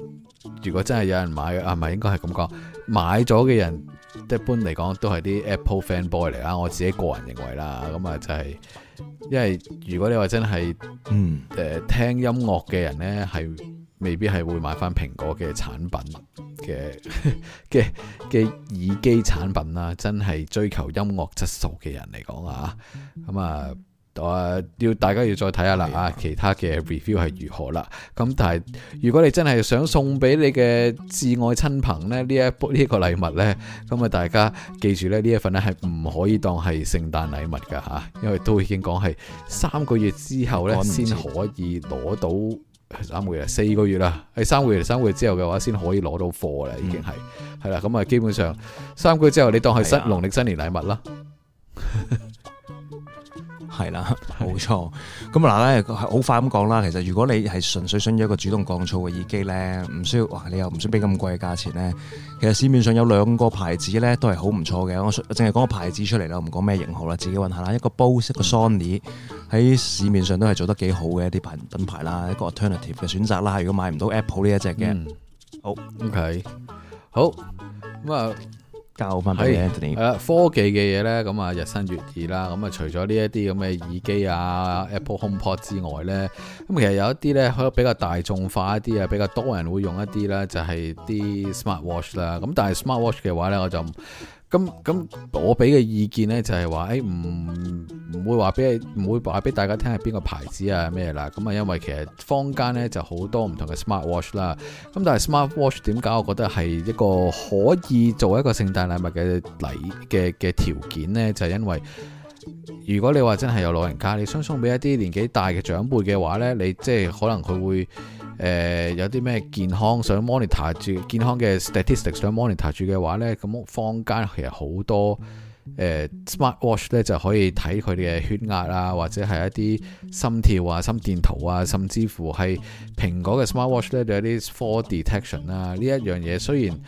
如果真係有人買嘅，係、啊、咪應該係咁講？買咗嘅人。講一般嚟講都係啲 Apple fanboy 嚟啦，我自己個人認為啦，咁啊就係、是，因為如果你話真係，嗯，誒、呃、聽音樂嘅人呢，係未必係會買翻蘋果嘅產品嘅嘅嘅耳機產品啦，真係追求音樂質素嘅人嚟講啊，咁啊。誒，要大家要再睇下啦，啊的，其他嘅 review 係如何啦？咁但係如果你真係想送俾你嘅至愛親朋咧，呢一呢一，呢個禮物呢，咁啊大家記住呢，呢一份咧係唔可以當係聖誕禮物噶吓、啊，因為都已經講係三個月之後呢，先可以攞到，三個月四個月啦，係三個月、三個月之後嘅話先可以攞到貨啦，已經係係啦，咁啊、嗯、基本上三個月之後你當係新農曆新年禮物啦。的 係啦，冇錯是。咁嗱咧，好快咁講啦。其實如果你係純粹想要一個主動降噪嘅耳機咧，唔需要哇，你又唔需要俾咁貴嘅價錢咧。其實市面上有兩個牌子咧，都係好唔錯嘅。我淨係講個牌子出嚟啦，唔講咩型號啦，自己揾下啦。一個 Bose，一個 Sony 喺市面上都係做得幾好嘅一啲品牌啦，一個 alternative 嘅選擇啦。如果買唔到 Apple 呢一隻嘅，嗯、好 OK，好，哇！教科技嘅嘢呢，咁啊日新月異啦。咁啊，除咗呢一啲咁嘅耳機啊，Apple HomePod 之外呢，咁其實有一啲呢，可比較大眾化一啲啊，比較多人會用一啲啦，就係啲 Smart Watch 啦。咁但係 Smart Watch 嘅話呢，我就。咁咁，我俾嘅意見咧就係話，誒唔唔會話俾你，唔會話俾大家聽係邊個牌子啊咩啦。咁啊，因為其實坊間咧就好多唔同嘅 smart watch 啦。咁但係 smart watch 點解我覺得係一個可以做一個聖誕禮物嘅禮嘅嘅條件咧，就係因為如果你話真係有老人家，你想送俾一啲年紀大嘅長輩嘅話咧，你即係可能佢會。誒、呃、有啲咩健康想 monitor 住健康嘅 statistics 想 monitor 住嘅話呢？咁坊間其實好多、呃、smart watch 咧就可以睇佢哋嘅血壓啊，或者係一啲心跳啊、心電圖啊，甚至乎係蘋果嘅 smart watch 呢，就有啲 fall detection 啦、啊。呢一樣嘢雖然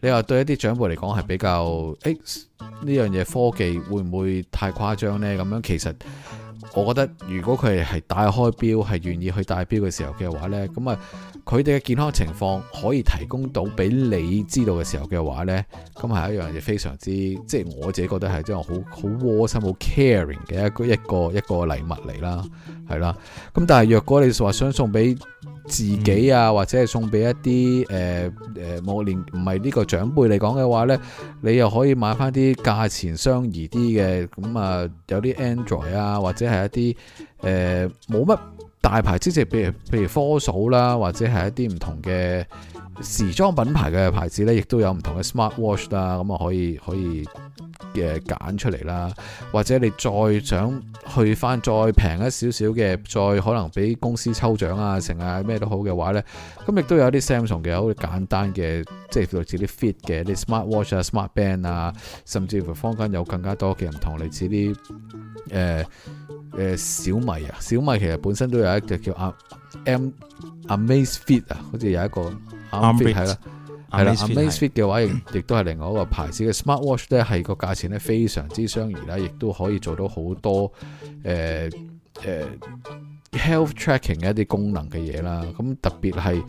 你話對一啲長輩嚟講係比較誒呢樣嘢科技會唔會太誇張呢？咁樣其實。我覺得如果佢係係帶開表，係願意去帶表嘅時候嘅話呢，咁啊，佢哋嘅健康情況可以提供到俾你知道嘅時候嘅話呢，咁係一樣嘢，非常之，即係我自己覺得係真係好好窩心、好 caring 嘅一個一個一個禮物嚟啦，係啦。咁但係若果你話想送俾，自己啊，或者係送俾一啲誒誒，莫年唔係呢個長輩嚟講嘅話呢，你又可以買翻啲價錢相宜啲嘅。咁啊有啲 Android 啊，或者係一啲誒冇乜大牌即係，譬如譬如科數啦，或者係一啲唔同嘅。時裝品牌嘅牌子咧，亦都有唔同嘅 smart watch 啦、啊，咁啊可以可以誒揀、呃、出嚟啦。或者你再想去翻再平一少少嘅，再可能俾公司抽獎啊成啊咩都好嘅話咧，咁亦都有啲 Samsung 嘅好簡單嘅，即係類似啲 fit 嘅你 smart watch 啊、smart band 啊，甚至乎坊間有更加多嘅唔同類似啲誒誒小米啊，小米其實本身都有一隻叫 M。Amazfit 啊，好似有一個係啦，係啦，Amazfit 嘅話，亦都係另外一個牌子嘅 SmartWatch 咧，係個價錢咧，非常之相宜啦，亦都可以做到好多誒誒、呃呃、health tracking 嘅一啲功能嘅嘢啦。咁特別係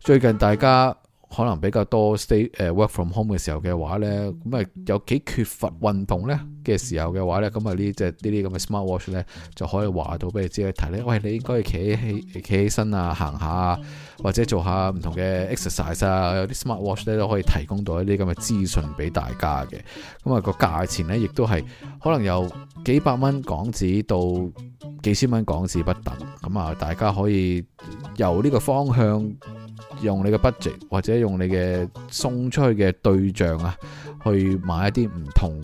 最近大家，可能比較多 stay 誒、uh, work from home 嘅時候嘅話呢，咁啊有幾缺乏運動呢嘅時候嘅話呢，咁啊呢隻呢啲咁嘅 smart watch 呢，就可以話到俾你知去睇呢喂，你應該企起，企起身啊，行下啊，或者做下唔同嘅 exercise 啊，有啲 smart watch 呢，都可以提供到一啲咁嘅資訊俾大家嘅。咁、那、啊個價錢呢，亦都係可能由幾百蚊港紙到幾千蚊港紙不等。咁啊大家可以由呢個方向。用你嘅 budget 或者用你嘅送出去嘅對象啊，去買一啲唔同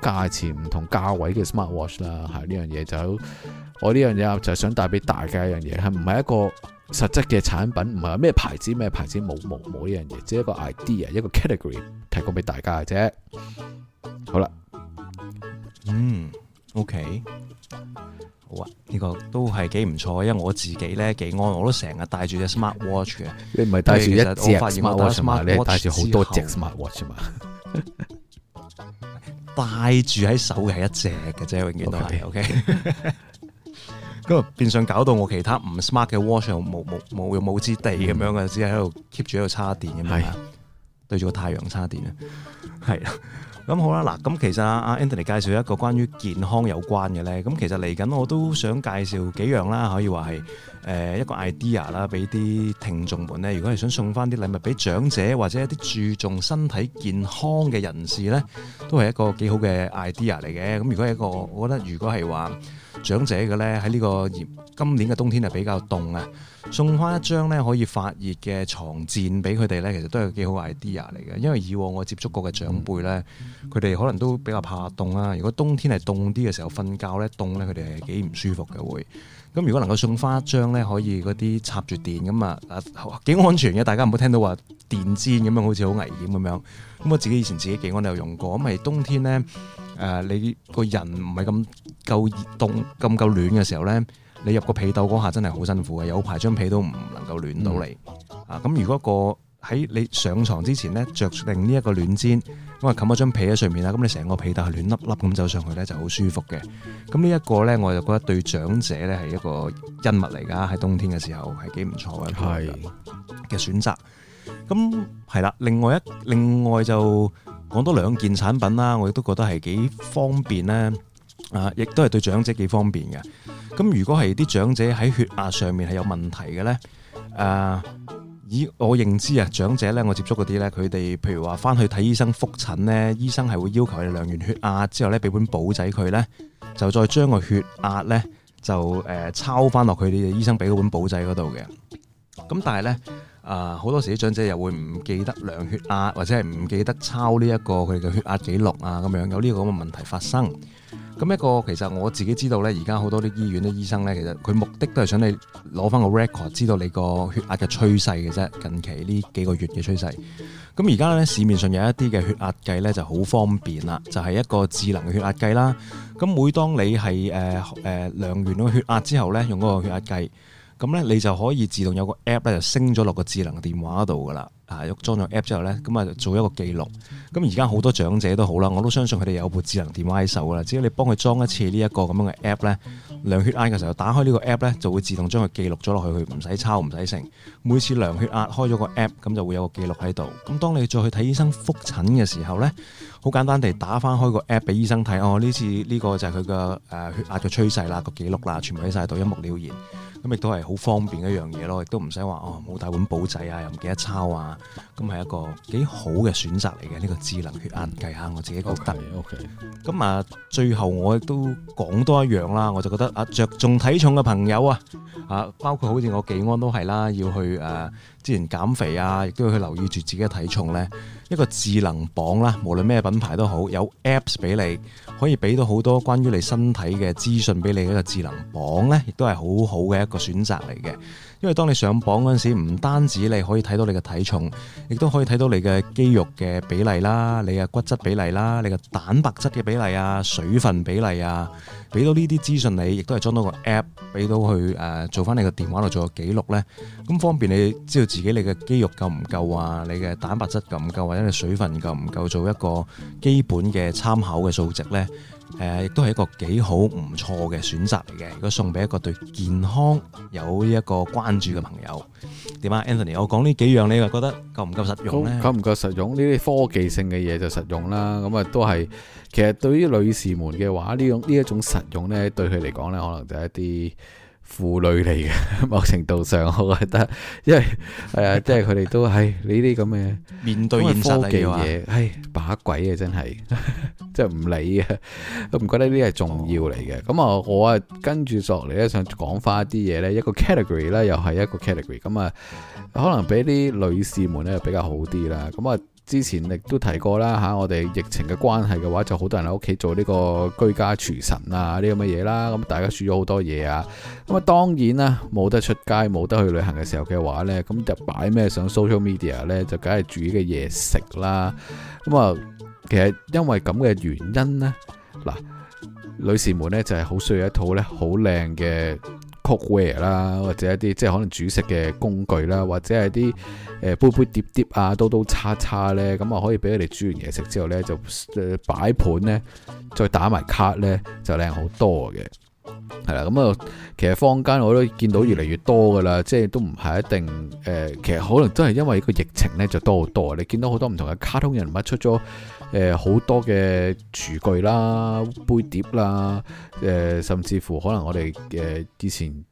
價錢、唔同價位嘅 smart watch 啦、啊，係呢樣嘢就我呢樣嘢就係想帶俾大家一樣嘢，係唔係一個實質嘅產品，唔係咩牌子咩牌子，冇冇冇呢樣嘢，只係一個 idea 一個 category 提供俾大家嘅啫。好啦，嗯，OK。呢、啊這個都係幾唔錯，因為我自己咧幾安，我都成日戴住隻 smart watch 嘅。你唔係戴住一隻 smart watch，你戴住好多隻 smart watch 嘛？後戴住喺手嘅係一隻嘅啫，永遠都係。OK，咁啊，變相搞到我其他唔 smart 嘅 watch 又冇冇冇用武之地咁樣嘅，只係喺度 keep 住喺度叉電咁樣。係對住個太陽叉電啊，係 咁好啦，嗱，咁其實啊，Anthony 介紹一個關於健康有關嘅咧，咁其實嚟緊我都想介紹幾樣啦，可以話係。誒、呃、一個 idea 啦，俾啲聽眾們咧，如果係想送翻啲禮物俾長者或者一啲注重身體健康嘅人士咧，都係一個幾好嘅 idea 嚟嘅。咁如果係一個，我覺得如果係話長者嘅咧，喺呢個今年嘅冬天係比較凍啊，送翻一張咧可以發熱嘅床墊俾佢哋咧，其實都係幾好 idea 嚟嘅。因為以往我接觸過嘅長輩咧，佢哋、嗯、可能都比較怕凍啊。如果冬天係凍啲嘅時候瞓覺咧，凍咧佢哋係幾唔舒服嘅會。咁如果能夠送翻一張咧，可以嗰啲插住電咁啊，幾安全嘅。大家唔好聽到話電氈咁樣好似好危險咁樣。咁我自己以前自己幾安利用過。咁咪冬天咧，誒、呃、你個人唔係咁夠熱，凍咁夠暖嘅時候咧，你入個被竇嗰下真係好辛苦嘅。有排張被都唔能夠暖到你、嗯、啊！咁如果個喺你上床之前呢，着定呢一個暖氈，咁啊冚咗張被喺上面啦，咁、嗯、你成個被都係暖粒粒咁走上去咧，就好舒服嘅。咁呢一個呢，我就覺得對長者呢係一個恩物嚟噶，喺冬天嘅時候係幾唔錯嘅嘅是選擇。咁係啦，另外一另外就講多兩件產品啦，我亦都覺得係幾方便呢。啊，亦都係對長者幾方便嘅。咁、嗯、如果係啲長者喺血壓上面係有問題嘅呢。誒、啊。以我認知啊，長者咧，我接觸嗰啲咧，佢哋譬如話返去睇醫生覆診咧，醫生係會要求佢哋量完血壓之後咧，俾本簿仔佢咧，就再將個血壓咧就誒抄返落佢哋醫生俾嗰本簿仔嗰度嘅。咁但係咧，啊、呃、好多時啲長者又會唔記得量血壓，或者係唔記得抄呢一個佢哋嘅血壓記錄啊，咁樣有呢個咁嘅問題發生。咁一個其實我自己知道呢，而家好多啲醫院啲醫生呢，其實佢目的都係想你攞翻個 record，知道你個血壓嘅趨勢嘅啫。近期呢幾個月嘅趨勢，咁而家呢，市面上有一啲嘅血壓計呢就好方便啦，就係一個智能嘅血壓計啦。咁每當你係誒誒量完嗰個血壓之後呢，用嗰個血壓計咁呢你就可以自動有個 app 咧就升咗落個智能電話度噶啦。啊！裝咗 app 之後呢，咁啊做一個記錄。咁而家好多長者都好啦，我都相信佢哋有部智能電話喺手噶啦。只要你幫佢裝一次呢一個咁樣嘅 app 呢，量血壓嘅時候打開呢個 app 呢，就會自動將佢記錄咗落去，唔使抄，唔使成。每次量血壓開咗個 app，咁就會有個記錄喺度。咁當你再去睇醫生覆診嘅時候呢，好簡單地打翻開個 app 俾醫生睇。哦，呢次呢個就係佢嘅誒血壓嘅趨勢啦，個記錄啦，全部喺晒度，一目了然。咁亦都係好方便一樣嘢咯，亦都唔使話哦冇帶本簿仔啊，又唔記得抄啊，咁係一個幾好嘅選擇嚟嘅呢個智能血壓計下，嗯、我自己覺得。OK。咁啊，最後我亦都講多一樣啦，我就覺得啊，着重體重嘅朋友啊，啊，包括好似我紀安都係啦，要去誒之前減肥啊，亦都要去留意住自己嘅體重咧。一個智能榜啦，無論咩品牌都好，有 apps 俾你，可以俾到好多關於你身體嘅資訊俾你，一個智能榜呢，亦都係好好嘅一個選擇嚟嘅。因為當你上榜嗰陣時，唔單止你可以睇到你嘅體重，亦都可以睇到你嘅肌肉嘅比例啦，你嘅骨質比例啦，你嘅蛋白質嘅比例啊，水分比例啊，俾到呢啲資訊你，亦都係裝到個 App 俾到去誒、呃，做翻你個電話度做個記錄呢。咁方便你知道自己你嘅肌肉夠唔夠啊，你嘅蛋白質夠唔夠，或者你水分夠唔夠，做一個基本嘅參考嘅數值呢。誒，亦都係一個幾好唔錯嘅選擇嚟嘅。如果送俾一個對健康有呢一個關注嘅朋友，點啊，Anthony？我講呢幾樣，你話覺得夠唔夠實用呢？夠唔夠實用？呢啲科技性嘅嘢就實用啦。咁啊，都係其實對於女士們嘅話，呢種呢一種實用呢對佢嚟講呢可能就係一啲。婦女嚟嘅，某程度上我覺得，因為係啊，即係佢哋都係呢啲咁嘅面對現實嘅嘢，係、哎、把鬼嘅、啊、真係，即係唔理嘅，都唔覺得呢啲係重要嚟嘅。咁啊、哦，我啊跟住落嚟咧，想講翻一啲嘢咧，一個 category 咧，又係一個 category。咁啊，可能俾啲女士們咧比較好啲啦。咁啊。之前亦都提過啦嚇、啊，我哋疫情嘅關係嘅話，就好多人喺屋企做呢個居家廚神啊，啲咁嘅嘢啦。咁大家煮咗好多嘢啊。咁啊，當然啦，冇得出街，冇得去旅行嘅時候嘅話呢，咁就擺咩上 social media 呢，就梗係煮嘅嘢食啦。咁啊，其實因為咁嘅原因呢，嗱、呃，女士們呢，就係、是、好需要一套呢好靚嘅 cookware 啦，或者一啲即係可能煮食嘅工具啦，或者係啲誒杯杯碟碟啊、刀刀叉叉咧，咁啊，可以俾佢哋煮完嘢食之後咧，就誒擺盤咧，再打埋卡咧，就靚好多嘅。係啦，咁、嗯、啊，嗯、其實坊間我都見到越嚟越多㗎啦，即係都唔係一定誒、呃，其實可能真係因為個疫情咧就多好多。你見到好多唔同嘅卡通人物出咗。誒好、呃、多嘅廚具啦、杯碟啦，誒、呃、甚至乎可能我哋誒、呃、以前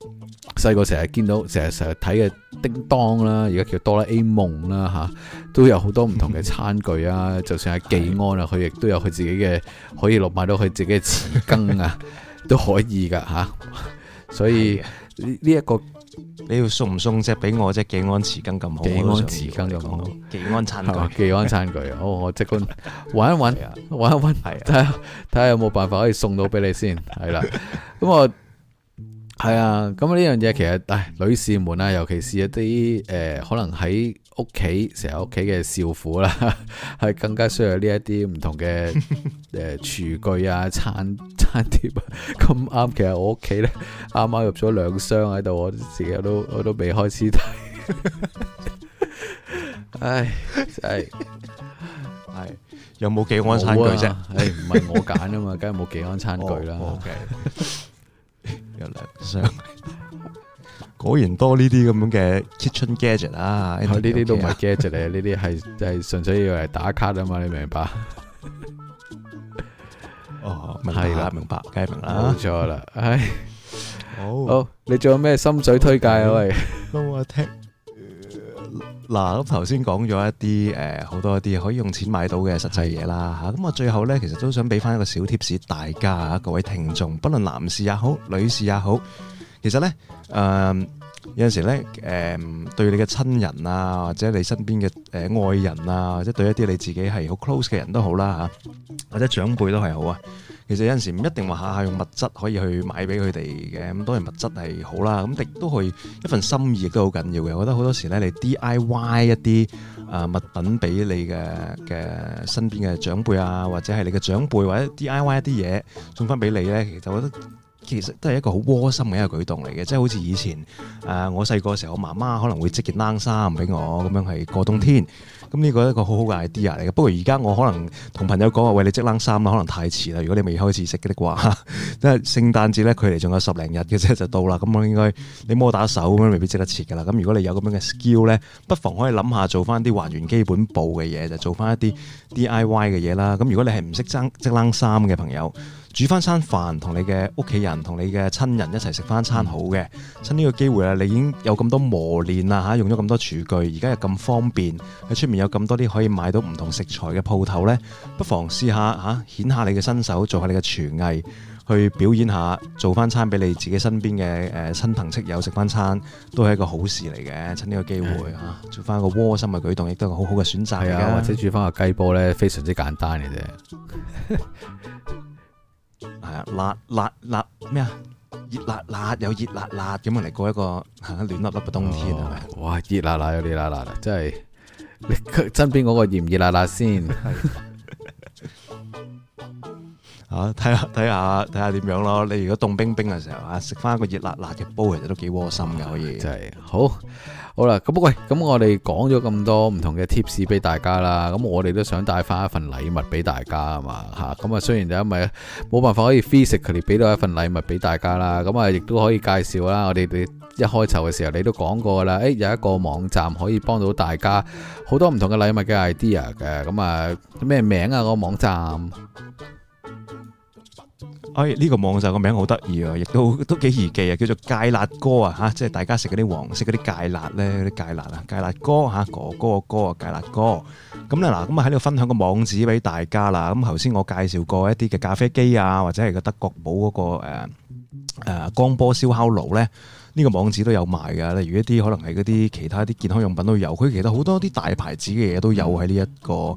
細個成日見到、成日成日睇嘅叮當啦，而家叫哆啦 A 夢啦嚇、啊，都有好多唔同嘅餐具啊。 就算係技安啊，佢亦的都有佢自己嘅可以落埋到佢自己嘅匙羹啊，都可以㗎嚇、啊。所以呢一的、這個。你要送唔送啫？俾我啫，幾安匙羹咁好，幾安匙羹咁好，寄安餐具，幾安餐具。 好我我即管玩，玩， 玩一玩？揾一揾，睇睇下有冇辦法可以送到俾你先。係 啦， 咁我係啊，咁呢樣嘢其實，唉、哎，女士們啊，尤其是一啲誒、呃，可能喺。屋企成日屋企嘅少婦啦，係更加需要呢一啲唔同嘅誒廚具啊，餐餐碟啊，咁啱。其實我屋企咧，啱啱入咗兩箱喺度，我自己都我都未開始睇。 唉，係係有冇幾安餐具啫、啊？唉，唔係我揀啊嘛，梗係冇幾安餐具啦、啊。 有兩箱。果然多呢啲咁樣嘅 kitchen gadget 啊，然後呢啲都唔係 gadget 嚟，呢啲係係純粹要嚟打卡啊嘛，你明白？哦，係啦，明白，梗係明啦，冇錯啦，係，好，你仲有咩心水推介啊？喂，咁我聽。嗱，咁頭先講咗一啲誒，好多一啲可以用錢買到嘅實際嘢啦吓，咁我最後咧，其實都想俾翻一個小貼士大家啊，各位聽眾，不論男士也好，女士也好。其實咧，誒有陣時咧，誒對你嘅親人啊，或者你身邊嘅誒愛人啊，或者對一啲你自己係好 close 嘅人都好啦嚇，或者長輩都係好啊。其實有陣時唔一定話下下用物質可以去買俾佢哋嘅，咁當然物質係好啦，咁亦都可以，一份心意亦都好緊要嘅。我覺得好多時咧，你 DIY 一啲誒物品俾你嘅嘅身邊嘅長輩啊，或者係你嘅長輩或者 DIY 一啲嘢送翻俾你咧，其實我覺得。其實都係一個好窩心嘅一個舉動嚟嘅，即係好似以前誒、呃，我細個嘅時候，我媽媽可能會織件冷衫俾我，咁樣係過冬天。咁呢個一個好好嘅 idea 嚟嘅。不過而家我可能同朋友講話，喂，你織冷衫可能太遲啦。如果你未開始織嘅話，即係聖誕節咧，距離仲有十零日嘅啫就到啦。咁我應該你摸打手咁樣，未必織得切噶啦。咁如果你有咁樣嘅 skill 咧，不妨可以諗下做翻啲還原基本步嘅嘢，就做翻一啲 DIY 嘅嘢啦。咁如果你係唔識織織冷衫嘅朋友。煮翻餐飯同你嘅屋企人同你嘅親人一齊食翻餐好嘅，趁呢個機會啊，你已經有咁多磨練啦吓，用咗咁多廚具，而家又咁方便，喺出面有咁多啲可以買到唔同食材嘅鋪頭呢，不妨試下吓，顯、啊、下你嘅身手，做下你嘅廚藝，去表演下，做翻餐俾你自己身邊嘅誒親朋戚友食翻餐，都係一個好事嚟嘅，趁呢個機會吓，做翻一個窩心嘅舉動，亦都係好好嘅選擇啊！或者煮翻個雞煲呢，非常之簡單嘅啫。 係啊，辣辣辣，辣辣咩啊？熱辣辣又熱辣辣咁樣嚟過一個暖粒粒嘅冬天係咪？哦、吧哇，熱辣辣又熱辣辣，真係你身邊嗰個熱唔熱辣辣先？吓 睇下睇下睇下點樣咯？你如果凍冰冰嘅時候啊，食翻一個熱辣辣嘅煲，其實都幾窩心㗎，哦、可以。真係是好。好啦，咁不過咁我哋講咗咁多唔同嘅 tips 俾大家啦，咁我哋都想帶翻一份禮物俾大家啊嘛，吓、啊，咁啊雖然就因為冇辦法可以 physically 俾到一份禮物俾大家啦，咁啊亦都、啊、可以介紹啦，我哋你一開頭嘅時候你都講過啦，誒、哎、有一個網站可以幫到大家好多唔同嘅禮物嘅 idea 嘅，咁啊咩名啊、個網站、啊？哎，呢個網站個名好得意啊，亦都都幾易記啊，叫做芥辣哥啊，嚇，即係大家食嗰啲黃色嗰啲芥辣咧，啲芥辣啊，芥辣哥嚇，哥哥個哥啊，芥辣哥。咁咧嗱，咁啊喺度分享個網址俾大家啦。咁頭先我介紹過一啲嘅咖啡機啊，或者係個德國寶嗰個誒誒光波燒烤爐咧，呢個網址都有賣噶。例如一啲可能係嗰啲其他啲健康用品都有。佢其實好多啲大牌子嘅嘢都有喺呢一個。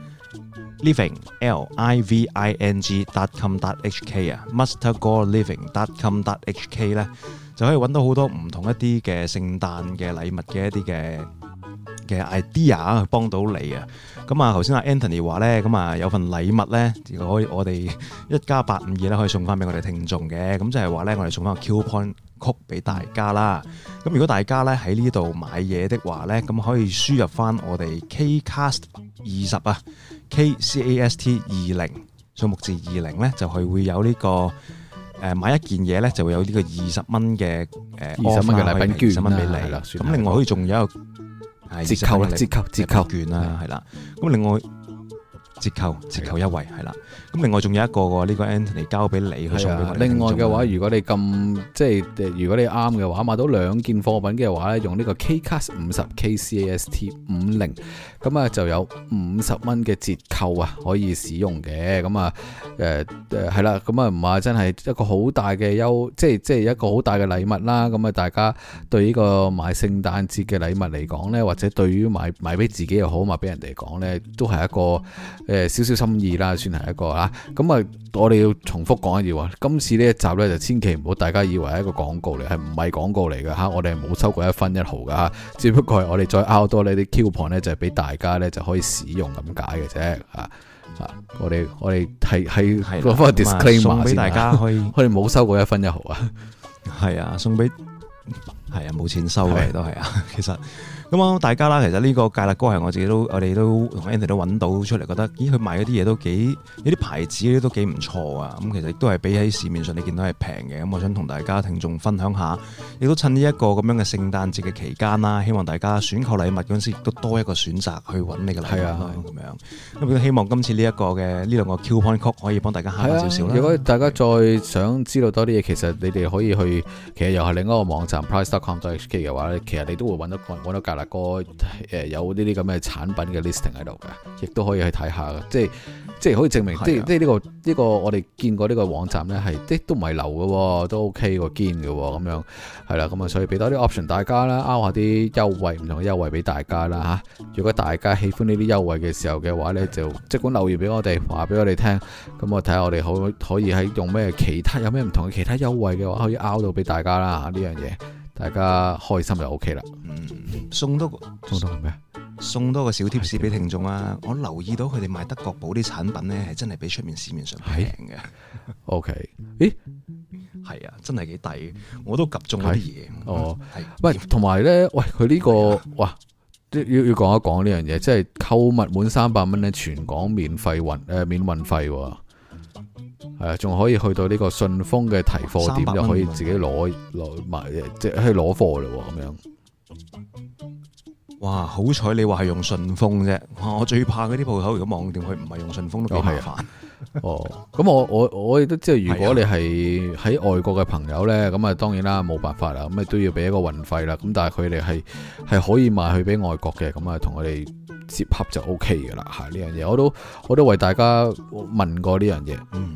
Living L I V I N G. dot com. dot H K 啊，Must Go Living. dot com. dot H K 咧，就可以揾到好多唔同一啲嘅聖誕嘅禮物嘅一啲嘅嘅 idea 去幫到你啊！咁啊，頭先阿 Anthony 話咧，咁啊有份禮物咧，而可以我哋一家八五二咧，可以送翻俾我哋聽眾嘅，咁就係話咧，我哋送翻個 Q Point 曲俾大家啦。咁如果大家咧喺呢度買嘢嘅話咧，咁可以輸入翻我哋 K Cast 二十啊！K C A S T 二零，數目字二零咧就係會有呢、這個誒、呃、買一件嘢咧就會有呢個二十蚊嘅誒二十蚊嘅禮品券啦、啊，二十蚊畀你，咁另外可以仲有一個折扣折扣折扣券啦係啦，咁、啊、的另外折扣折扣優惠係啦。的咁另外仲有一個喎，呢個 Anthony 交俾你去用。啊，另外嘅話，如果你咁即係，如果你啱嘅話買到兩件貨品嘅話咧，用呢個 Kcast 五十 Kcast 五零，咁啊就有五十蚊嘅折扣啊，可以使用嘅。咁啊誒係啦，咁啊唔係真係一個好大嘅優，即係即係一個好大嘅禮物啦。咁啊，大家對呢個買聖誕節嘅禮物嚟講咧，或者對於買買俾自己又好，買俾人哋講咧，都係一個誒少少心意啦，算係一個。咁啊！我哋要重複講一次話，今次呢一集咧就千祈唔好大家以為係一個廣告嚟，係唔係廣告嚟嘅吓？我哋係冇收過一分一毫噶吓、啊，只不過係我哋再 out 多呢啲 coupon 咧，就俾、係、大家咧就可以使用咁解嘅啫吓吓。我哋我哋係係嗰個 disclaimer 俾大家可以， 我哋冇收過一分一毫啊，係啊，送俾係啊，冇錢收嘅都係啊，其實。咁啊，大家啦，其實呢個芥辣哥係我自己都，我哋都同 Andy 都揾到出嚟，覺得咦，佢賣嗰啲嘢都幾有啲牌子，都幾唔錯啊！咁其實亦都係比喺市面上你見到係平嘅。咁、嗯、我、嗯嗯嗯嗯、想同大家聽眾分享下，亦都趁呢一個咁樣嘅聖誕節嘅期間啦，希望大家選購禮物陣時亦都多一個選擇去揾你嘅禮品啦，咁、啊啊、樣，咁、嗯、希望今次呢、這、一個嘅呢兩個 coupon code 可以幫大家慳翻、啊、少少啦。如果大家再想知道多啲嘢，是吧 其實你哋可以去，其實又係另一個網站 price.com.hk 嘅話咧，其實你都會揾到揾個誒、呃、有呢啲咁嘅產品嘅 listing 喺度嘅，亦都可以去睇下嘅，即係即係可以證明，的即係即係、呢個、呢個呢、呢個我哋見過呢個網站咧係，即、欸、都唔係流嘅，都 OK 喎堅嘅，咁樣係啦，咁啊所以俾多啲 option 大家啦，out 下啲優惠唔同嘅優惠俾大家啦吓，如果大家喜歡呢啲優惠嘅時候嘅話咧，就即管留言俾我哋，話俾我哋聽，咁我睇下我哋可可以喺用咩其他有咩唔同嘅其他優惠嘅話，可以 out 到俾大家啦吓呢樣嘢。大家開心就 O K 啦。嗯，送多送多咩？送多個小貼士俾聽眾啊！我留意到佢哋賣德國寶啲產品咧，係真係比出面市面上平嘅。O K，咦，係、okay. 欸、啊，真係幾抵。我都及中嗰啲嘢。哦，係喂是，同埋咧，喂，佢呢、這個、啊、哇，要要講一講呢樣嘢，即係購物滿三百蚊咧，全港免費運誒，免運費。係啊，仲可以去到呢個順豐嘅提貨點，就可以自己攞攞埋，即係攞貨咯咁樣。哇，好彩你話係用順豐啫，我最怕嗰啲鋪頭如果網店佢唔係用順豐都幾麻煩、啊。哦，咁我我我亦都即係，如果你係喺外國嘅朋友咧，咁啊當然啦，冇辦法啊，咁啊都要俾一個運費啦。咁但係佢哋係係可以賣去俾外國嘅，咁啊同我哋接洽就 O K 噶啦，吓呢樣嘢，我都我都為大家問過呢樣嘢，嗯。